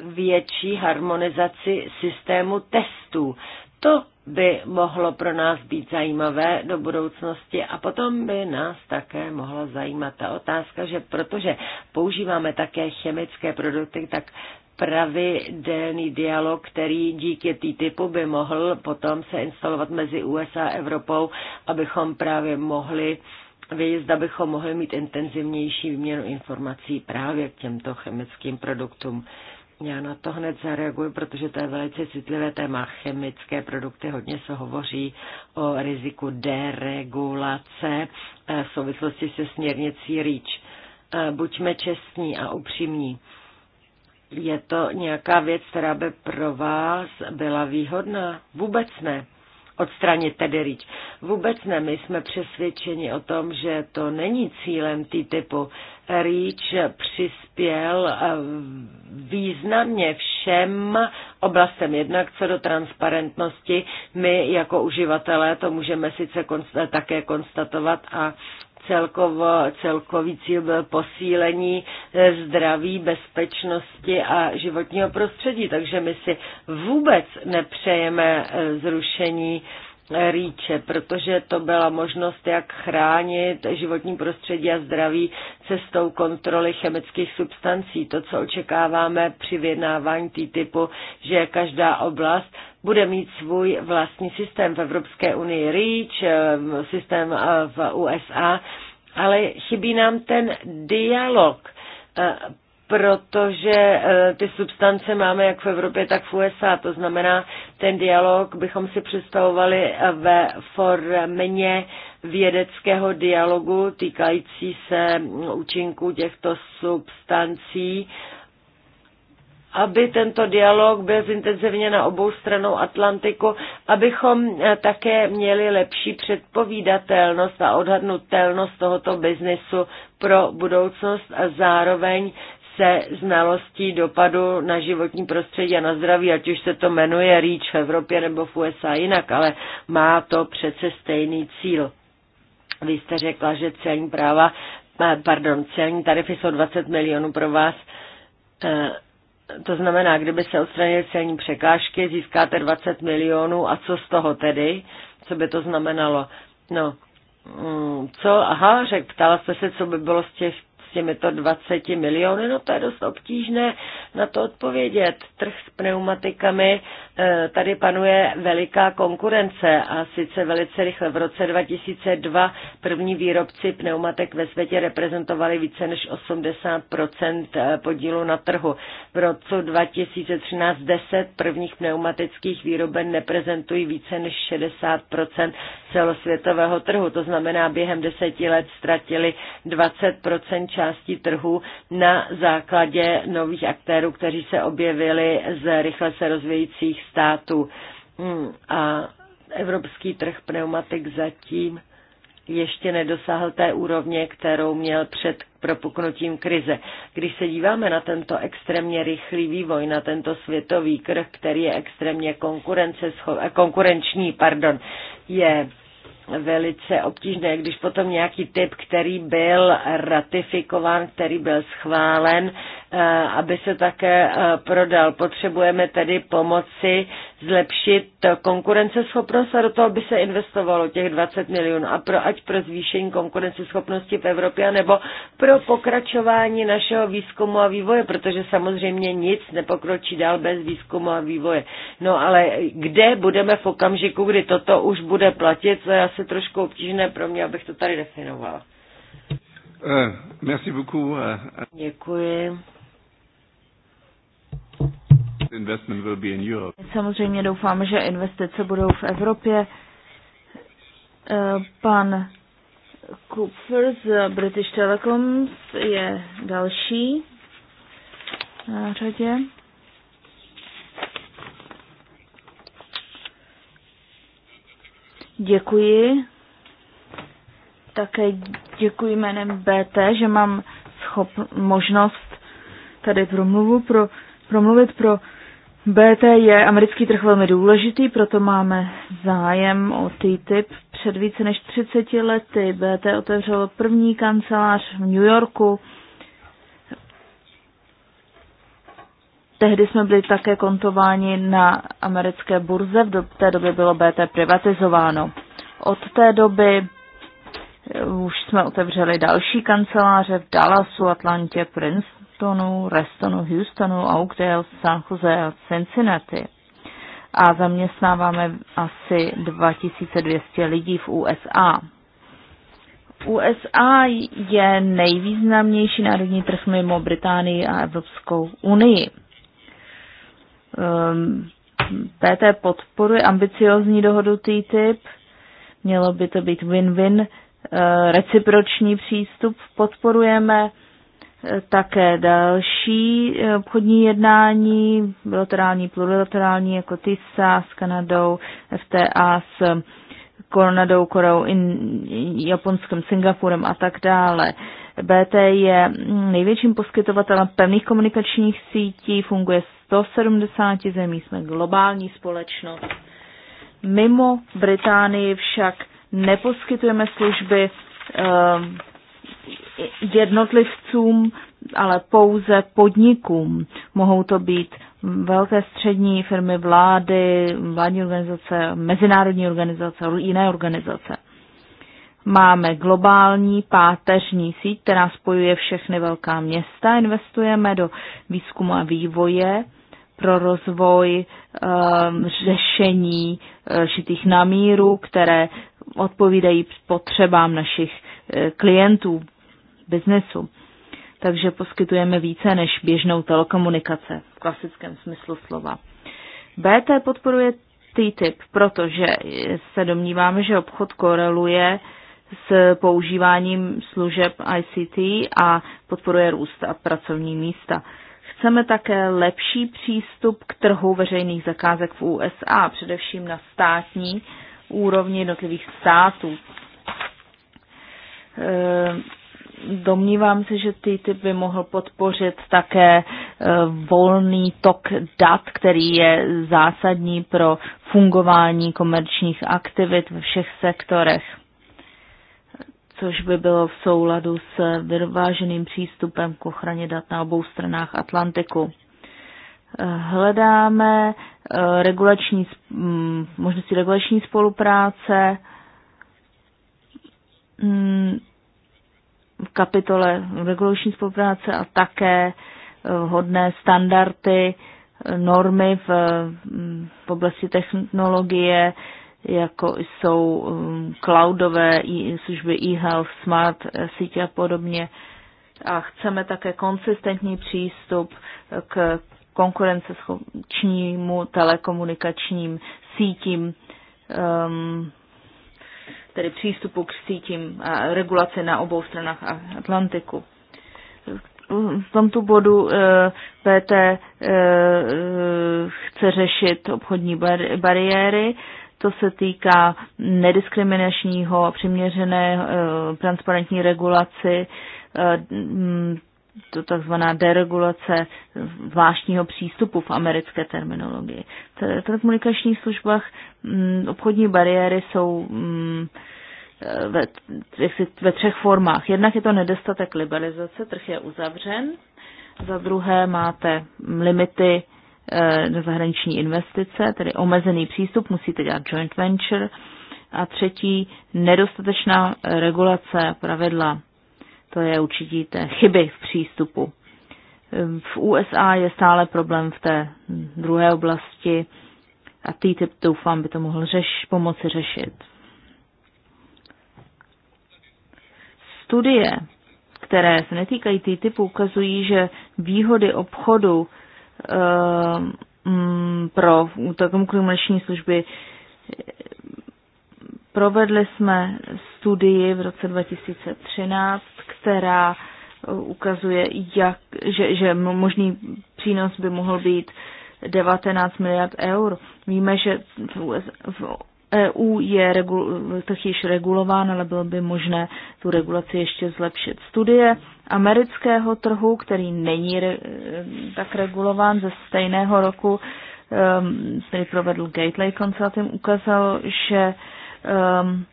větší harmonizaci systému testů. To by mohlo pro nás být zajímavé do budoucnosti a potom by nás také mohla zajímat ta otázka, že protože používáme také chemické produkty, tak pravidelný dialog, který díky TTIPu by mohl potom se instalovat mezi USA a Evropou, abychom právě mohli vědět, abychom mohli mít intenzivnější výměnu informací právě k těmto chemickým produktům. Já na to hned zareaguji, protože to je velice citlivé téma. Chemické produkty hodně se hovoří o riziku deregulace eh, v souvislosti se směrnicí REACH. Eh, buďme čestní a upřímní. Je to nějaká věc, která by pro vás byla výhodná? Vůbec ne odstranit tedy rýč. Vůbec ne, my jsme přesvědčeni o tom, že to není cílem typu. Rýč přispěl eh, významně všem oblastem. Jednak co do transparentnosti, my jako uživatelé to můžeme sice konst- také konstatovat a celkovo, celkový cíl byl posílení eh, zdraví, bezpečnosti a životního prostředí. Takže my si vůbec nepřejeme eh, zrušení rýče, protože to byla možnost, jak chránit životní prostředí a zdraví cestou kontroly chemických substancí. To, co očekáváme při vyjednávání TTIPu, že každá oblast bude mít svůj vlastní systém v Evropské unii REACH, systém eh, v USA, ale chybí nám ten dialog eh, protože eh, ty substance máme jak v Evropě, tak v USA. To znamená, ten dialog bychom si představovali eh, ve formě vědeckého dialogu týkající se mm, účinku těchto substancí, aby tento dialog byl zintenzivně na obou stranou Atlantiku, abychom eh, také měli lepší předpovídatelnost a odhadnutelnost tohoto biznesu pro budoucnost a zároveň se znalostí dopadu na životní prostředí a na zdraví, ať už se to jmenuje REACH v Evropě nebo v USA jinak, ale má to přece stejný cíl. Vy jste řekla, že celní práva, eh, pardon, celní tarify jsou 20 milionů pro vás. Eh, to znamená, kdyby se odstranily celní překážky, získáte 20 milionů a co z toho tedy? Co by to znamenalo? No, mm, co, aha, řek, ptala jste se, co by bylo z těch s těmito 20 miliony, no to je dost obtížné na to odpovědět. Trh s pneumatikami, eh, tady panuje veliká konkurence a sice velice rychle. V roce 2002 první výrobci pneumatik ve světě reprezentovali více než 80 eh, podílu na trhu. V roce 2013 10 prvních pneumatických výroben neprezentují více než 60 celosvětového trhu. To znamená, během deseti let ztratili 20 část části trhu na základě nových aktérů, kteří se objevili z rychle se rozvíjících států. Hmm, a evropský trh pneumatik zatím ještě nedosáhl té úrovně, kterou měl před propuknutím krize. Když se díváme na tento extrémně rychlý vývoj, na tento světový krh, který je extrémně konkurenční, pardon, je velice obtížné, když potom nějaký typ, který byl ratifikován, který byl schválen, eh, aby se také eh, prodal. Potřebujeme tedy pomoci zlepšit konkurenceschopnost a do toho by se investovalo těch 20 milionů a pro, ať pro zvýšení konkurenceschopnosti v Evropě nebo pro pokračování našeho výzkumu a vývoje, protože samozřejmě nic nepokročí dál bez výzkumu a vývoje. No ale kde budeme v okamžiku, kdy toto už bude platit, to je asi trošku obtížné pro mě, abych to tady definovala. Uh, merci beaucoup. Eh, eh. Děkuji. Samozřejmě doufáme, že investice budou v Evropě. Eh, pan Kupfer z British Telecom je další na řadě. Děkuji. Také děkuji jménem BT, že mám schop, možnost tady promluvu pro, promluvit pro BT je americký trh velmi důležitý, proto máme zájem o TTIP. Před více než 30 lety BT otevřelo první kancelář v New Yorku. Tehdy jsme byli také kontováni na americké burze, v té době bylo BT privatizováno. Od té doby eh, už jsme otevřeli další kanceláře v Dallasu, Atlantě, Princeton Washingtonu, Restonu, Houstonu, Oakdale, San Jose a Cincinnati. A zaměstnáváme asi 2200 lidí v USA. USA je nejvýznamnější národní trh mimo Británii a Evropskou unii. Ehm, PT podporuje ambiciozní dohodu TTIP, mělo by to být win-win, eh, reciproční přístup podporujeme také další obchodní jednání, bilaterální, plurilaterální, jako TISA s Kanadou, FTA s Koronadou, Koreou, Japonskem, Singapurem a tak dále. BT je největším poskytovatelem pevných komunikačních sítí, funguje 170 zemí, jsme globální společnost. Mimo Británii však neposkytujeme služby ehm, jednotlivcům, ale pouze podnikům. Mohou to být velké střední firmy, vlády, vládní organizace, mezinárodní organizace, jiné organizace. Máme globální páteřní síť, která spojuje všechny velká města. Investujeme do výzkumu a vývoje pro rozvoj um, řešení eh, šitých na míru, které odpovídají potřebám našich Eh, klientů, biznesu. Takže poskytujeme více než běžnou telekomunikace v klasickém smyslu slova. BT podporuje TTIP, protože se domníváme, že obchod koreluje s používáním služeb ICT a podporuje růst a pracovní místa. Chceme také lepší přístup k trhu veřejných zakázek v USA, především na státní úrovni jednotlivých států. Eh, domnívám se, že TTIP by mohl podpořit také eh, volný tok dat, který je zásadní pro fungování komerčních aktivit ve všech sektorech, což by bylo v souladu s vyváženým přístupem k ochraně dat na obou stranách Atlantiku. Eh, hledáme regulační, mm, možnosti regulační spolupráce, Mm, v kapitole regulační spolupráce a také eh, hodné standardy, eh, normy v, mm, v oblasti technologie, jako jsou mm, cloudové služby e-health, smart eh, sítě a podobně. A chceme také konsistentní přístup k konkurenceschopnímu telekomunikačním sítím um, tedy přístupu k sítím a regulace na obou stranách Atlantiku. V tomto bodu eh, PT eh, chce řešit obchodní bariéry. To se týká nediskriminačního a přiměřené eh, transparentní regulaci to takzvaná deregulace zvláštního přístupu v americké terminologii. V telekomunikačních službách mm, obchodní bariéry jsou mm, ve, ve třech formách. Jednak je to nedostatek liberalizace, trh je uzavřen, za druhé máte limity na eh, zahraniční investice, tedy omezený přístup, musíte dělat joint venture, a třetí nedostatečná regulace pravidla to je určitě té chyby v přístupu. V USA je stále problém v té druhé oblasti a TTIP doufám by to mohl řeš, pomoci řešit. Studie, které se netýkají TTIPu, ukazují, že výhody obchodu e, eh, m, mm, pro telekomunikační služby Provedli jsme studii v roce 2013, která uh, ukazuje, jak, že, že možný přínos by mohl být 19 miliard eur. Víme, že v, US, v EU je regul, tak již regulován, ale bylo by možné tu regulaci ještě zlepšit. Studie amerického trhu, který není re, eh, tak regulován ze stejného roku, ehm, který provedl Gateway Consulting, ukázal, že um,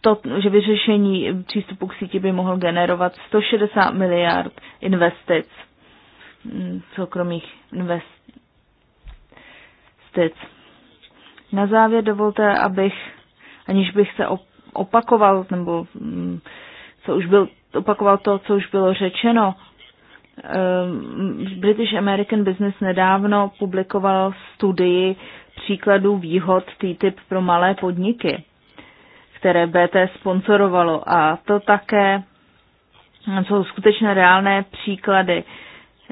to, že vyřešení přístupu k síti by mohl generovat 160 miliard investic, mm, soukromých investic. Na závěr dovolte, abych, aniž bych se opakoval, nebo mm, co už byl, opakoval to, co už bylo řečeno, um, British American Business nedávno publikoval studii příkladů výhod TTIP pro malé podniky, které BT sponsorovalo. A to také jsou skutečně reálné příklady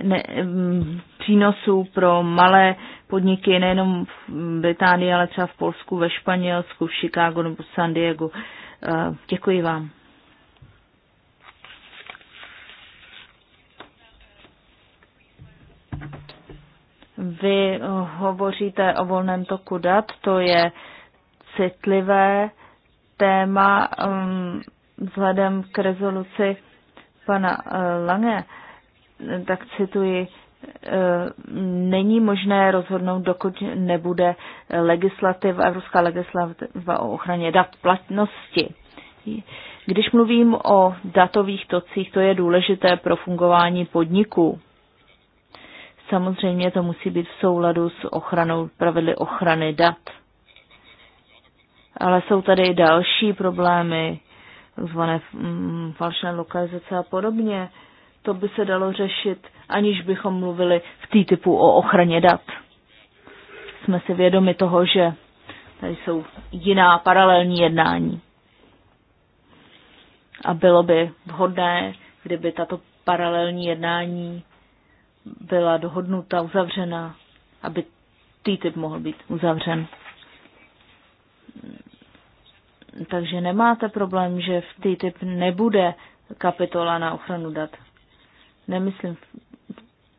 ne, mm, přínosů pro malé podniky nejenom v Británii, ale třeba v Polsku, ve Španělsku, v Chicago nebo v San Diego. Eh, děkuji vám. Vy hovoříte o volném toku dat, to je citlivé téma um, vzhledem k rezoluci pana uh, Lange. Tak cituji, uh, není možné rozhodnout, dokud nebude legislativa, evropská legislativa o ochraně dat platnosti. Když mluvím o datových tocích, to je důležité pro fungování podniků. Samozřejmě to musí být v souladu s ochranou, pravidly ochrany dat. Ale jsou tady i další problémy, zvané mm, falšné lokalizace a podobně. To by se dalo řešit, aniž bychom mluvili v té typu o ochraně dat. Jsme si vědomi toho, že tady jsou jiná paralelní jednání. A bylo by vhodné, kdyby tato paralelní jednání byla dohodnuta, uzavřena, aby TTIP mohl být uzavřen. Takže nemáte problém, že v TTIP nebude kapitola na ochranu dat. Nemyslím v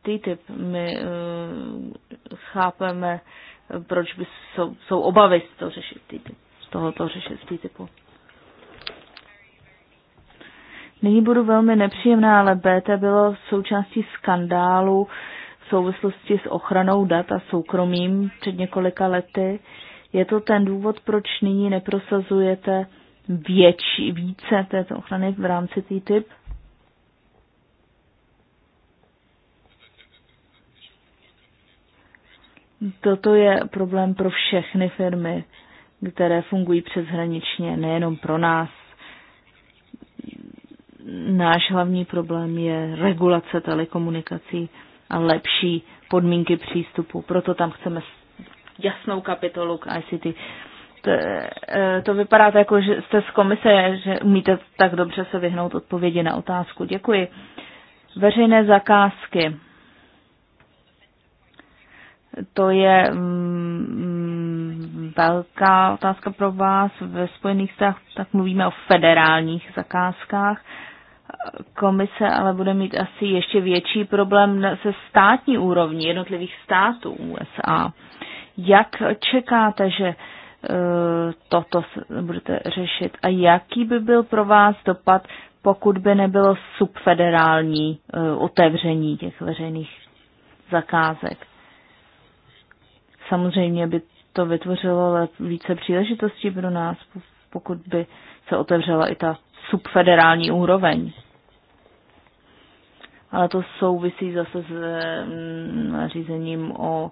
TTIP. My uh, chápeme, proč by jsou, jsou obavy z toho řešit TTIP, z tohoto řešit TTIPu. Nyní budu velmi nepříjemná, ale BT bylo součástí skandálu v souvislosti s ochranou dat a soukromím před několika lety. Je to ten důvod, proč nyní neprosazujete větší, více této ochrany v rámci TTIP? Toto je problém pro všechny firmy, které fungují přeshraničně, nejenom pro nás náš hlavní problém je regulace telekomunikací a lepší podmínky přístupu. Proto tam chceme jasnou kapitolu k ICT. To, e, to vypadá jako, že jste z komise, že umíte tak dobře se vyhnout odpovědi na otázku. Děkuji. Veřejné zakázky. To je mm, velká otázka pro vás. Ve Spojených státech tak mluvíme o federálních zakázkách. Komise ale bude mít asi ještě větší problém se státní úrovní jednotlivých států USA. Jak čekáte, že e, toto budete řešit a jaký by byl pro vás dopad, pokud by nebylo subfederální e, otevření těch veřejných zakázek? Samozřejmě by to vytvořilo více příležitostí pro nás, pokud by se otevřela i ta subfederální úroveň ale to souvisí zase s mm, nařízením o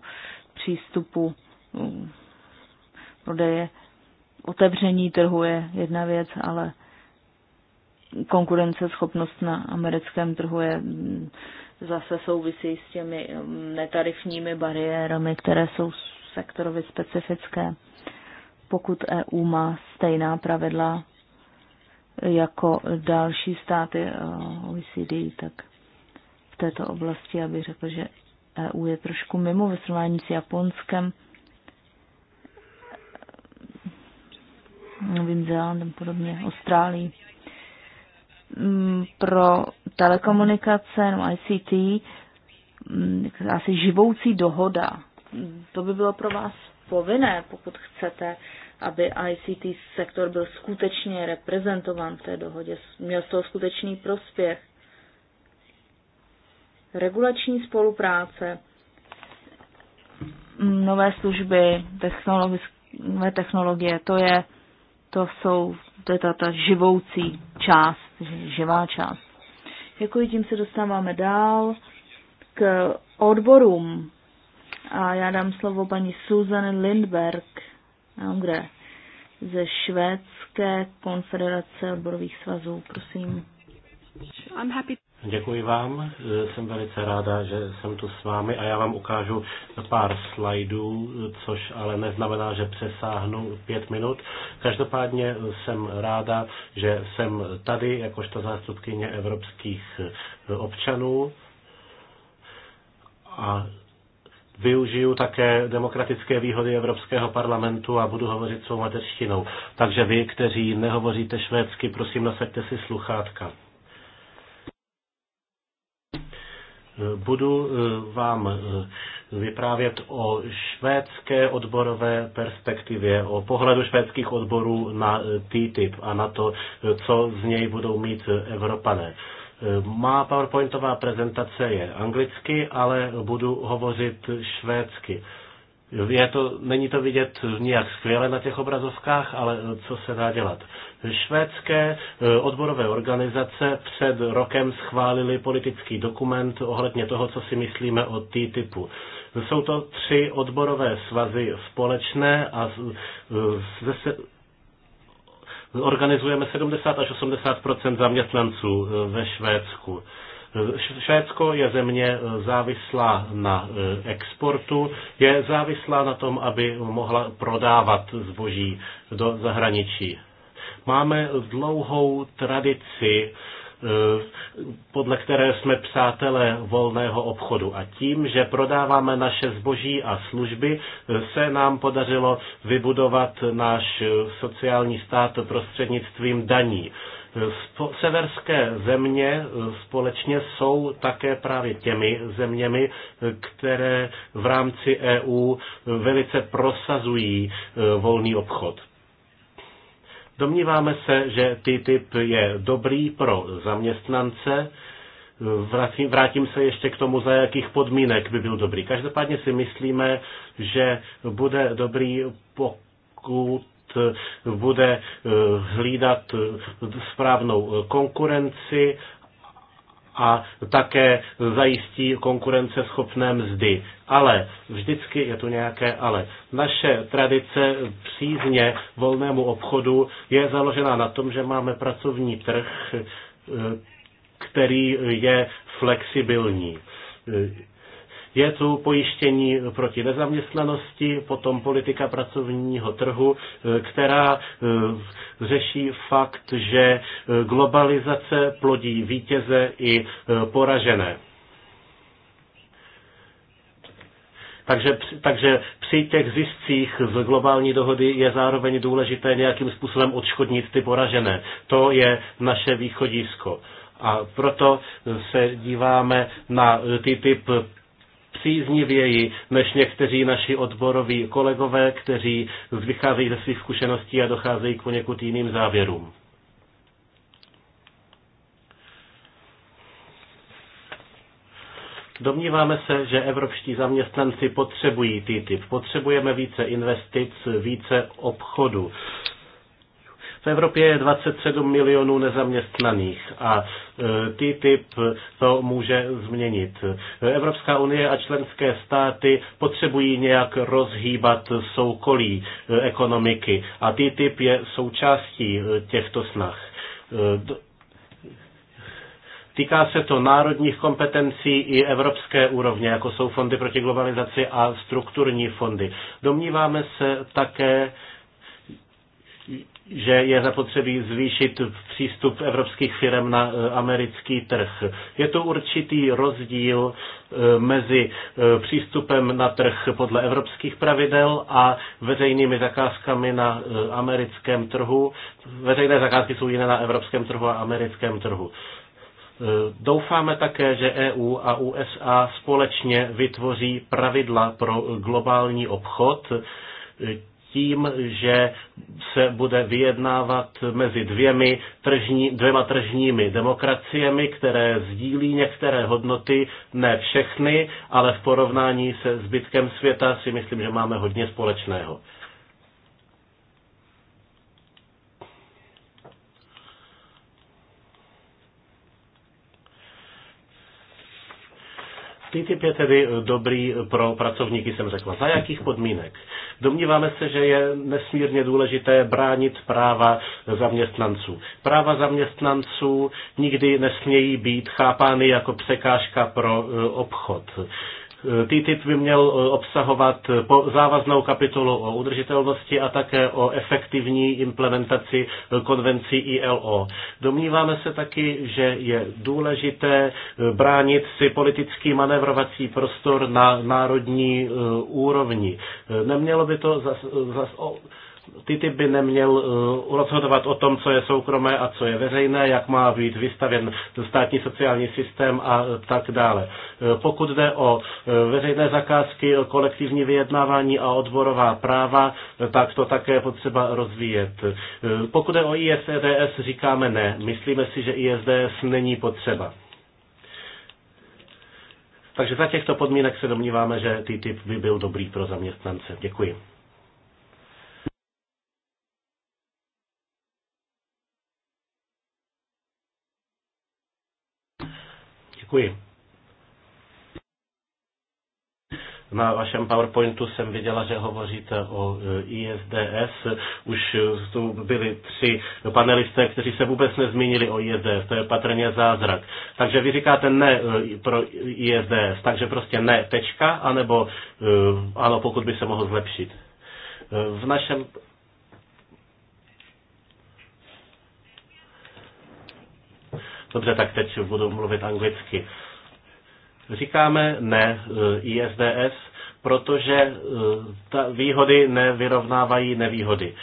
přístupu mm, prodeje. Otevření trhu je jedna věc, ale konkurenceschopnost na americkém trhu je mm, zase souvisí s těmi netarifními bariérami, které jsou sektorově specifické. Pokud EU má stejná pravidla jako další státy eh, OECD, tak této oblasti, aby řekl, že EU je trošku mimo ve srovnání s Japonskem, Novým Zélandem podobně, Austrálií. Mm, pro telekomunikace, no ICT, mm, asi živoucí dohoda. To by bylo pro vás povinné, pokud chcete, aby ICT sektor byl skutečně reprezentován v té dohodě, měl z toho skutečný prospěch regulační spolupráce, nové služby, nové technologie, to je, to jsou, to je ta, ta živoucí část, živá část. Jako tím se dostáváme dál k odborům. A já dám slovo paní Susan Lindberg, kde? Ze Švédské konfederace odborových svazů, prosím. I'm happy. Děkuji vám, e, jsem velice ráda, že jsem tu s vámi a já vám ukážu pár slajdů, což ale neznamená, že přesáhnu pět minut. Každopádně jsem ráda, že jsem tady jakožto zástupkyně evropských e, občanů a využiju také demokratické výhody Evropského parlamentu a budu hovořit svou mateřštinou. Takže vy, kteří nehovoříte švédsky, prosím, nasaďte si sluchátka. Budu eh, vám eh, vyprávět o švédské odborové perspektivě, o pohledu švédských odborů na eh, TTIP a na to, co z něj budou mít Evropané. Má PowerPointová prezentace je anglicky, ale budu hovořit švédsky. Je to, není to vidět nijak skvěle na těch obrazovkách, ale eh, co se dá dělat? Švédské eh, odborové organizace před rokem schválili politický dokument ohledně toho, co si myslíme o T-typu. Jsou to tři odborové svazy společné a zase eh, organizujeme 70 až 80 zaměstnanců ve Švédsku. Švédsko je země e, závislá na e, exportu, je závislá na tom, aby mohla prodávat zboží do zahraničí. Máme dlouhou tradici e, podle které jsme přátelé volného obchodu. A tím, že prodáváme naše zboží a služby, se nám podařilo vybudovat náš sociální stát prostřednictvím daní. Severské země e, společně jsou také právě těmi zeměmi, e, které v rámci EU e, velice prosazují volný obchod. Domníváme se, že TTIP je dobrý pro zaměstnance, vrátím, se ještě k tomu, za jakých podmínek by byl dobrý. Každopádně si myslíme, že bude dobrý, pokud bude eh, hlídat eh, správnou konkurenci a také zajistí konkurenceschopné mzdy. Ale vždycky je tu nějaké ale. Naše tradice přízně volnému obchodu je založena na tom, že máme pracovní trh, eh, který je flexibilní. Je tu pojištění proti nezaměstnanosti, potom politika pracovního trhu, e, která e, řeší fakt, že e, globalizace plodí vítěze i poražené. Takže, takže při těch ziscích z globální dohody je zároveň důležité nějakým způsobem odškodnit ty poražené. To je naše východisko. A proto se díváme na ty typ příznivěji než někteří naši odboroví kolegové, kteří vycházejí ze svých zkušeností a docházejí k poněkud jiným závěrům. Domníváme se, že evropští zaměstnanci potřebují TTIP. Potřebujeme více investic, více obchodu. V Evropě je 27 milionů nezaměstnaných a e, typ to může změnit. Evropská unie a členské státy potřebují nějak rozhýbat soukolí e, ekonomiky a typ je součástí e, těchto snah. Týká se to národních kompetencí i evropské úrovně, jako jsou fondy proti globalizaci a strukturní fondy. Domníváme se také, že je zapotřebí zvýšit přístup evropských firm na eh, americký trh. Je to určitý rozdíl eh, mezi eh, přístupem na trh podle evropských pravidel a veřejnými zakázkami na americkém trhu. Veřejné zakázky jsou jiné na evropském trhu a americkém trhu. Doufáme také, že EU a USA společně vytvoří pravidla pro globální obchod, tím, že se bude vyjednávat mezi dvěmi tržní, dvěma tržními demokraciemi, které sdílí některé hodnoty, ne všechny, ale v porovnání se zbytkem světa si myslím, že máme hodně společného. TTIP je tedy dobrý pro pracovníky, jsem řekla. Za jakých podmínek? Domníváme se, že je nesmírně důležité bránit práva zaměstnanců. Práva zaměstnanců nikdy nesmějí být chápány jako překážka pro e, obchod. TTIP by měl eh, obsahovat eh, závaznou kapitolu o udržitelnosti a také o efektivní implementaci eh, konvencí ILO. Domníváme se taky, že je důležité bránit si politický manevrovací prostor na národní úrovni. Nemělo by to zase. zas, TTIP by neměl eh, rozhodovat o tom, co je soukromé a co je veřejné, jak má být vystaven státní sociální systém a tak dále. Eh, pokud jde o eh, veřejné zakázky, kolektivní vyjednávání a odborová práva, tak to také je potřeba rozvíjet. Pokud jde o ISDS, e říkáme ne. Myslíme si, že ISDS není potřeba. Takže za těchto podmínek se domníváme, že TTIP by byl dobrý pro zaměstnance. Děkuji. Děkuji. Na vašem PowerPointu jsem viděla, že hovoříte o e, ISDS. Už tu e, byli tři panelisté, kteří se vůbec nezmínili o ISDS. To je patrně zázrak. Takže vy říkáte ne e, pro ISDS. Takže prostě ne tečka, anebo ano, pokud by se mohl zlepšit. V našem Dobře, tak teď budu mluvit anglicky. Říkáme ne eh, ISDS, protože eh, ta výhody nevyrovnávají nevýhody.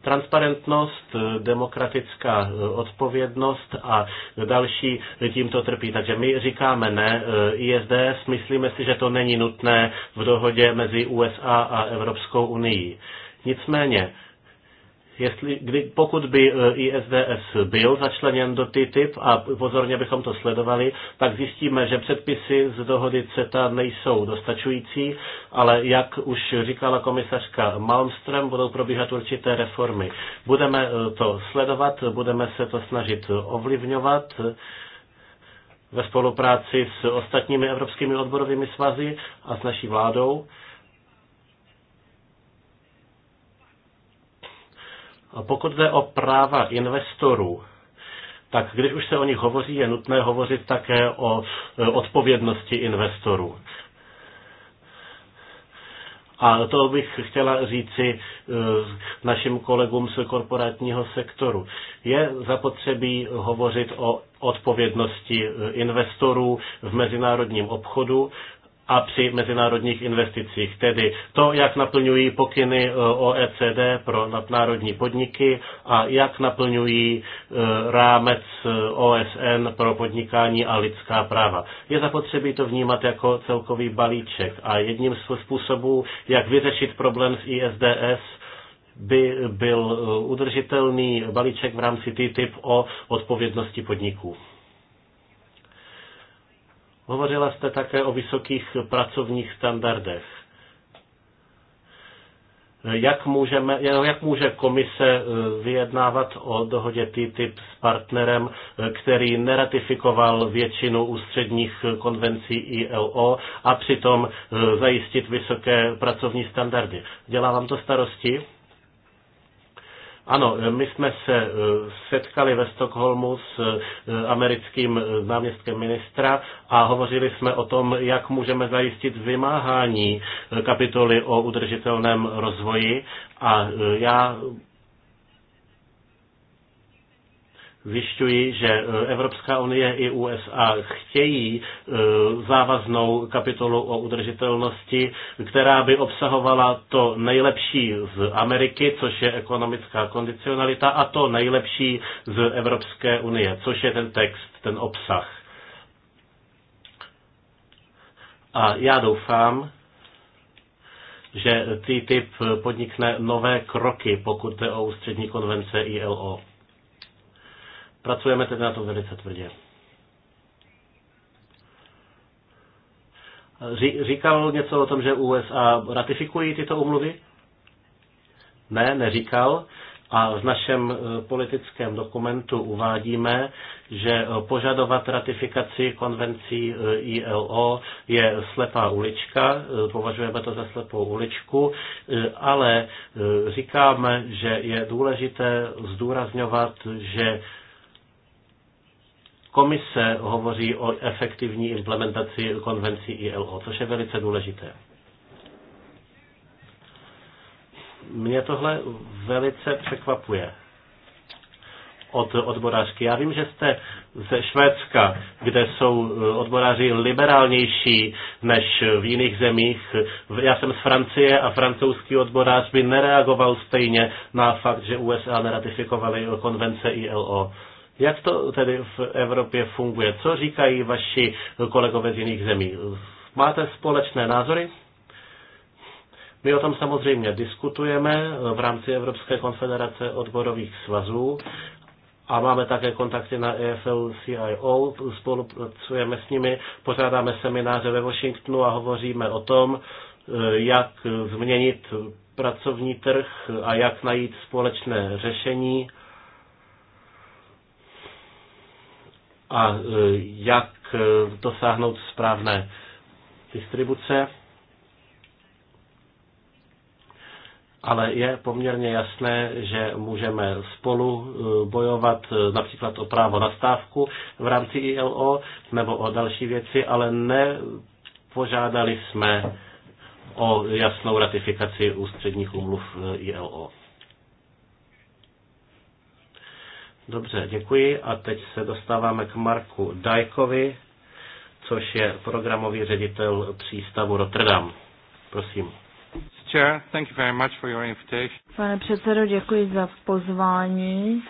Transparentnost, eh, demokratická odpovědnost a další tímto trpí. Takže my říkáme ne ISDS, myslíme si, že to není nutné v dohodě mezi USA a Evropskou unii. Nicméně Jestli, kdy, pokud by e, ISDS byl začleněn do TTIP a pozorně bychom to sledovali, tak zjistíme, že předpisy z dohody CETA nejsou dostačující, ale jak už říkala komisařka Malmström, budou probíhat určité reformy. Budeme e, to sledovat, budeme se to snažit ovlivňovat e, ve spolupráci s ostatními evropskými odborovými svazy a s naší vládou. Pokud jde o práva investorů, tak když už se o nich hovoří, je nutné hovořit také o e, odpovědnosti investorů. A to bych chtěla říci e, našim kolegům z korporátního sektoru. Je zapotřebí hovořit o odpovědnosti e, investorů v mezinárodním obchodu a při mezinárodních investicích, tedy to, jak naplňují pokyny e, OECD pro nadnárodní podniky a jak naplňují e, rámec e, OSN pro podnikání a lidská práva. Je zapotřebí to vnímat jako celkový balíček a jedním z způsobů, jak vyřešit problém s ISDS, by byl udržitelný balíček v rámci TTIP o odpovědnosti podniků. Hovořila jste také o vysokých pracovních standardech. Jak, můžeme, jak může komise eh, vyjednávat o dohodě TTIP s partnerem, eh, který neratifikoval většinu ústředních eh, konvencí ILO a přitom zajistit vysoké pracovní standardy? Dělá vám to starosti? Ano, my jsme se eh, setkali ve Stockholmu s eh, americkým eh, náměstkem ministra a hovořili jsme o tom, jak můžeme zajistit vymáhání kapitoly o udržitelném rozvoji a já zjišťuji, že e, Evropská unie i USA chtějí e, závaznou kapitolu o udržitelnosti, která by obsahovala to nejlepší z Ameriky, což je ekonomická kondicionalita, a to nejlepší z Evropské unie, což je ten text, ten obsah. A já doufám, že TTIP podnikne nové kroky, pokud je o ústřední konvence ILO. Pracujeme tedy na tom velice tvrdě. Říkal něco o tom, že USA ratifikují tyto umluvy? Ne, neříkal. A v našem eh, politickém dokumentu uvádíme, že požadovat ratifikaci konvencí eh, ILO je slepá ulička, eh, považujeme to za slepou uličku, ale říkáme, že je důležité zdůrazňovat, že Komise hovoří o efektivní implementaci konvencí ILO, což je velice důležité. Mě tohle velice překvapuje od odborářky. Já vím, že jste ze Švédska, kde jsou eh, odboráři liberálnější než v jiných zemích. Já jsem z Francie a francouzský odborář by nereagoval stejně na fakt, že USA neratifikovaly konvence ILO. Jak to tedy v Evropě funguje? Co říkají vaši kolegové z jiných zemí? Máte společné názory? My o tom samozřejmě diskutujeme v rámci Evropské konfederace odborových svazů a máme také kontakty na EFL CIO, spolupracujeme s nimi, pořádáme semináře ve Washingtonu a hovoříme o tom, jak změnit pracovní trh a jak najít společné řešení a e, jak e, dosáhnout správné distribuce. ale je poměrně jasné, že můžeme spolu e, bojovat například o právo na stávku v rámci ILO nebo o další věci, ale nepožádali jsme o jasnou ratifikaci ústředních umluv ILO. Dobře, děkuji a teď se dostáváme k Marku Dajkovi, což je programový ředitel přístavu Rotterdam. Prosím. Chair, thank you very much for your invitation. Pane předsedo, děkuji za pozvání.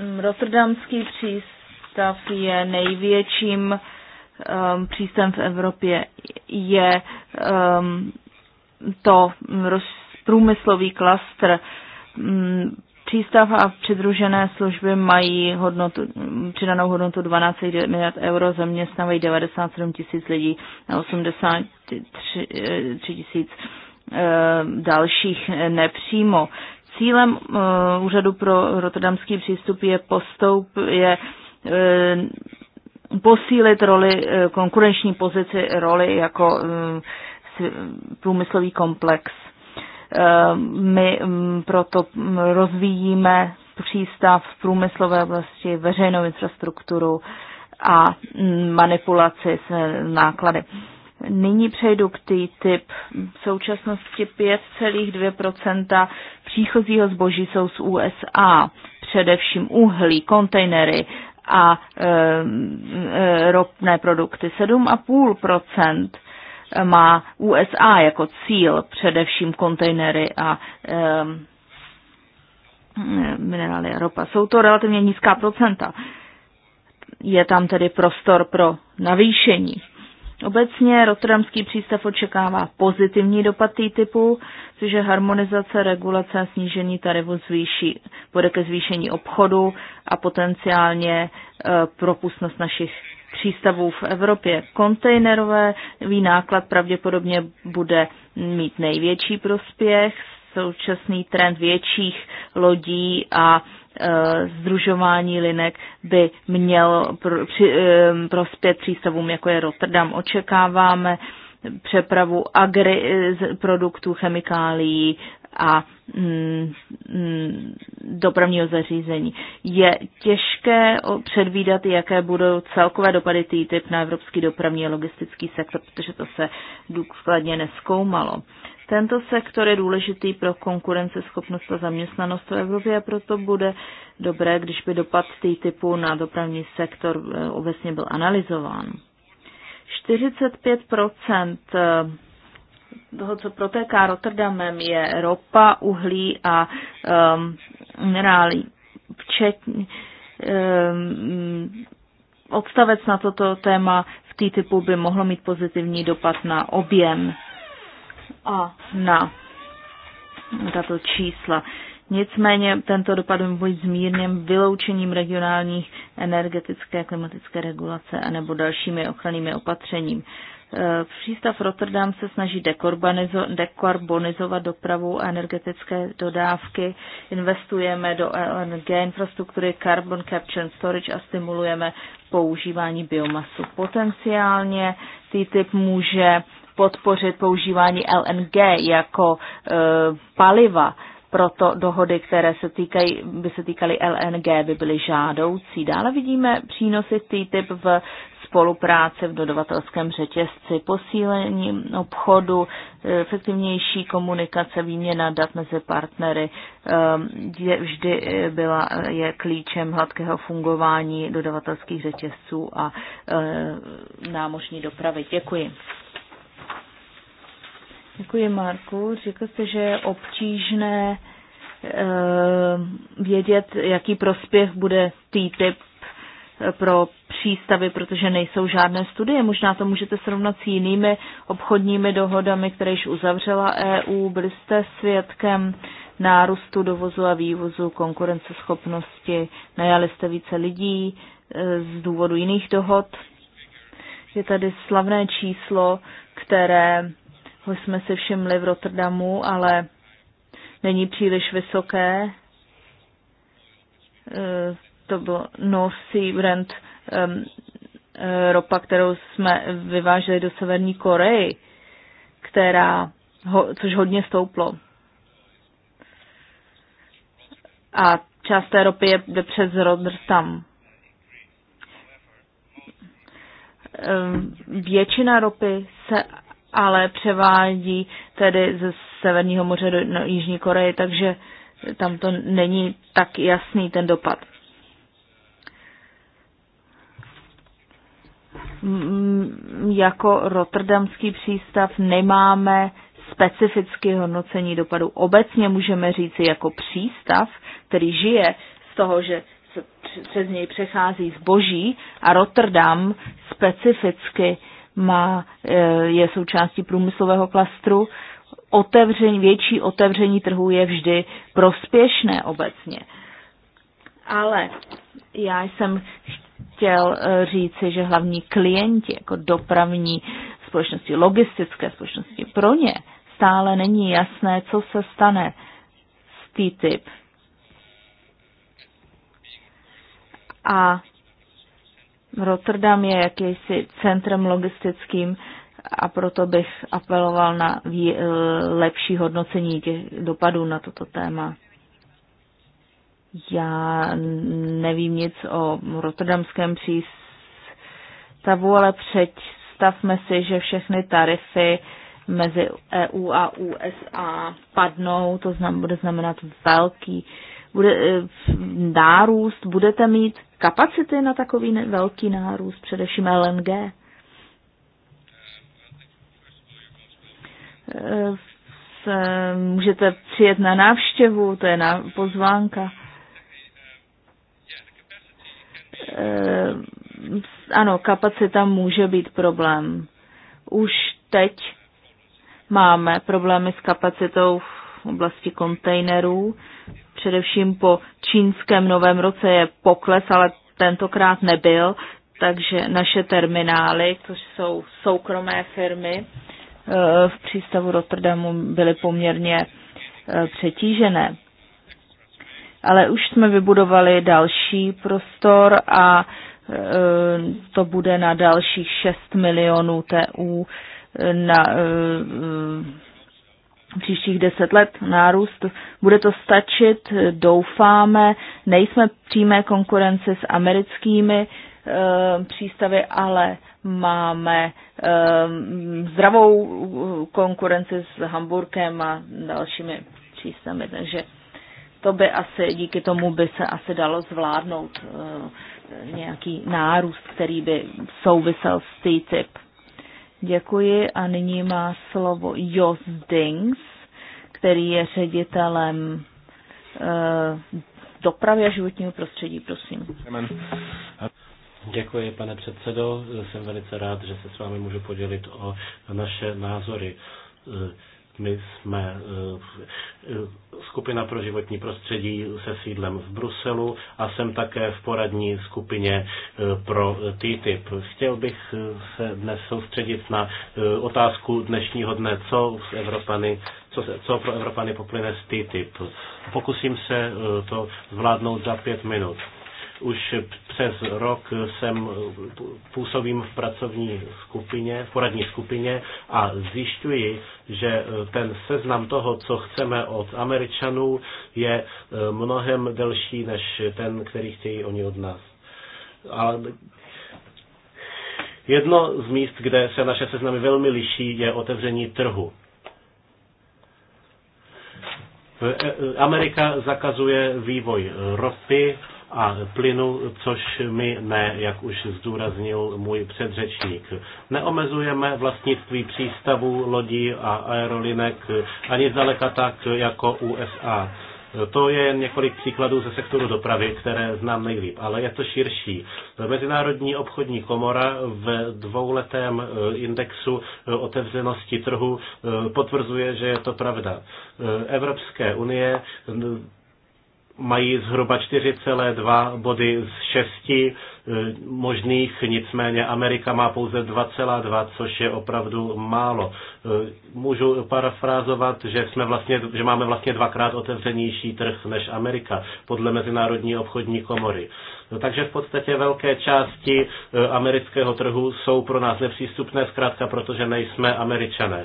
Mm, Rotterdamský přístav je největším um, přístavem v Evropě. Je um, to roz, průmyslový klastr. Um, Přístav a přidružené služby mají hodnotu, přidanou hodnotu 12 miliard euro, zaměstnávají 97 tisíc lidí a 83 tisíc eh, dalších nepřímo. Cílem eh, úřadu pro rotterdamský přístup je postoup, je eh, posílit roli, konkurenční pozici roli jako průmyslový komplex Eh, my mm, proto mm, rozvíjíme přístav v průmyslové oblasti, veřejnou infrastrukturu a mm, manipulaci s eh, náklady. Nyní přejdu k tý typ. V současnosti 5,2 příchozího zboží jsou z USA, především uhlí, kontejnery a e, e, ropné produkty. 7,5 má USA jako cíl, především kontejnery a um, minerály a ropa. Jsou to relativně nízká procenta. Je tam tedy prostor pro navýšení. Obecně Rotterdamský přístav očekává pozitivní dopad typu, což je harmonizace, regulace a snížení tarifu zvýší, bude ke zvýšení obchodu a potenciálně e, propustnost našich přístavů v Evropě. kontejnerové náklad pravděpodobně bude mít největší prospěch. Současný trend větších lodí a e, združování linek by měl pro, při, e, prospět přístavům, jako je Rotterdam. Očekáváme přepravu agri- produktů, chemikálií, a mm, mm, dopravního zařízení. Je těžké předvídat, jaké budou celkové dopady TTIP na evropský dopravní a logistický sektor, protože to se důkladně neskoumalo. Tento sektor je důležitý pro konkurenceschopnost a zaměstnanost v Evropě a proto bude dobré, když by dopad typu na dopravní sektor e, obecně byl analyzován. 45 toho, co protéká Rotterdamem, je ropa, uhlí a um, minerály. Včetně, um, odstavec na toto téma v té typu by mohlo mít pozitivní dopad na objem a na tato čísla. Nicméně tento dopad by být zmírněn vyloučením regionálních energetické a klimatické regulace anebo dalšími ochrannými opatřeními. Eh, přístav Rotterdam se snaží dekarbonizovat dopravu a energetické dodávky. Investujeme do LNG e infrastruktury, carbon capture and storage a stimulujeme používání biomasu. Potenciálně TTIP může podpořit používání LNG jako e, paliva. Proto dohody, které se týkají, by se týkaly LNG, by byly žádoucí. Dále vidíme přínosy TTIP v spolupráce v dodavatelském řetězci, posílení obchodu, efektivnější komunikace, výměna dat mezi partnery ehm, je vždy eh, byla, je klíčem hladkého fungování dodavatelských řetězců a eh, námořní dopravy. Děkuji. Děkuji, Marku. Řekl jste, že je obtížné ehm, vědět, jaký prospěch bude TTIP pro přístavy, protože nejsou žádné studie. Možná to můžete srovnat s jinými obchodními dohodami, které již uzavřela EU. Byli jste svědkem nárůstu dovozu a vývozu, konkurenceschopnosti, najali jste více lidí e, z důvodu jiných dohod. Je tady slavné číslo, které ho jsme si všimli v Rotterdamu, ale není příliš vysoké e, to bylo No Sea Brand um, eh, ropa, kterou jsme vyváželi do Severní Koreji, která, ho, což hodně stouplo. A část té ropy je, jde přes Rotterdam. Většina ropy se ale převádí tedy ze Severního moře do Jižní Koreje, takže tam to není tak jasný ten dopad. Mm, jako Rotterdamský přístav nemáme specifické hodnocení dopadu. Obecně můžeme říci jako přístav, který žije z toho, že přes něj přechází zboží a Rotterdam specificky má, e, je součástí průmyslového klastru, otevření, větší otevření trhu je vždy prospěšné obecně. Ale já jsem chtěl eh, říci, že hlavní klienti jako dopravní společnosti, logistické společnosti, pro ně stále není jasné, co se stane s TTIP. A Rotterdam je jakýsi centrem logistickým a proto bych apeloval na eh, lepší hodnocení těch dopadů na toto téma. Já nevím nic o rotterdamském přístavu, ale představme si, že všechny tarify mezi EU a USA padnou, to znam, bude znamenat velký bude, e, nárůst, budete mít kapacity na takový velký nárůst, především LNG. E, můžete přijet na návštěvu, to je na pozvánka. Eh, ano, kapacita může být problém. Už teď máme problémy s kapacitou v oblasti kontejnerů. Především po čínském novém roce je pokles, ale tentokrát nebyl, takže naše terminály, což jsou soukromé firmy, eh, v přístavu Rotterdamu byly poměrně eh, přetížené ale už jsme vybudovali další prostor a e, to bude na dalších 6 milionů TU na e, e, příštích deset let nárůst. Bude to stačit, doufáme, nejsme přímé konkurence s americkými e, přístavy, ale máme e, zdravou konkurenci s Hamburkem a dalšími přístavy, takže to by asi, díky tomu by se asi dalo zvládnout eh, nějaký nárůst, který by souvisel s TTIP. Děkuji a nyní má slovo Jos Dings, který je ředitelem eh, dopravy a životního prostředí, prosím. Děkuji, pane předsedo. Jsem velice rád, že se s vámi můžu podělit o naše názory my jsme eh, skupina pro životní prostředí se sídlem v Bruselu a jsem také v poradní skupině eh, pro TTIP. Chtěl bych eh, se dnes soustředit na otázku dnešního dne, co z Evropany co, se, co pro Evropany poplyne z TTIP. Pokusím se to zvládnout za pět minut. Už přes rok jsem působím v pracovní skupině, v poradní skupině a zjišťuji, že ten seznam toho, co chceme od Američanů, je e, mnohem delší než ten, který chtějí oni od nás. Ale jedno z míst, kde se naše seznamy velmi liší, je otevření trhu. E, e, Amerika zakazuje vývoj ropy, a plynu, což my ne, jak už zdůraznil můj předřečník. Neomezujeme vlastnictví přístavů, lodí a aerolinek ani zdaleka tak jako USA. To je jen několik příkladů ze sektoru dopravy, které znám nejlíp, ale je to širší. Mezinárodní obchodní komora v dvouletém eh, indexu eh, otevřenosti trhu eh, potvrzuje, že je to pravda. Evropské unie mají zhruba 4,2 body z 6 e, možných, nicméně Amerika má pouze 2,2, což je opravdu málo. E, můžu parafrázovat, že, jsme vlastně, že máme vlastně dvakrát otevřenější trh než Amerika podle Mezinárodní obchodní komory. No, takže v podstatě velké části e, amerického trhu jsou pro nás nepřístupné, zkrátka protože nejsme američané.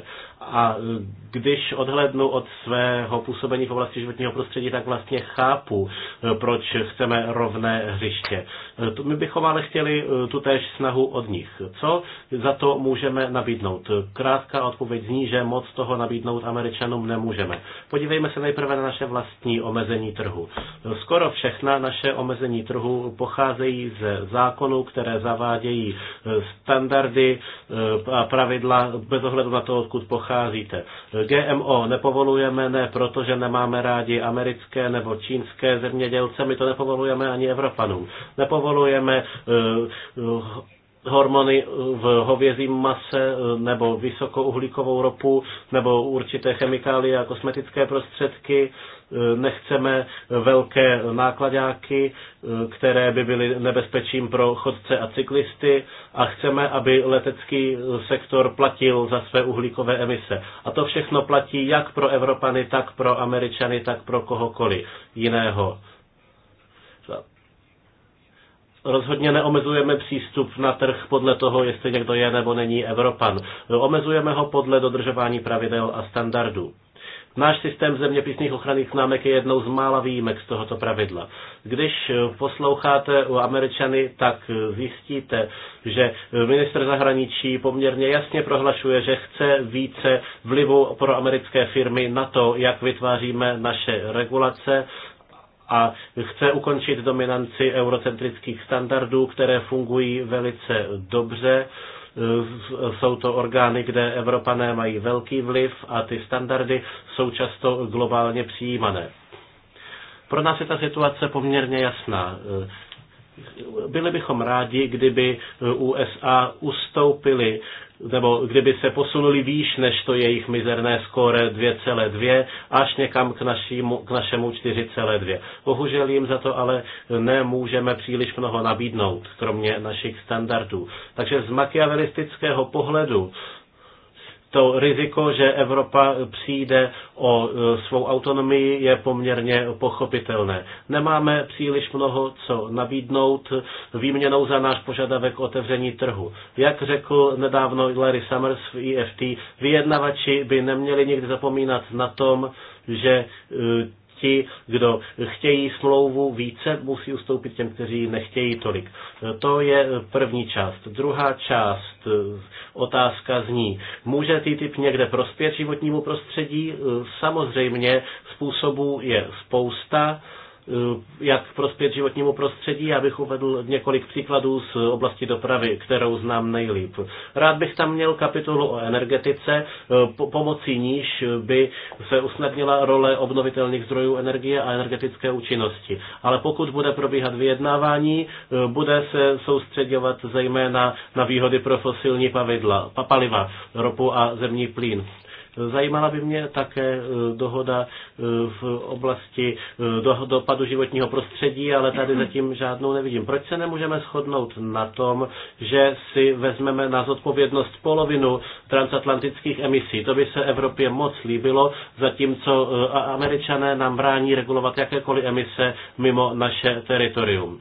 A e, když odhlednu od svého působení v oblasti životního prostředí, tak vlastně chápu, e, proč chceme rovné hřiště. E, my bychom ale chtěli tu též snahu od nich. Co za to můžeme nabídnout? Krátká odpověď zní, že moc toho nabídnout američanům nemůžeme. Podívejme se nejprve na naše vlastní omezení trhu. Skoro všechna naše omezení trhu pocházejí ze zákonů, které zavádějí standardy a pravidla bez ohledu na to, odkud pochází nacházíte. GMO nepovolujeme ne proto, že nemáme rádi americké nebo čínské zemědělce, my to nepovolujeme ani Evropanům. Nepovolujeme eh, hormony v hovězím mase eh, nebo vysokouhlíkovou ropu nebo určité chemikálie a kosmetické prostředky nechceme velké nákladáky, eh, které by byly nebezpečím pro chodce a cyklisty a chceme, aby letecký sektor platil za své uhlíkové emise. A to všechno platí jak pro Evropany, tak pro Američany, tak pro kohokoliv jiného rozhodně neomezujeme přístup na trh podle toho, jestli někdo je nebo není Evropan. Omezujeme ho podle dodržování pravidel a standardů. Náš systém zeměpisných ochranných známek je jednou z mála výjimek z tohoto pravidla. Když posloucháte u Američany, tak zjistíte, že minister zahraničí poměrně jasně prohlašuje, že chce více vlivu pro americké firmy na to, jak vytváříme naše regulace, a chce ukončit dominanci eurocentrických standardů, které fungují velice dobře. Eh, jsou to orgány, kde Evropané mají velký vliv a ty standardy jsou často globálně přijímané. Pro nás je ta situace poměrně jasná. Eh, byli bychom rádi, kdyby eh, USA ustoupili nebo kdyby se posunuli výš než to jejich mizerné skóre 2,2 až někam k, našímu, k našemu 4,2. Bohužel jim za to ale nemůžeme příliš mnoho nabídnout, kromě našich standardů. Takže z machiavelistického pohledu to riziko, že Evropa přijde o e, svou autonomii, je poměrně pochopitelné. Nemáme příliš mnoho co nabídnout výměnou za náš požadavek otevření trhu. Jak řekl nedávno Larry Summers v EFT, vyjednavači by neměli nikdy zapomínat na tom, že e, ti, kdo chtějí smlouvu více, musí ustoupit těm, kteří nechtějí tolik. To je první část. Druhá část eh, otázka zní, může TTIP někde prospět životnímu prostředí? Eh, samozřejmě způsobů je spousta Eh, jak prospět životnímu prostředí. bych uvedl několik příkladů z oblasti dopravy, kterou znám nejlíp. Rád bych tam měl kapitolu o energetice, eh, pomocí níž by se usnadnila role obnovitelných zdrojů energie a energetické účinnosti. Ale pokud bude probíhat vyjednávání, eh, bude se soustředovat zejména na výhody pro fosilní pavidla, paliva, ropu a zemní plyn. Zajímala by mě také eh, dohoda eh, v oblasti eh, dopadu životního prostředí, ale tady zatím žádnou nevidím. Proč se nemůžeme shodnout na tom, že si vezmeme na zodpovědnost polovinu transatlantických emisí? To by se Evropě moc líbilo, zatímco američané nám brání regulovat jakékoliv emise mimo naše teritorium.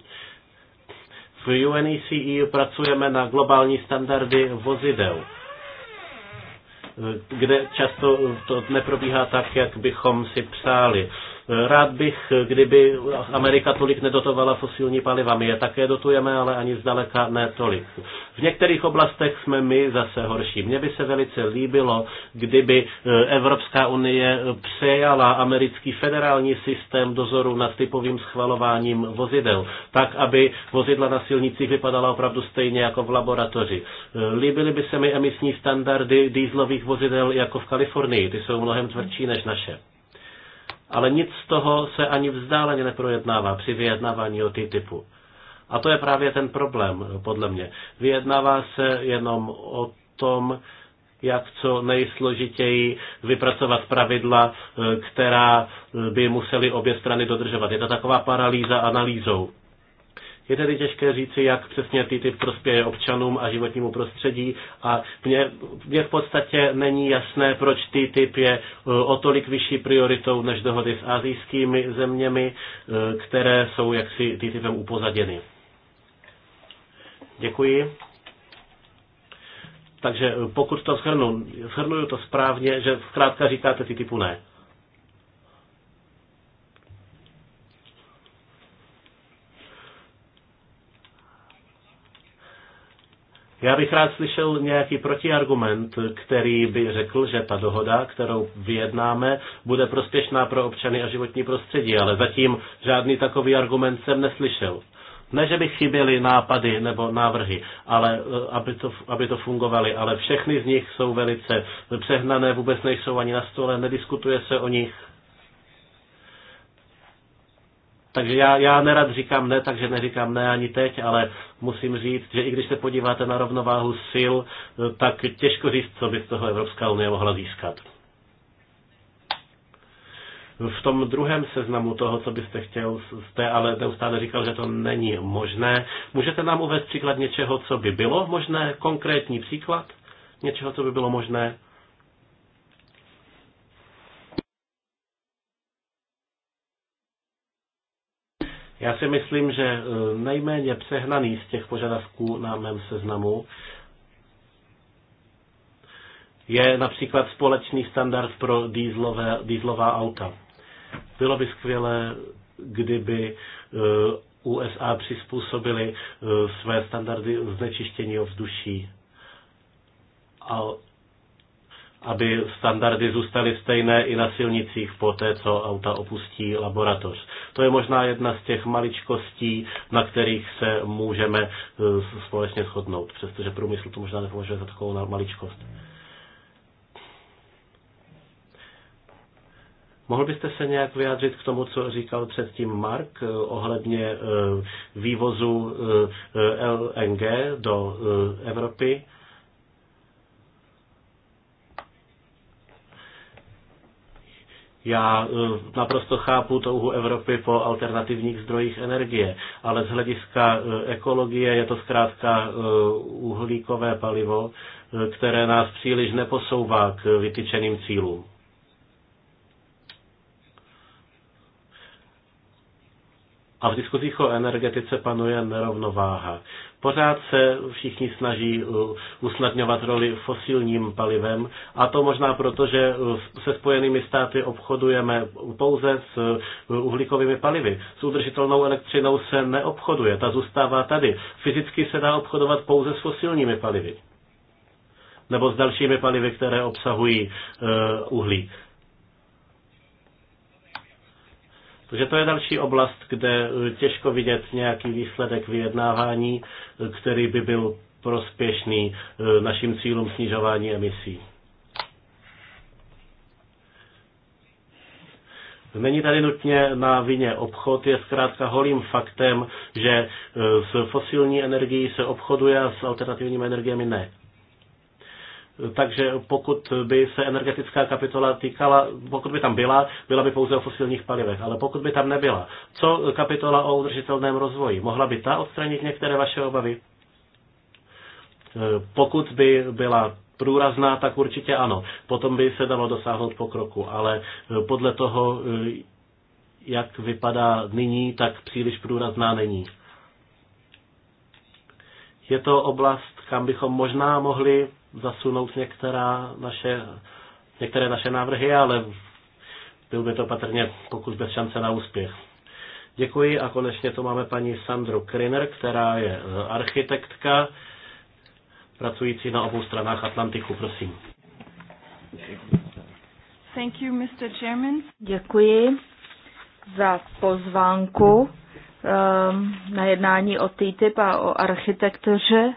V UNECE e pracujeme na globální standardy vozidel kde často to neprobíhá tak, jak bychom si přáli. Rád bych, kdyby Amerika tolik nedotovala fosilní paliva. My je také dotujeme, ale ani zdaleka ne tolik. V některých oblastech jsme my zase horší. Mně by se velice líbilo, kdyby eh, Evropská unie přejala americký federální systém dozoru nad typovým schvalováním vozidel, tak, aby vozidla na silnicích vypadala opravdu stejně jako v laboratoři. Eh, líbily by se mi emisní standardy dýzlových vozidel jako v Kalifornii, ty jsou mnohem tvrdší než naše ale nic z toho se ani vzdáleně neprojednává při vyjednávání o TTIPu. A to je právě ten problém, podle mě. Vyjednává se jenom o tom, jak co nejsložitěji vypracovat pravidla, eh, která eh, by museli obě strany dodržovat. Je to taková paralýza analýzou. Je tedy těžké říci, jak přesně TTIP prospěje občanům a životnímu prostředí a mně, mě v podstatě není jasné, proč TTIP je eh, o tolik vyšší prioritou než dohody s azijskými zeměmi, eh, které jsou jaksi TTIPem upozaděny. Děkuji. Takže eh, pokud to shrnu, shrnuju to správně, že zkrátka říkáte ty typu ne. Já bych rád slyšel nějaký protiargument, který by řekl, že ta dohoda, kterou vyjednáme, bude prospěšná pro občany a životní prostředí, ale zatím žádný takový argument jsem neslyšel. Ne, že by chyběly nápady nebo návrhy, ale eh, aby to, aby to fungovaly, ale všechny z nich jsou velice přehnané, vůbec nejsou ani na stole, nediskutuje se o nich. Takže já, já nerad říkám ne, takže neříkám ne ani teď, ale musím říct, že i když se podíváte na rovnováhu sil, tak těžko říct, co by z toho Evropská unie mohla získat. V tom druhém seznamu toho, co byste chtěl, jste ale neustále říkal, že to není možné. Můžete nám uvést příklad něčeho, co by bylo možné? Konkrétní příklad něčeho, co by bylo možné? Já si myslím, že eh, nejméně přehnaný z těch požadavků na mém seznamu je například společný standard pro dýzlové, dýzlová auta. Bylo by skvělé, kdyby eh, USA přizpůsobili eh, své standardy znečištění ovzduší a aby standardy zůstaly stejné i na silnicích po té, co auta opustí laboratoř. To je možná jedna z těch maličkostí, na kterých se můžeme e, společně shodnout, přestože průmysl to možná nepovažuje za takovou maličkost. Mohl byste se nějak vyjádřit k tomu, co říkal předtím Mark e, ohledně e, vývozu LNG do Evropy? Já eh, naprosto chápu touhu Evropy po alternativních zdrojích energie, ale z hlediska eh, ekologie je to zkrátka eh, uhlíkové palivo, které nás příliš neposouvá k vytyčeným cílům. a v diskuzích o energetice panuje nerovnováha. Pořád se všichni snaží uh, usnadňovat roli fosilním palivem a to možná proto, že uh, se spojenými státy obchodujeme pouze s uh, uhlíkovými palivy. S udržitelnou elektřinou se neobchoduje, ta zůstává tady. Fyzicky se dá obchodovat pouze s fosilními palivy nebo s dalšími palivy, které obsahují uhlí. Protože to je další oblast, kde eh, těžko vidět nějaký výsledek vyjednávání, eh, který by byl prospěšný eh, našim cílům snižování emisí. Není tady nutně na vině obchod, je zkrátka holým faktem, že s fosilní energií se obchoduje a s alternativními energiemi ne. Takže pokud by se energetická kapitola týkala, pokud by tam byla, byla by pouze o fosilních palivech, ale pokud by tam nebyla, co kapitola o udržitelném rozvoji? Mohla by ta odstranit některé vaše obavy? Eh, pokud by byla průrazná, tak určitě ano. Potom by se dalo dosáhnout pokroku, ale eh, podle toho, eh, jak vypadá nyní, tak příliš průrazná není. Je to oblast, kam bychom možná mohli zasunout některá naše, některé naše návrhy, ale byl by to patrně pokus bez šance na úspěch. Děkuji a konečně tu máme paní Sandru Kriner, která je e, architektka pracující na obou stranách Atlantiku. Prosím. Thank you, Mr. Chairman. Děkuji za pozvánku um, na jednání o TTIP a o architektuře.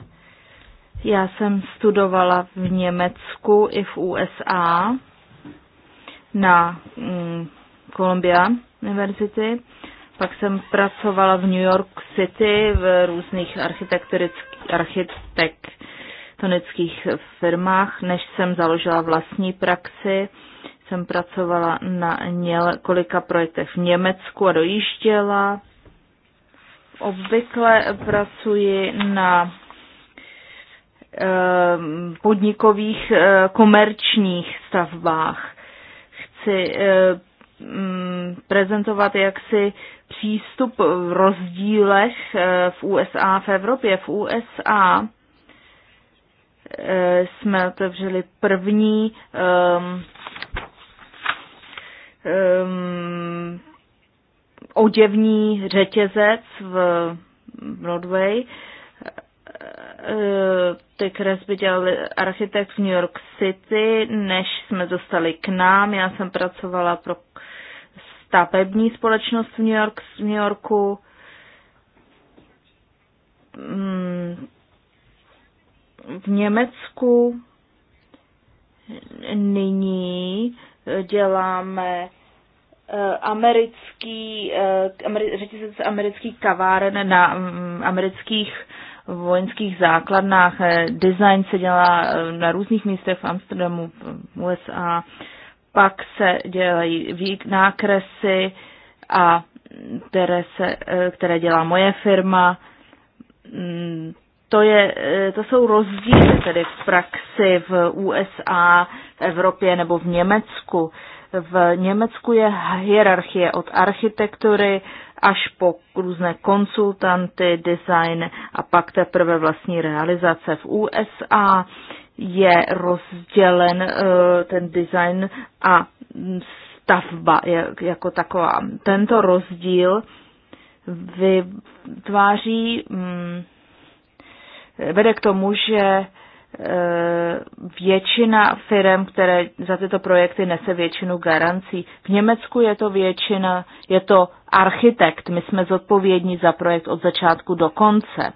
Já jsem studovala v Německu i v USA na mm, Columbia University. Pak jsem pracovala v New York City v různých architektonických firmách, než jsem založila vlastní praxi. Jsem pracovala na několika projektech v Německu a dojížděla. Obvykle pracuji na Eh, podnikových eh, komerčních stavbách. Chci eh, mm, prezentovat jaksi přístup v rozdílech v USA a v Evropě. V USA jsme otevřeli první um, um, oděvní řetězec v Broadway. Uh, ty kresby dělal architekt v New York City, než jsme dostali k nám. Já jsem pracovala pro stavební společnost v New, York, v New Yorku. Mm. V Německu nyní děláme eh, americký, eh, řetězec americký kaváren na mm, amerických vojenských základnách. Eh, design se dělá eh, na různých místech v Amsterdamu, v USA. Pak se dělají nákresy, a které, se, eh, které dělá moje firma. Mm, to, je, to jsou rozdíly tedy v praxi v USA, v Evropě nebo v Německu. V Německu je hierarchie od architektury až po různé konsultanty, design a pak teprve vlastní realizace. V USA je rozdělen eh, ten design a stavba jako taková. Tento rozdíl vytváří, mm, vede k tomu, že Eh, většina firm, které za tyto projekty nese většinu garancí. V Německu je to většina, je to architekt, my jsme zodpovědní za projekt od začátku do konce.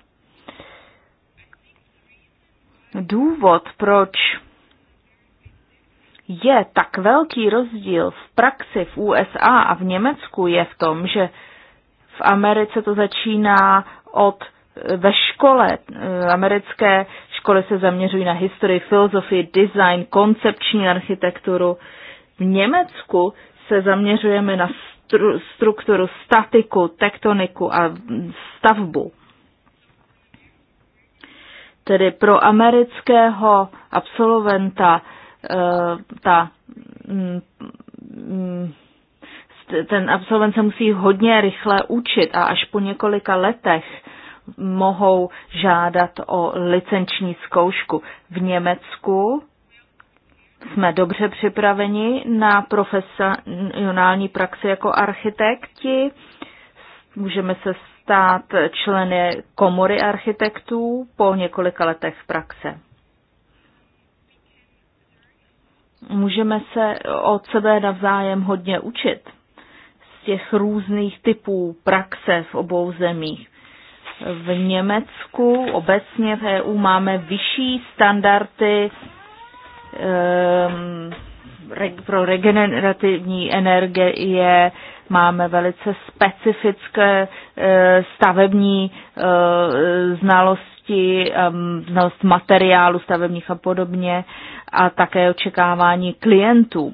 Důvod, proč je tak velký rozdíl v praxi v USA a v Německu je v tom, že v Americe to začíná od eh, ve škole eh, americké Školy se zaměřují na historii, filozofii, design, koncepční architekturu. V Německu se zaměřujeme na stru, strukturu, statiku, tektoniku a stavbu. Tedy pro amerického absolventa eh, ta, mm, mm, ten absolvent se musí hodně rychle učit a až po několika letech mohou žádat o licenční zkoušku. V Německu jsme dobře připraveni na profesionální praxi jako architekti. Můžeme se stát členy komory architektů po několika letech praxe. Můžeme se od sebe navzájem hodně učit z těch různých typů praxe v obou zemích v Německu, obecně v EU máme vyšší standardy ehm, pro regenerativní energie, máme velice specifické eh, stavební eh, znalosti, ehm, znalost materiálu stavebních a podobně a také očekávání klientů.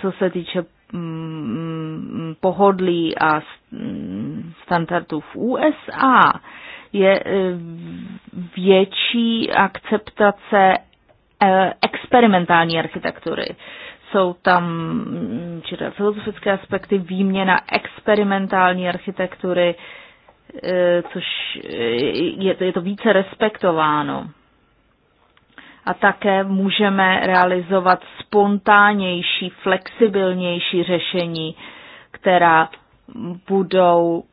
Co se týče Mm, pohodlí a mm, standardů v USA je eh, větší akceptace eh, experimentální architektury. Jsou tam mm, čili filozofické aspekty, výměna experimentální architektury, eh, což je, je to více respektováno a také můžeme realizovat spontánnější, flexibilnější řešení, která budou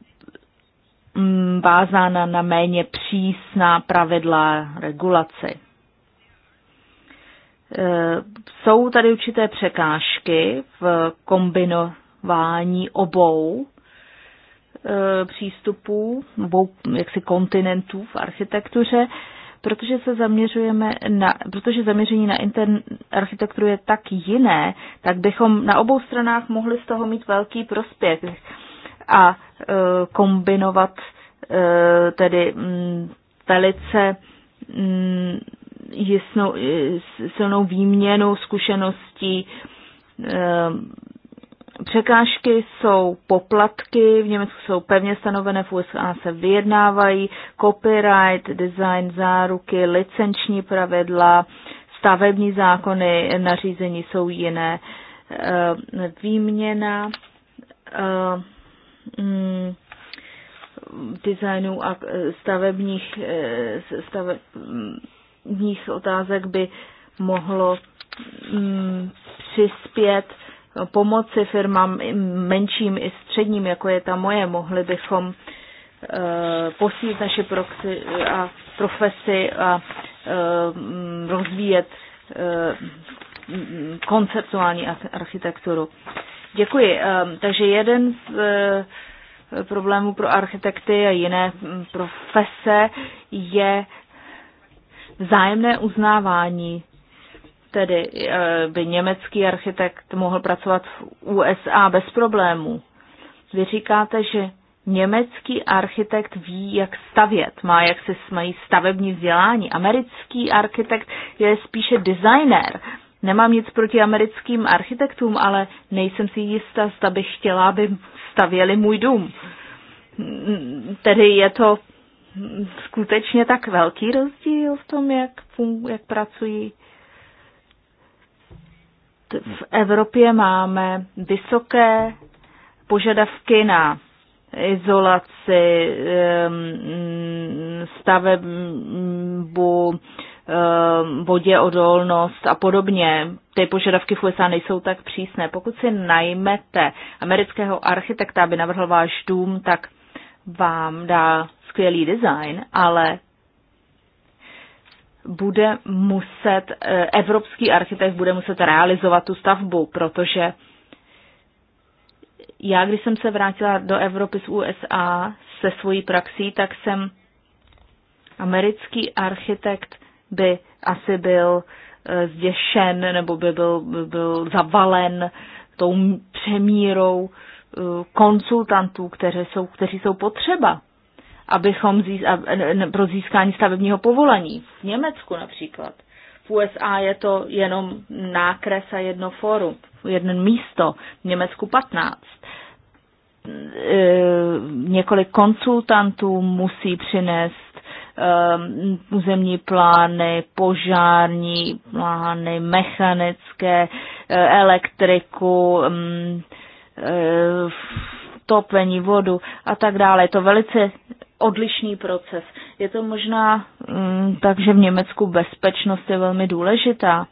mm, vázána na méně přísná pravidla regulace. E, jsou tady určité překážky v kombinování obou e, přístupů, obou jaksi kontinentů v architektuře. Protože se zaměřujeme na, protože zaměření na intern architekturu je tak jiné, tak bychom na obou stranách mohli z toho mít velký prospěch a e, kombinovat e, tedy m, mm, velice m, mm, jisnou, silnou výměnu zkušeností, e, Překážky jsou poplatky, v Německu jsou pevně stanovené, v USA se vyjednávají, copyright, design záruky, licenční pravidla, stavební zákony, nařízení jsou jiné. Eh, výměna eh, mm, designů a eh, stavebních, stavebních otázek by mohlo mm, přispět No, pomoci firmám menším i středním, jako je ta moje, mohli bychom eh, posílit naše proxy eh, a profesy a eh, rozvíjet konceptuální architekturu. Děkuji. Takže jeden z problémů pro architekty a jiné hm, profese je vzájemné uznávání Tedy eh, by německý architekt mohl pracovat v USA bez problémů. Vy říkáte, že německý architekt ví, jak stavět, má jak si mají stavební vzdělání. Americký architekt je spíše designer. Nemám nic proti americkým architektům, ale nejsem si jistá, zda bych chtěla, aby stavěli můj dům. Tedy je to skutečně tak velký rozdíl v tom, jak, jak pracují v Evropě máme vysoké požadavky na izolaci, stavebu, vodě odolnost a podobně. Ty požadavky v USA nejsou tak přísné. Pokud si najmete amerického architekta, aby navrhl váš dům, tak vám dá skvělý design, ale bude muset, eh, evropský architekt bude muset realizovat tu stavbu, protože já, když jsem se vrátila do Evropy z USA se svojí praxí, tak jsem americký architekt by asi byl eh, zděšen nebo by byl, by byl zavalen tou přemírou eh, konsultantů, kteří jsou, kteří jsou potřeba abychom zís, ab, pro získání stavebního povolení. V Německu například. V USA je to jenom nákres a jedno fórum, jedno místo, v Německu 15. E, několik konsultantů musí přinést e, územní plány, požární plány, mechanické, e, elektriku, e, topení, vodu a tak dále. Je to velice odlišný proces. Je to možná mm, tak, že v Německu bezpečnost je velmi důležitá.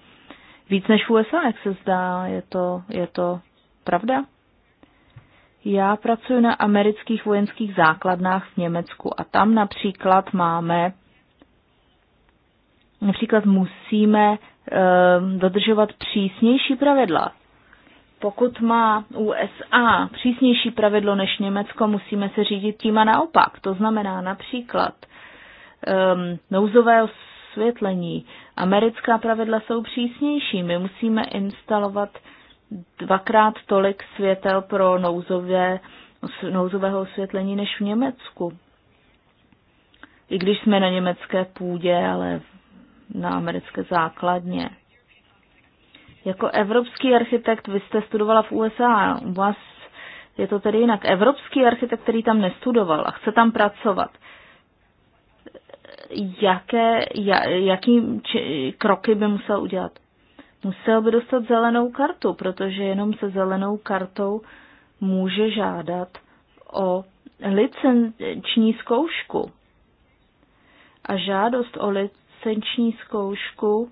Víc než v USA, jak se zdá, je to, je to pravda? Já pracuji na amerických vojenských základnách v Německu a tam například máme, například musíme e, dodržovat přísnější pravidla pokud má USA přísnější pravidlo než Německo, musíme se řídit tím a naopak. To znamená například um, nouzové osvětlení. Americká pravidla jsou přísnější. My musíme instalovat dvakrát tolik světel pro nouzové, nouzového osvětlení než v Německu. I když jsme na německé půdě, ale na americké základně. Jako evropský architekt, vy jste studovala v USA, u vás je to tedy jinak. Evropský architekt, který tam nestudoval a chce tam pracovat, jaké, jaký či, kroky by musel udělat? Musel by dostat zelenou kartu, protože jenom se zelenou kartou může žádat o licenční zkoušku. A žádost o licenční zkoušku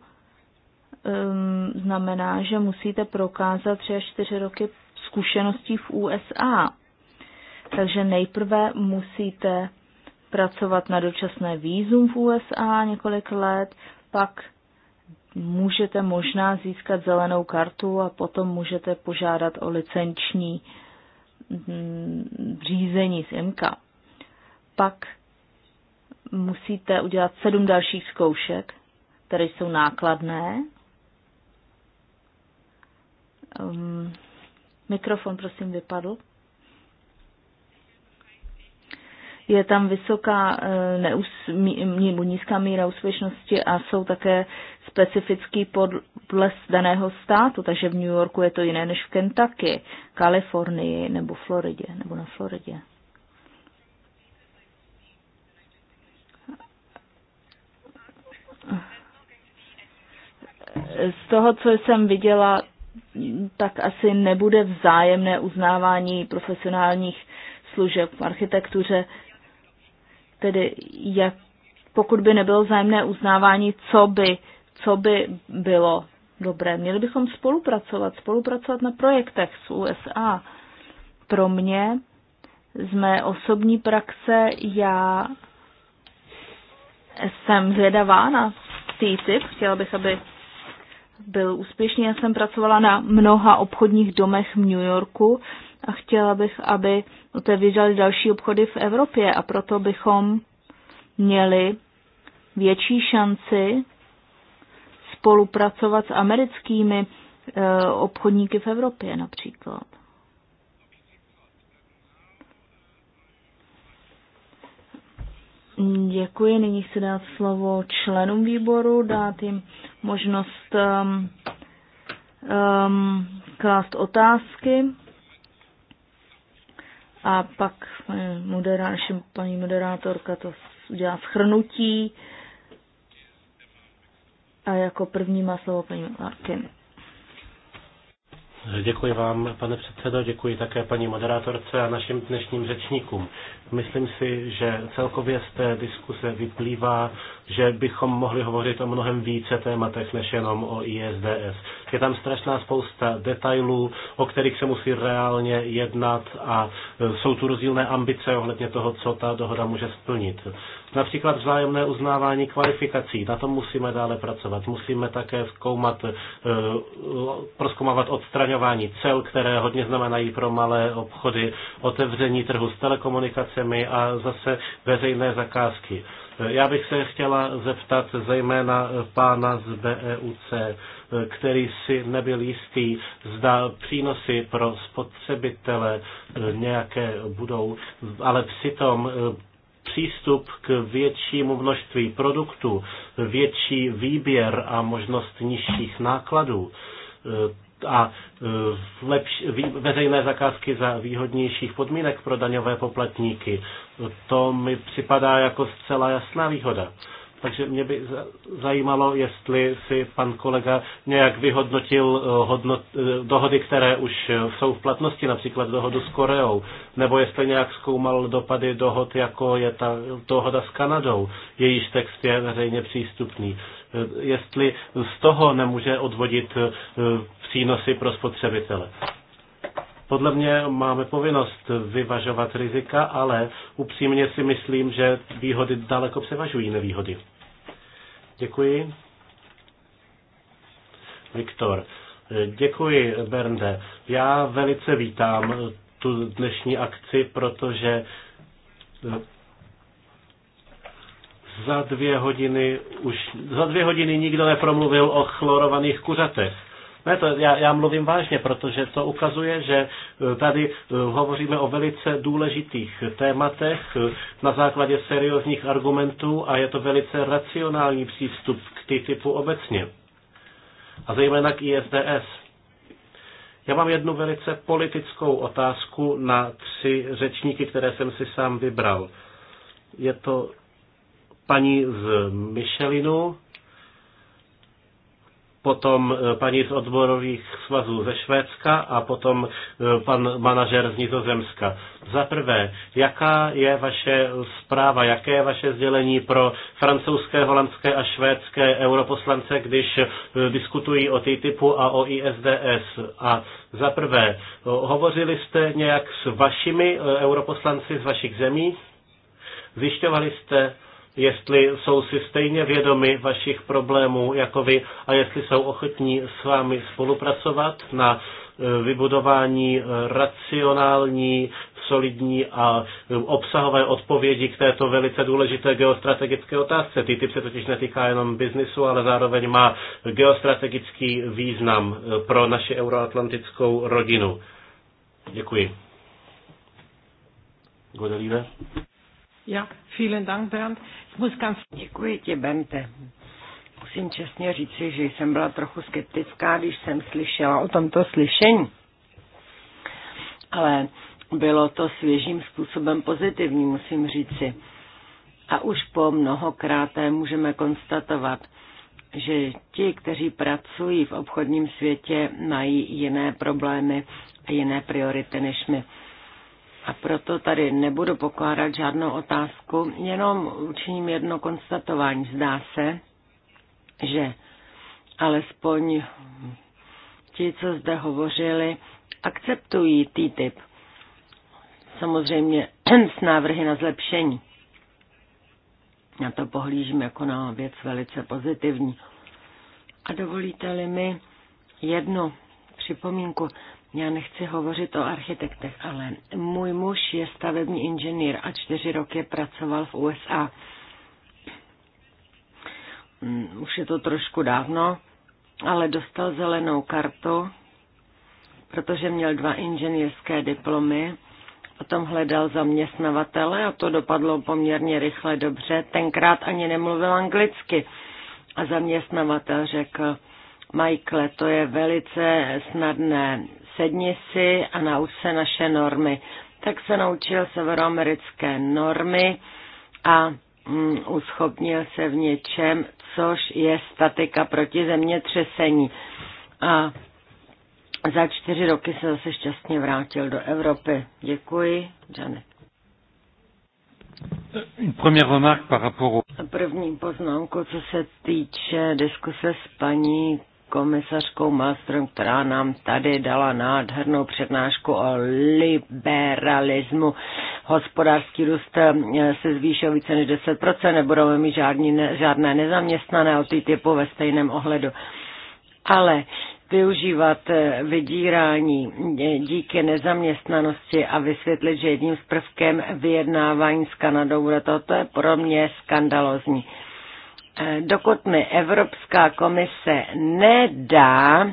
um, znamená, že musíte prokázat 3 až 4 roky zkušeností v USA. Takže nejprve musíte pracovat na dočasné výzum v USA několik let, pak můžete možná získat zelenou kartu a potom můžete požádat o licenční mm, řízení z IMCA. Pak musíte udělat sedm dalších zkoušek, které jsou nákladné, Um, mikrofon, prosím, vypadl. Je tam vysoká eh, neus, nízká míra úspěšnosti a jsou také specifický podle daného státu, takže v New Yorku je to jiné než v Kentucky, Kalifornii nebo Floridě, nebo na Floridě. Z toho, co jsem viděla, tak asi nebude vzájemné uznávání profesionálních služeb v architektuře, tedy jak, pokud by nebylo vzájemné uznávání, co by, co by bylo dobré. Měli bychom spolupracovat, spolupracovat na projektech s USA. Pro mě z mé osobní praxe já jsem zvědavá na typ. Chtěla bych, aby byl úspěšný. Já jsem pracovala na mnoha obchodních domech v New Yorku a chtěla bych, aby otevřeli další obchody v Evropě a proto bychom měli větší šanci spolupracovat s americkými eh, obchodníky v Evropě například. Děkuji. Nyní chci dát slovo členům výboru, dát jim možnost um, um, klást otázky a pak moderáši, paní moderátorka to udělá schrnutí a jako první má slovo paní Larkin. Děkuji vám, pane předsedo, děkuji také paní moderátorce a našim dnešním řečníkům. Myslím si, že celkově z té diskuse vyplývá, že bychom mohli hovořit o mnohem více tématech než jenom o ISDS. Je tam strašná spousta detailů, o kterých se musí reálně jednat a e, jsou tu rozdílné ambice ohledně toho, co ta dohoda může splnit. Například vzájemné uznávání kvalifikací, na tom musíme dále pracovat. Musíme také zkoumat, e, proskoumávat odstraňování cel, které hodně znamenají pro malé obchody, otevření trhu s telekomunikací dotacemi a zase veřejné zakázky. Já bych se chtěla zeptat zejména pána z BEUC, který si nebyl jistý, zda přínosy pro spotřebitele eh, nějaké budou, ale přitom eh, přístup k většímu množství produktů, větší výběr a možnost nižších nákladů eh, a e, lepš, veřejné zakázky za výhodnějších podmínek pro daňové poplatníky. To mi připadá jako zcela jasná výhoda. Takže mě by zajímalo, jestli si pan kolega nějak vyhodnotil e, hodnot, e, dohody, které už jsou v platnosti, například dohodu s Koreou, nebo jestli nějak zkoumal dopady dohod, jako je ta dohoda s Kanadou, jejíž text je veřejně přístupný. Eh, jestli z toho nemůže odvodit eh, přínosy pro spotřebitele. Podle mě máme povinnost vyvažovat rizika, ale upřímně si myslím, že výhody daleko převažují nevýhody. Děkuji. Viktor. Eh, děkuji, Bernde. Já velice vítám tu dnešní akci, protože za dvě hodiny už, za dvě hodiny nikdo nepromluvil o chlorovaných kuřatech. Ne, to já, já mluvím vážně, protože to ukazuje, že e, tady e, hovoříme o velice důležitých tématech e, na základě seriózních argumentů a je to velice racionální přístup k ty typu obecně. A zejména k ISDS. Já mám jednu velice politickou otázku na tři řečníky, které jsem si sám vybral. Je to paní z Michelinu, potom e, paní z odborových svazů ze Švédska a potom e, pan manažer z Nizozemska. Za prvé, jaká je vaše zpráva, jaké je vaše sdělení pro francouzské, holandské a švédské europoslance, když e, diskutují o TTIPu a o ISDS? A za prvé, hovořili jste nějak s vašimi europoslanci z vašich zemí? Zjišťovali jste, jestli jsou si stejně vědomi vašich problémů jako vy a jestli jsou ochotní s vámi spolupracovat na e, vybudování e, racionální, solidní a e, obsahové odpovědi k této velice důležité geostrategické otázce. TTIP se totiž netýká jenom biznisu, ale zároveň má geostrategický význam pro naši euroatlantickou rodinu. Děkuji. Godelíne? Ja, vielen Dank, Bernd. Ich muss ganz... Děkuji ti, Bente. Musím čestně říci, že jsem byla trochu skeptická, když jsem slyšela o tomto slyšení. Ale bylo to svěžím způsobem pozitivní, musím říci. A už po mnohokráté můžeme konstatovat, že ti, kteří pracují v obchodním světě, mají jiné problémy a jiné priority než my. A proto tady nebudu pokládat žádnou otázku, jenom učiním jedno konstatování. Zdá se, že alespoň ti, co zde hovořili, akceptují TTIP. Samozřejmě s návrhy na zlepšení. Na to pohlížím jako na věc velice pozitivní. A dovolíte-li mi jednu připomínku. Já nechci hovořit o architektech, ale můj muž je stavební inženýr a čtyři roky pracoval v USA. Mm, už je to trošku dávno, ale dostal zelenou kartu, protože měl dva inženýrské diplomy. Potom hledal zaměstnavatele a to dopadlo poměrně rychle dobře. Tenkrát ani nemluvil anglicky. A zaměstnavatel řekl, Michael, to je velice snadné sedni si a nauč se naše normy. Tak se naučil severoamerické normy a mm, uschopnil se v něčem, což je statika proti zemětřesení. A za čtyři roky se zase šťastně vrátil do Evropy. Děkuji, Janet. První poznámku, co se týče diskuse s paní komisařkou Malmström, která nám tady dala nádhernou přednášku o liberalismu. Hospodářský růst eh, se zvýšil více než 10%, nebudeme mít žádný, žádné nezaměstnané o ty typu ve stejném ohledu. Ale využívat eh, vydírání eh, díky nezaměstnanosti a vysvětlit, že jedním z prvkem vyjednávání s Kanadou bude to, to je pro mě skandalozní Eh, dokud mi Evropská komise nedá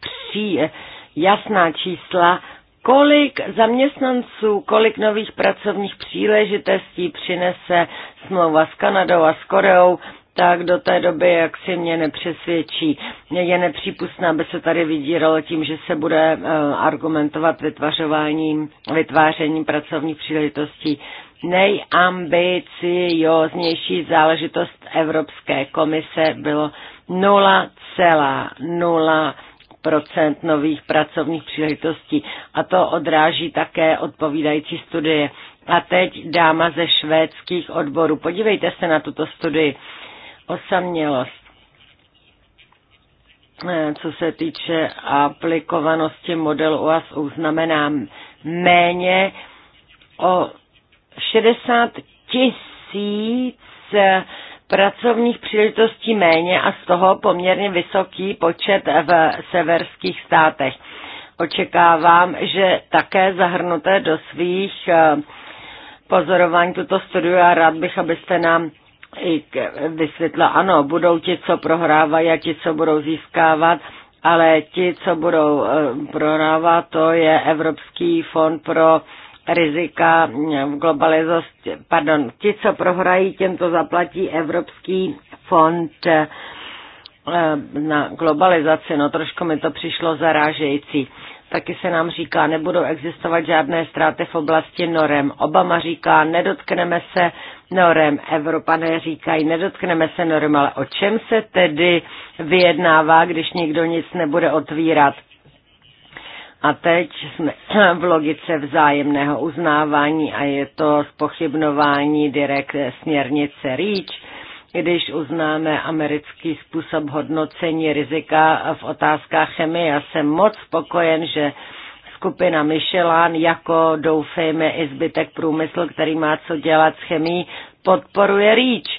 pří, eh, jasná čísla, kolik zaměstnanců, kolik nových pracovních příležitostí přinese smlouva s Kanadou a s Koreou, tak do té doby, jak si mě nepřesvědčí, je nepřípustné, aby se tady vydíralo tím, že se bude eh, argumentovat vytvářováním, vytvářením pracovních příležitostí nejambicioznější záležitost Evropské komise bylo 0,0 procent nových pracovních příležitostí a to odráží také odpovídající studie. A teď dáma ze švédských odborů. Podívejte se na tuto studii. Osamělost. Co se týče aplikovanosti modelu UASU, znamená méně o 60 tisíc eh, pracovních příležitostí méně a z toho poměrně vysoký počet v severských státech. Očekávám, že také zahrnuté do svých eh, pozorování tuto studiu a rád bych, abyste nám i vysvětla, ano, budou ti, co prohrávají a ti, co budou získávat, ale ti, co budou eh, prohrávat, to je Evropský fond pro rizika v globalizaci. Pardon, ti, co prohrají, těmto zaplatí Evropský fond eh, na globalizaci. No trošku mi to přišlo zarážející. Taky se nám říká, nebudou existovat žádné ztráty v oblasti norem. Obama říká, nedotkneme se norem. Evropané říkají, nedotkneme se norem, ale o čem se tedy vyjednává, když nikdo nic nebude otvírat? A teď jsme v logice vzájemného uznávání a je to spochybnování direkt směrnice REACH, když uznáme americký způsob hodnocení rizika v otázkách chemie. Já jsem moc spokojen, že skupina Michelin, jako doufejme i zbytek průmysl, který má co dělat s chemií, podporuje REACH.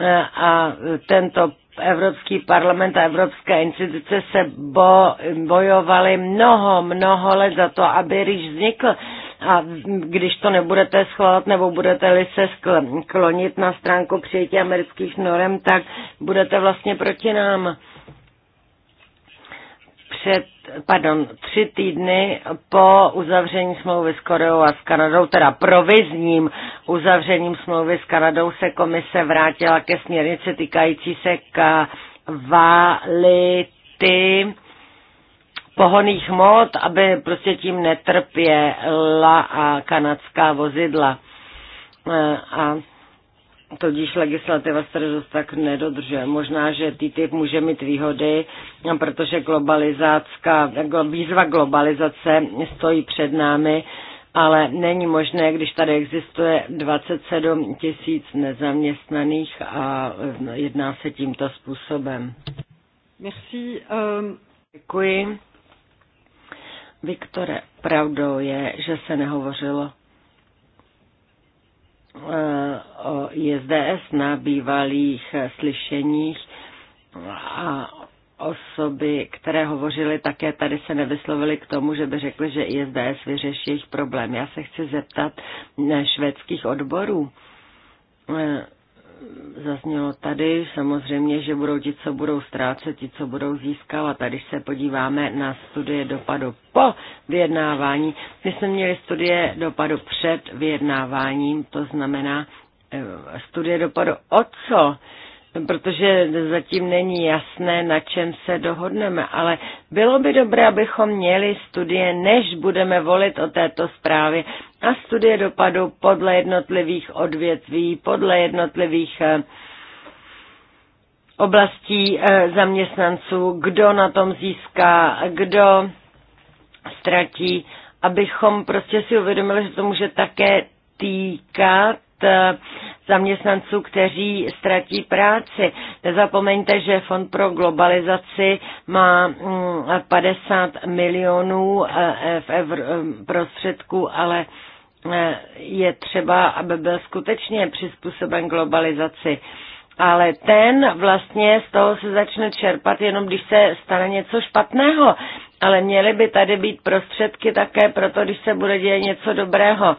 E, a tento Evropský parlament a evropské instituce se bo, bojovali mnoho, mnoho let za to, aby Rýž vznikl. A když to nebudete schválit, nebo budete-li se sklonit na stránku přijetí amerických norem, tak budete vlastně proti nám před, pardon, tři týdny po uzavření smlouvy s Koreou a s Kanadou, teda provizním uzavřením smlouvy s Kanadou se komise vrátila ke směrnici týkající se kvality pohoných mod, aby prostě tím netrpěla a kanadská vozidla. E, a tudíž legislativa se dost tak nedodržuje. Možná, že TTIP může mít výhody, protože globalizácká, výzva globalizace stojí před námi, ale není možné, když tady existuje 27 tisíc nezaměstnaných a no, jedná se tímto způsobem. Merci. Um... Děkuji. Viktore, pravdou je, že se nehovořilo Eh, JSDS ISDS na bývalých slyšeních a osoby, které hovořily také tady, se nevyslovily k tomu, že by řekly, že JSDS vyřeší jejich problém. Já se chci zeptat švédských odborů, eh, zaznělo tady, samozřejmě, že budou ti, co budou ztrácet, ti, co budou získávat. A když se podíváme na studie dopadu po vyjednávání, my jsme měli studie dopadu před vyjednáváním, to znamená eh, studie dopadu o co protože zatím není jasné, na čem se dohodneme, ale bylo by dobré, abychom měli studie, než budeme volit o této zprávě a studie dopadu podle jednotlivých odvětví, podle jednotlivých eh, oblastí eh, zaměstnanců, kdo na tom získá, kdo ztratí, abychom prostě si uvědomili, že to může také týkat Eh, zaměstnanců, kteří ztratí práci. Nezapomeňte, že Fond pro globalizaci má 50 mm, milionů eh, v eh, prostředků, ale je třeba, aby byl skutečně přizpůsoben globalizaci. Ale ten vlastně z toho se začne čerpat jenom, když se stane něco špatného. Ale měly by tady být prostředky také proto, když se bude dělat něco dobrého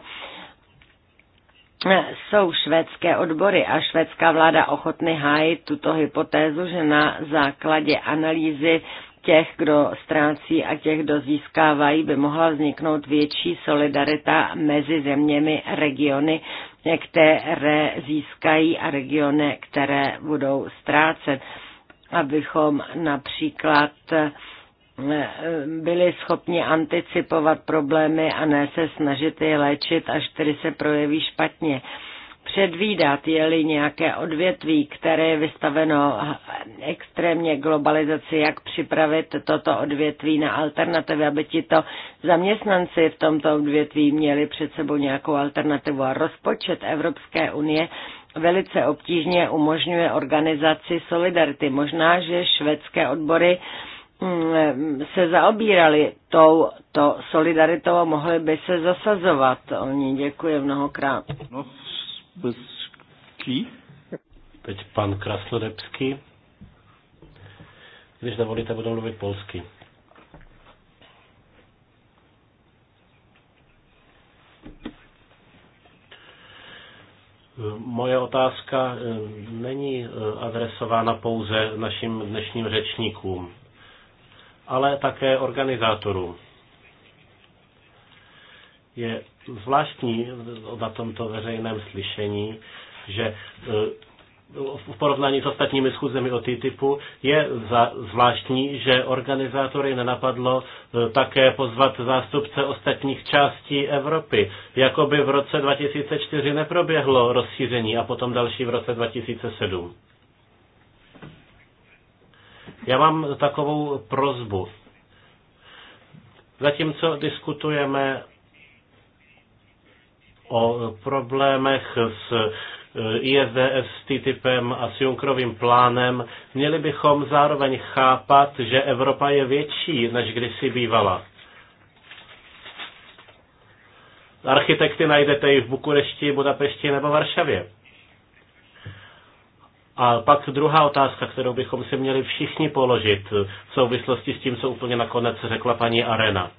jsou švédské odbory a švédská vláda ochotny hájit tuto hypotézu, že na základě analýzy těch, kdo ztrácí a těch, kdo získávají, by mohla vzniknout větší solidarita mezi zeměmi regiony, které získají a regiony, které budou ztrácet. Abychom například uh, Eh, byli schopni anticipovat problémy a ne se snažit je léčit, až tedy se projeví špatně. Předvídat, je-li nějaké odvětví, které je vystaveno extrémně globalizaci, jak připravit toto odvětví na alternativy, aby ti to zaměstnanci v tomto odvětví měli před sebou nějakou alternativu. A rozpočet Evropské unie velice obtížně umožňuje organizaci Solidarity. Možná, že švédské odbory se zaobírali tou to solidaritou a mohli by se zasazovat. Oni děkuji mnohokrát. No, bezký. Teď pan Krasnodebský. Když dovolíte, budu mluvit polsky. Moje otázka eh, není eh, adresována pouze našim dnešním řečníkům ale také organizátorům. Je zvláštní na tomto veřejném slyšení, že e, v porovnání s ostatními schůzemi o TTIPu je za, zvláštní, že organizátory nenapadlo e, také pozvat zástupce ostatních částí Evropy. Jakoby v roce 2004 neproběhlo rozšíření a potom další v roce 2007. Já mám takovou prozbu. Zatímco diskutujeme o problémech s eh, ISDS, TTIPem a s Junkrovým plánem, měli bychom zároveň chápat, že Evropa je větší, než kdysi bývala. Architekty najdete i v Bukurešti, Budapešti nebo Varšavě. A pak druhá otázka, kterou bychom si měli všichni položit v souvislosti s tím, co úplně nakonec řekla paní Arena.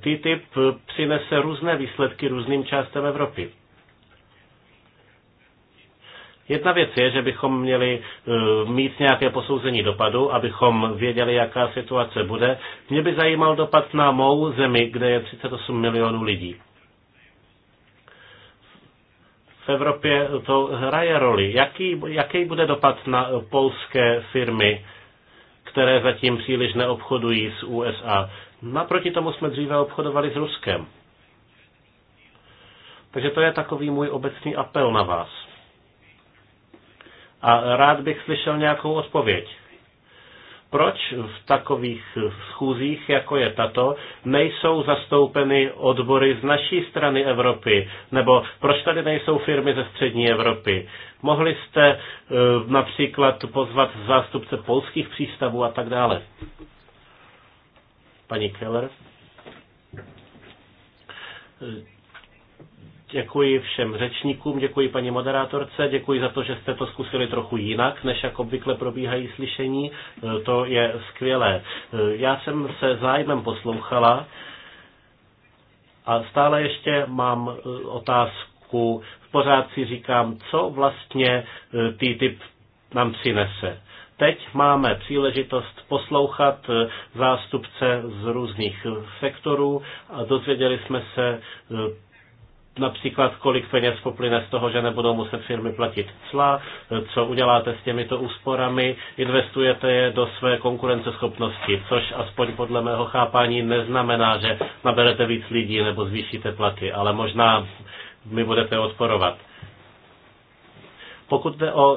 TTIP přinese různé výsledky různým částem Evropy. Jedna věc je, že bychom měli e, mít nějaké posouzení dopadu, abychom věděli, jaká situace bude. Mě by zajímal dopad na mou zemi, kde je 38 milionů lidí. Evropě to hraje roli. Jaký, jaký bude dopad na polské firmy, které zatím příliš neobchodují s USA? Naproti tomu jsme dříve obchodovali s Ruskem. Takže to je takový můj obecný apel na vás. A rád bych slyšel nějakou odpověď. Proč v takových schůzích, jako je tato, nejsou zastoupeny odbory z naší strany Evropy? Nebo proč tady nejsou firmy ze střední Evropy? Mohli jste eh, například pozvat zástupce polských přístavů a tak dále? Paní Keller? Eh, Děkuji všem řečníkům, děkuji paní moderátorce, děkuji za to, že jste to zkusili trochu jinak, než jak obvykle probíhají slyšení. E, to je skvělé. E, já jsem se zájmem poslouchala a stále ještě mám e, otázku. Pořád si říkám, co vlastně TTIP nám přinese teď máme příležitost poslouchat zástupce z různých sektorů a dozvěděli jsme se například kolik peněz poplyne z toho, že nebudou muset firmy platit cla, co uděláte s těmito úsporami, investujete je do své konkurenceschopnosti, což aspoň podle mého chápání neznamená, že naberete víc lidí nebo zvýšíte platy, ale možná mi budete odporovat. Pokud jde o e,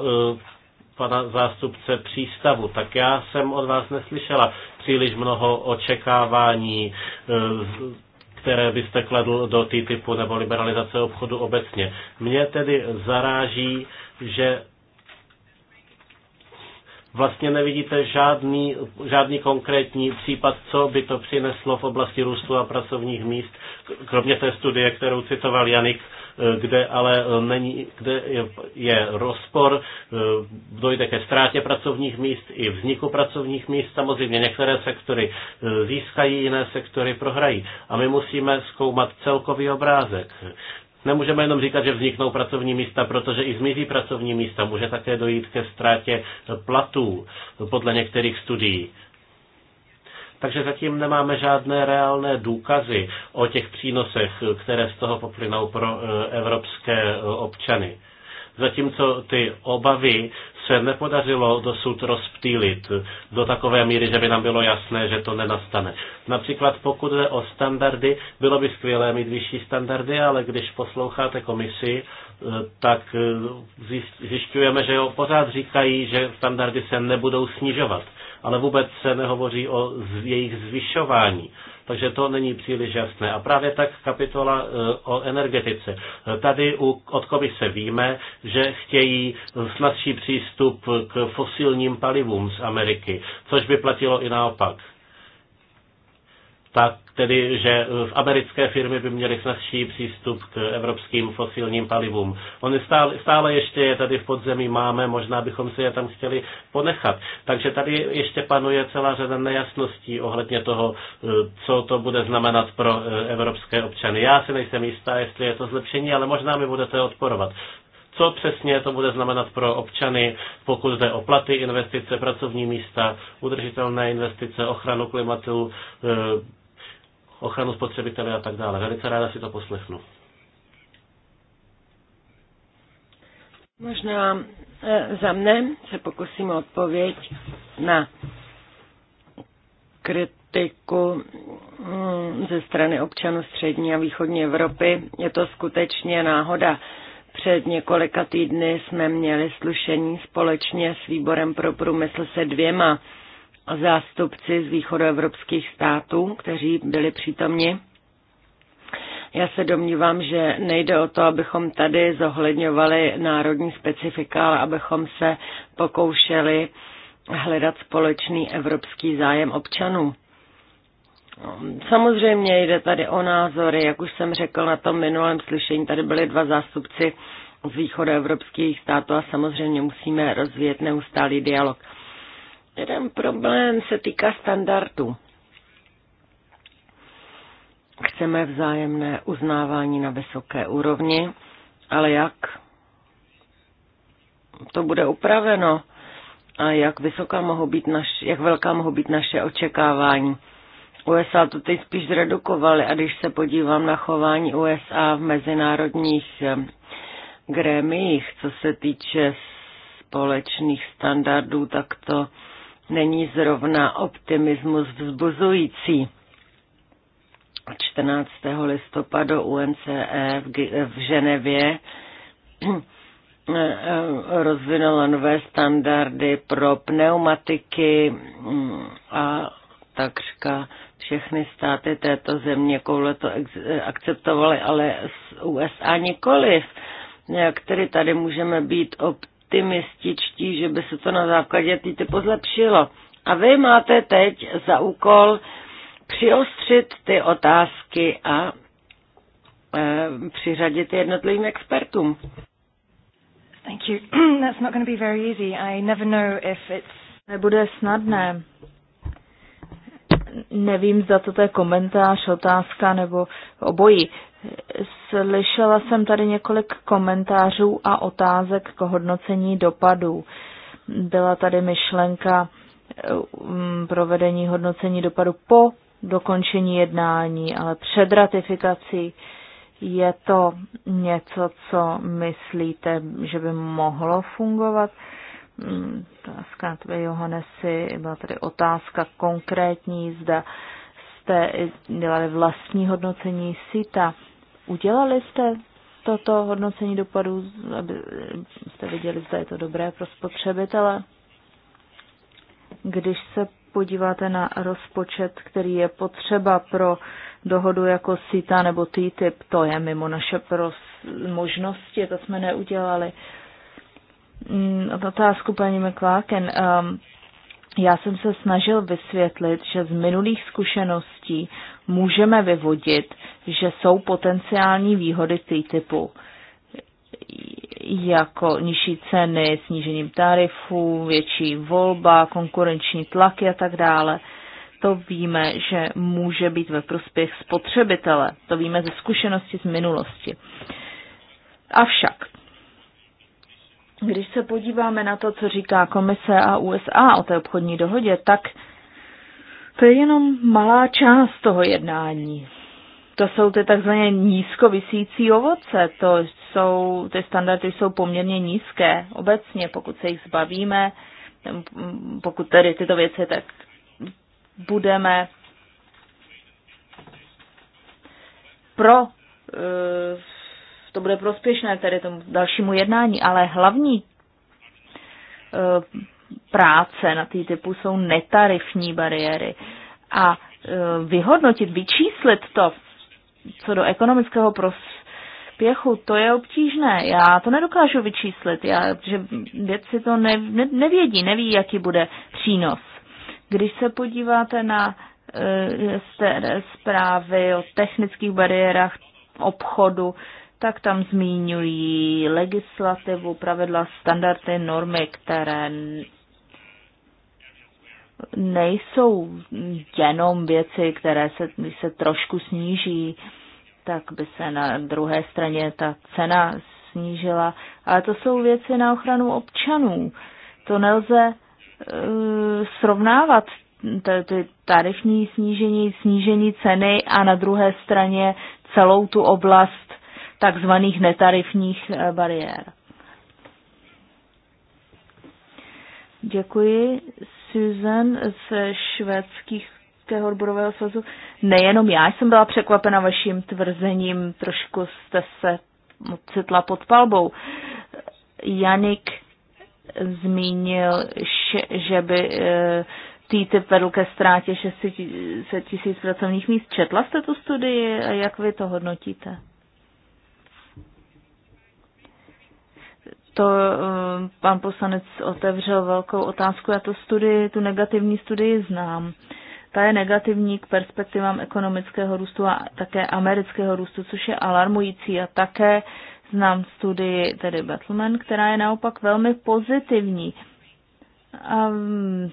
pana zástupce přístavu, tak já jsem od vás neslyšela příliš mnoho očekávání e, které byste kladl do TTIPu nebo liberalizace obchodu obecně. Mě tedy zaráží, že vlastně nevidíte žádný, žádný konkrétní případ, co by to přineslo v oblasti růstu a pracovních míst, kromě té studie, kterou citoval Janik, kde ale není, kde je, rozpor, e, dojde ke ztrátě pracovních míst i vzniku pracovních míst. Samozřejmě některé sektory e, získají, jiné sektory prohrají. A my musíme zkoumat celkový obrázek. Nemůžeme jenom říkat, že vzniknou pracovní místa, protože i zmizí pracovní místa. Může také dojít ke ztrátě platů podle některých studií. Takže zatím nemáme žádné reálné důkazy o těch přínosech, které z toho poplynou pro eh, evropské eh, občany. Zatímco ty obavy se nepodařilo dosud rozptýlit do takové míry, že by nám bylo jasné, že to nenastane. Například pokud jde o standardy, bylo by skvělé mít vyšší standardy, ale když posloucháte komisi, eh, tak eh, zjišťujeme, že jo, pořád říkají, že standardy se nebudou snižovat, ale vůbec se nehovoří o jejich zvyšování takže to není příliš jasné. A právě tak kapitola e, o energetice. Tady od komise víme, že chtějí snadší přístup k fosilním palivům z Ameriky, což by platilo i naopak tak tedy, že v americké firmy by měly snazší přístup k evropským fosilním palivům. Oni stále, stále ještě je tady v podzemí máme, možná bychom si je tam chtěli ponechat. Takže tady ještě panuje celá řada nejasností ohledně toho, eh, co to bude znamenat pro eh, evropské občany. Já si nejsem jistá, jestli je to zlepšení, ale možná mi budete odporovat co přesně to bude znamenat pro občany, pokud jde o platy, investice, pracovní místa, udržitelné investice, ochranu klimatu, eh, ochranu spotřebitele a tak dále. Velice ráda si to poslechnu. Možná e, za mne se pokusím odpověď na kritiku mm, ze strany občanů střední a východní Evropy. Je to skutečně náhoda. Před několika týdny jsme měli slušení společně s výborem pro průmysl se dvěma zástupci z východoevropských států, kteří byli přítomni. Já se domnívám, že nejde o to, abychom tady zohledňovali národní specifika, ale abychom se pokoušeli hledat společný evropský zájem občanů. Samozřejmě jde tady o názory, jak už jsem řekl na tom minulém slyšení, tady byli dva zástupci z východoevropských států a samozřejmě musíme rozvíjet neustálý dialog. Jeden problém se týká standardu. Chceme vzájemné uznávání na vysoké úrovni, ale jak to bude upraveno a jak, vysoká mohou být naš, jak velká mohou být naše očekávání. USA to teď spíš zredukovaly a když se podívám na chování USA v mezinárodních eh, grémiích, co se týče společných standardů, tak to není zrovna optimismus vzbuzující. 14. listopadu UNCE v Ženevě rozvinula nové standardy pro pneumatiky a takřka všechny státy této země koule to akceptovaly, ale z USA nikoliv. Jak tedy tady můžeme být optimističtí? optimističtí, že by se to na základě TTIPu zlepšilo. A vy máte teď za úkol přiostřit ty otázky a e, přiřadit jednotlivým expertům. Thank you. That's not going to be very easy. I never know if it's... Nebude snadné nevím, zda to je komentář, otázka nebo obojí. Slyšela jsem tady několik komentářů a otázek k hodnocení dopadů. Byla tady myšlenka um, provedení hodnocení dopadu po dokončení jednání, ale před ratifikací je to něco, co myslíte, že by mohlo fungovat? Uh, Mm, otázka tvé Johanesi, byla tady otázka konkrétní, zda jste dělali vlastní hodnocení SITA. Udělali jste toto hodnocení dopadů, aby jste viděli, zda je to dobré pro spotřebitele? Když se podíváte na rozpočet, který je potřeba pro dohodu jako SITA nebo TTIP, to je mimo naše možnosti, to jsme neudělali. Mm, otázku paní McLaken. Um, já jsem se snažil vysvětlit, že z minulých zkušeností můžeme vyvodit, že jsou potenciální výhody typu jako nižší ceny, snížením tarifů, větší volba, konkurenční tlaky a tak dále. To víme, že může být ve prospěch spotřebitele. To víme ze zkušenosti z minulosti. Avšak když se podíváme na to, co říká komise a USA o té obchodní dohodě, tak to je jenom malá část toho jednání. To jsou ty takzvané nízkovisící ovoce, to jsou, ty standardy jsou poměrně nízké obecně, pokud se jich zbavíme, pokud tedy tyto věci, tak budeme pro eh, to bude prospěšné tedy tomu dalšímu jednání, ale hlavní e, práce na ty typu jsou netarifní bariéry. A e, vyhodnotit, vyčíslit to, co do ekonomického prospěchu, to je obtížné. Já to nedokážu vyčíslit, já, že vědci to ne, ne, nevědí, neví, jaký bude přínos. Když se podíváte na e, zprávy o technických bariérách obchodu, tak tam zmiňují legislativu, pravidla, standardy, normy, které nejsou jenom věci, které se, když se trošku sníží, tak by se na druhé straně ta cena snížila. Ale to jsou věci na ochranu občanů. To nelze uh, srovnávat ty tarifní snížení, snížení ceny a na druhé straně celou tu oblast takzvaných netarifních eh, bariér. Děkuji, Susan z švédských odborového svazu. Nejenom já jsem byla překvapena vaším tvrzením, trošku jste se ocitla pod palbou. Janik zmínil, že by eh, TTIP vedl ke ztrátě 600 tisíc pracovních míst. Četla jste tu studii a jak vy to hodnotíte? to eh, pan poslanec otevřel velkou otázku. Já to studii, tu negativní studii znám. Ta je negativní k perspektivám ekonomického růstu a také amerického růstu, což je alarmující. A také znám studii tedy Battleman, která je naopak velmi pozitivní. A hm,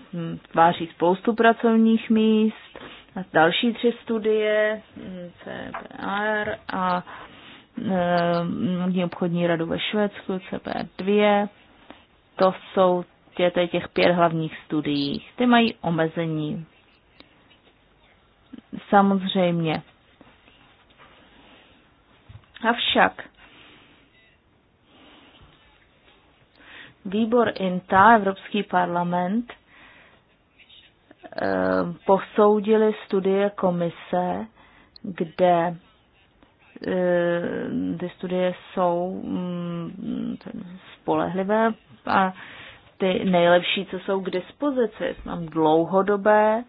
tváří spoustu pracovních míst, a další tři studie, hm, CPR a e, obchodní radu ve Švédsku, CP2. To jsou tě, tě, těch pět hlavních studií. Ty mají omezení. Samozřejmě. Avšak výbor INTA, Evropský parlament, eh, posoudili studie komise, kde E, ty studie jsou mm, spolehlivé a ty nejlepší, co jsou k dispozici, mám dlouhodobé,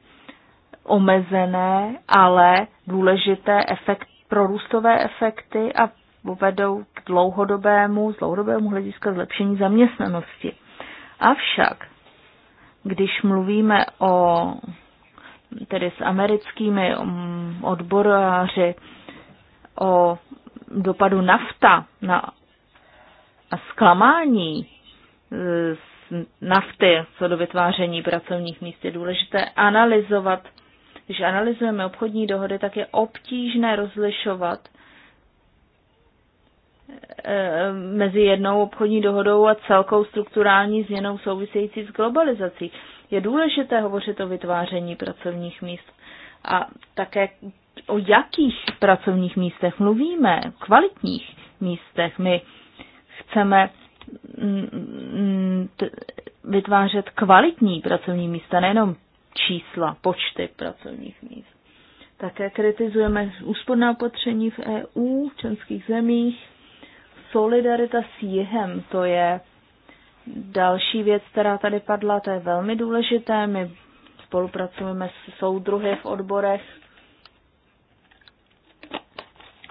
omezené, ale důležité efekt, prorůstové efekty a povedou k dlouhodobému, z dlouhodobému hlediska zlepšení zaměstnanosti. Avšak, když mluvíme o tedy s americkými mm, odboráři, o dopadu nafta na, na zklamání z eh, nafty co do vytváření pracovních míst je důležité analyzovat. Když analyzujeme obchodní dohody, tak je obtížné rozlišovat eh, mezi jednou obchodní dohodou a celkou strukturální změnou související s globalizací. Je důležité hovořit o vytváření pracovních míst a také o jakých pracovních místech mluvíme, kvalitních místech. My chceme mm, vytvářet kvalitní pracovní místa, nejenom čísla, počty pracovních míst. Také kritizujeme úsporná opatření v EU, v členských zemích. Solidarita s jihem, to je další věc, která tady padla, to je velmi důležité. My spolupracujeme s soudruhy v odborech,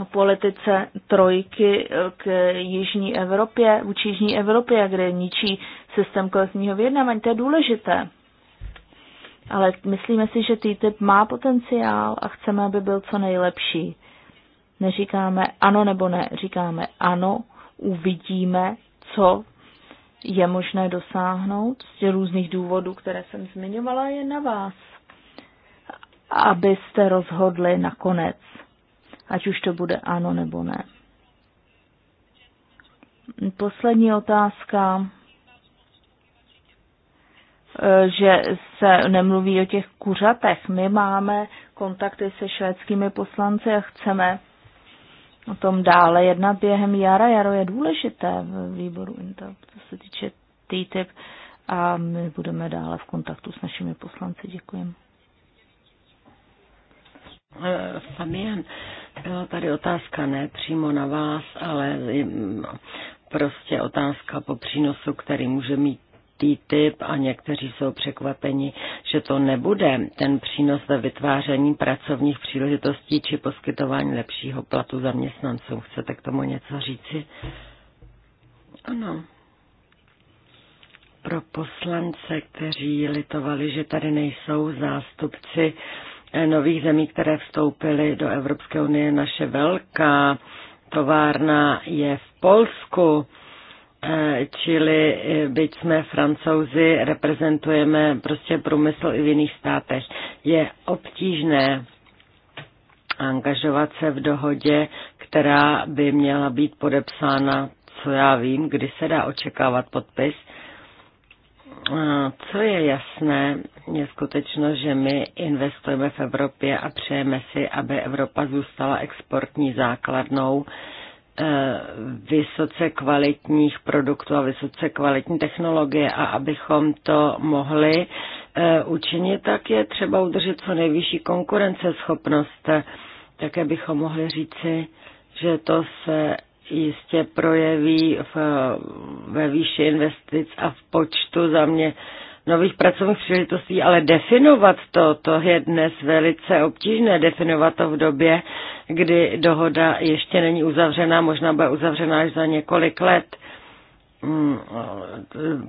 politice trojky eh, k Jižní Evropě, vůči Jižní Evropě, kde ničí systém kolektivního vyjednávání. To je důležité. Ale myslíme si, že TTIP má potenciál a chceme, aby byl co nejlepší. Neříkáme ano nebo ne, říkáme ano, uvidíme, co je možné dosáhnout z těch různých důvodů, které jsem zmiňovala, je na vás, abyste rozhodli nakonec ať už to bude ano nebo ne. Poslední otázka, eh, že se nemluví o těch kuřatech. My máme kontakty se švédskými poslanci a chceme o tom dále jednat během jara. Jaro je důležité v výboru Intel, co se týče TTIP a my budeme dále v kontaktu s našimi poslanci. Děkujeme. Eh, Fabian, byla tady otázka ne přímo na vás, ale hm, prostě otázka po přínosu, který může mít typ a někteří jsou překvapeni, že to nebude ten přínos ve vytváření pracovních příležitostí či poskytování lepšího platu zaměstnancům. Chcete k tomu něco říci? Ano. Pro poslance, kteří litovali, že tady nejsou zástupci uh, nových zemí, které vstoupily do Evropské unie. Naše velká továrna je v Polsku, eh, čili eh, byť jsme francouzi, reprezentujeme prostě průmysl i v jiných státech. Je obtížné angažovat se v dohodě, která by měla být podepsána, co já vím, kdy se dá očekávat podpis, Eh, co je jasné, je skutečno, že my investujeme v Evropě a přejeme si, aby Evropa zůstala exportní základnou eh, vysoce kvalitních produktů a vysoce kvalitní technologie a abychom to mohli eh, učinit, tak je třeba udržet co nejvyšší konkurenceschopnost. Také bychom mohli říci, že to se jistě projeví v, ve výši investic a v počtu za mě nových pracovních příležitostí, ale definovat to, to je dnes velice obtížné, definovat to v době, kdy dohoda ještě není uzavřená, možná bude uzavřená až za několik let. Mm,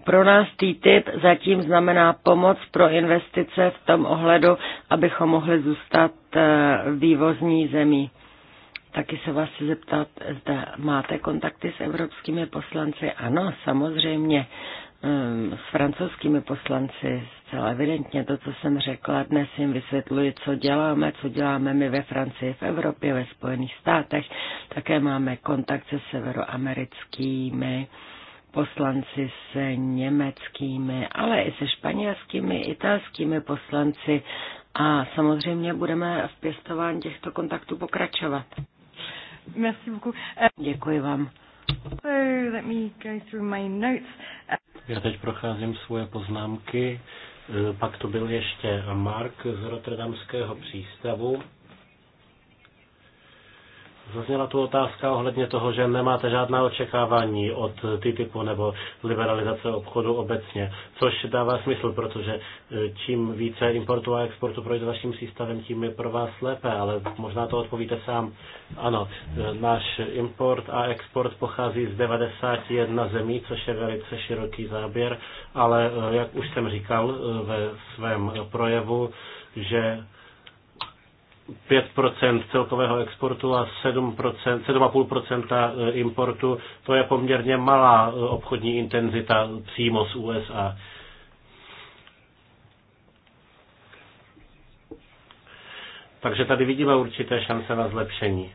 pro nás TTIP zatím znamená pomoc pro investice v tom ohledu, abychom mohli zůstat eh, vývozní zemí. Taky se vás chci zeptat, zda máte kontakty s evropskými poslanci? Ano, samozřejmě ehm, s francouzskými poslanci zcela evidentně to, co jsem řekla. Dnes jim vysvětluji, co děláme, co děláme my ve Francii, v Evropě, ve Spojených státech. Také máme kontakt se severoamerickými poslanci se německými, ale i se španělskými, italskými poslanci a samozřejmě budeme v pěstování těchto kontaktů pokračovat. Merci beaucoup. Děkuji vám. So, let me go through my notes. Já teď procházím svoje poznámky. E, pak to byl ještě Mark z Rotterdamského přístavu. Zazněla tu otázka ohledně toho, že nemáte žádná očekávání od TTIPu nebo liberalizace obchodu obecně, což dává smysl, protože e, čím více importu a exportu projde vaším přístavem, tím je pro vás lépe, ale možná to odpovíte sám. Ano, e, náš import a export pochází z 91 zemí, což je velice široký záběr, ale e, jak už jsem říkal ve svém projevu, že 5% celkového exportu a 7%, 7,5% eh, importu, to je poměrně malá eh, obchodní intenzita přímo z USA. Takže tady vidíme určité šance na zlepšení.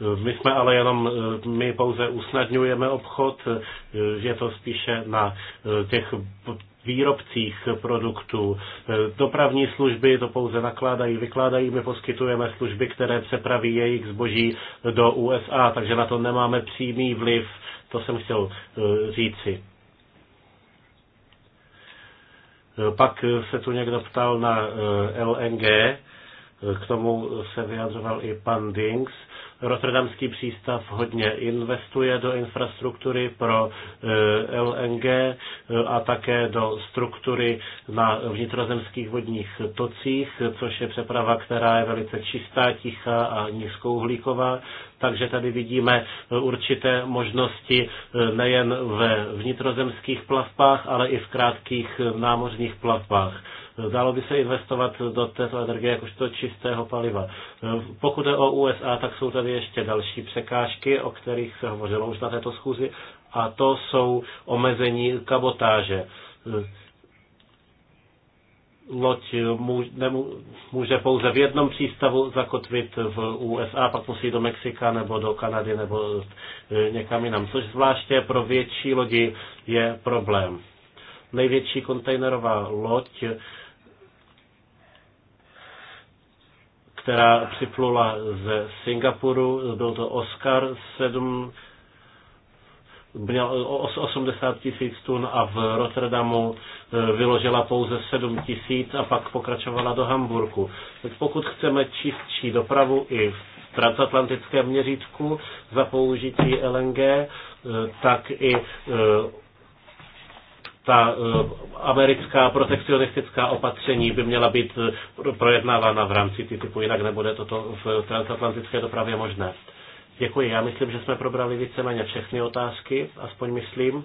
Eh, my jsme ale jenom, my pouze usnadňujeme obchod, je to spíše na těch výrobcích produktů. E, dopravní služby to pouze nakládají, vykládají, my poskytujeme služby, které přepraví jejich zboží do USA, takže na to nemáme přímý vliv, to jsem chtěl e, říci. E, pak se tu někdo ptal na LNG, k tomu se vyjadřoval i pan Dings. Rotterdamský přístav hodně investuje do infrastruktury pro e, LNG e, a také do struktury na vnitrozemských vodních tocích, což je přeprava, která je velice čistá, tichá a nízkouhlíková. Takže tady vidíme určité možnosti e, nejen ve vnitrozemských plavbách, ale i v krátkých námořních plavbách. Dalo by se investovat do této energie jakožto čistého paliva. Pokud je o USA, tak jsou tady ještě další překážky, o kterých se hovořilo už na této schůzi, a to jsou omezení kabotáže loď může pouze v jednom přístavu zakotvit v USA, pak musí do Mexika nebo do Kanady nebo e, někam jinam, což zvláště pro větší lodi je problém. Největší kontejnerová loď která připlula ze Singapuru. Byl to Oscar 7, měl 80 tisíc tun a v Rotterdamu e, vyložila pouze 7 tisíc a pak pokračovala do Hamburku. Teď pokud chceme čistší dopravu i v transatlantickém měřítku za použití LNG, e, tak i e, ta eh, americká protekcionistická opatření by měla být eh, projednávána v rámci TTIPu, jinak nebude toto v transatlantické dopravě možné. Děkuji. Já myslím, že jsme probrali víceméně všechny otázky, aspoň myslím. Eh,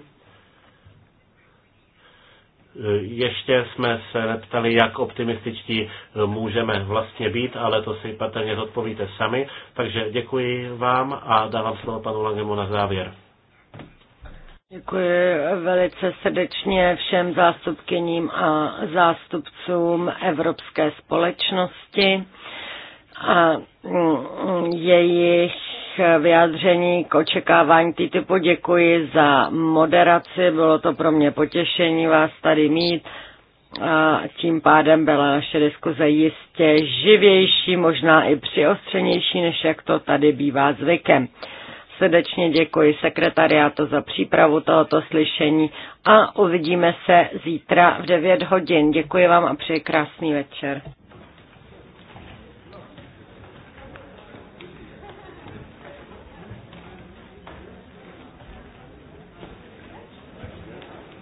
ještě jsme se neptali, jak optimističtí můžeme vlastně být, ale to si patrně zodpovíte sami. Takže děkuji vám a dávám slovo panu Langemu na závěr. Děkuji velice srdečně všem zástupkyním a zástupcům Evropské společnosti a jejich vyjádření k očekávání TTIPu. Děkuji za moderaci, bylo to pro mě potěšení vás tady mít. A tím pádem byla naše diskuze jistě živější, možná i přiostřenější, než jak to tady bývá zvykem. Srdečně děkuji sekretariátu za přípravu tohoto slyšení a uvidíme se zítra v 9 hodin. Děkuji vám a přeji krásný večer.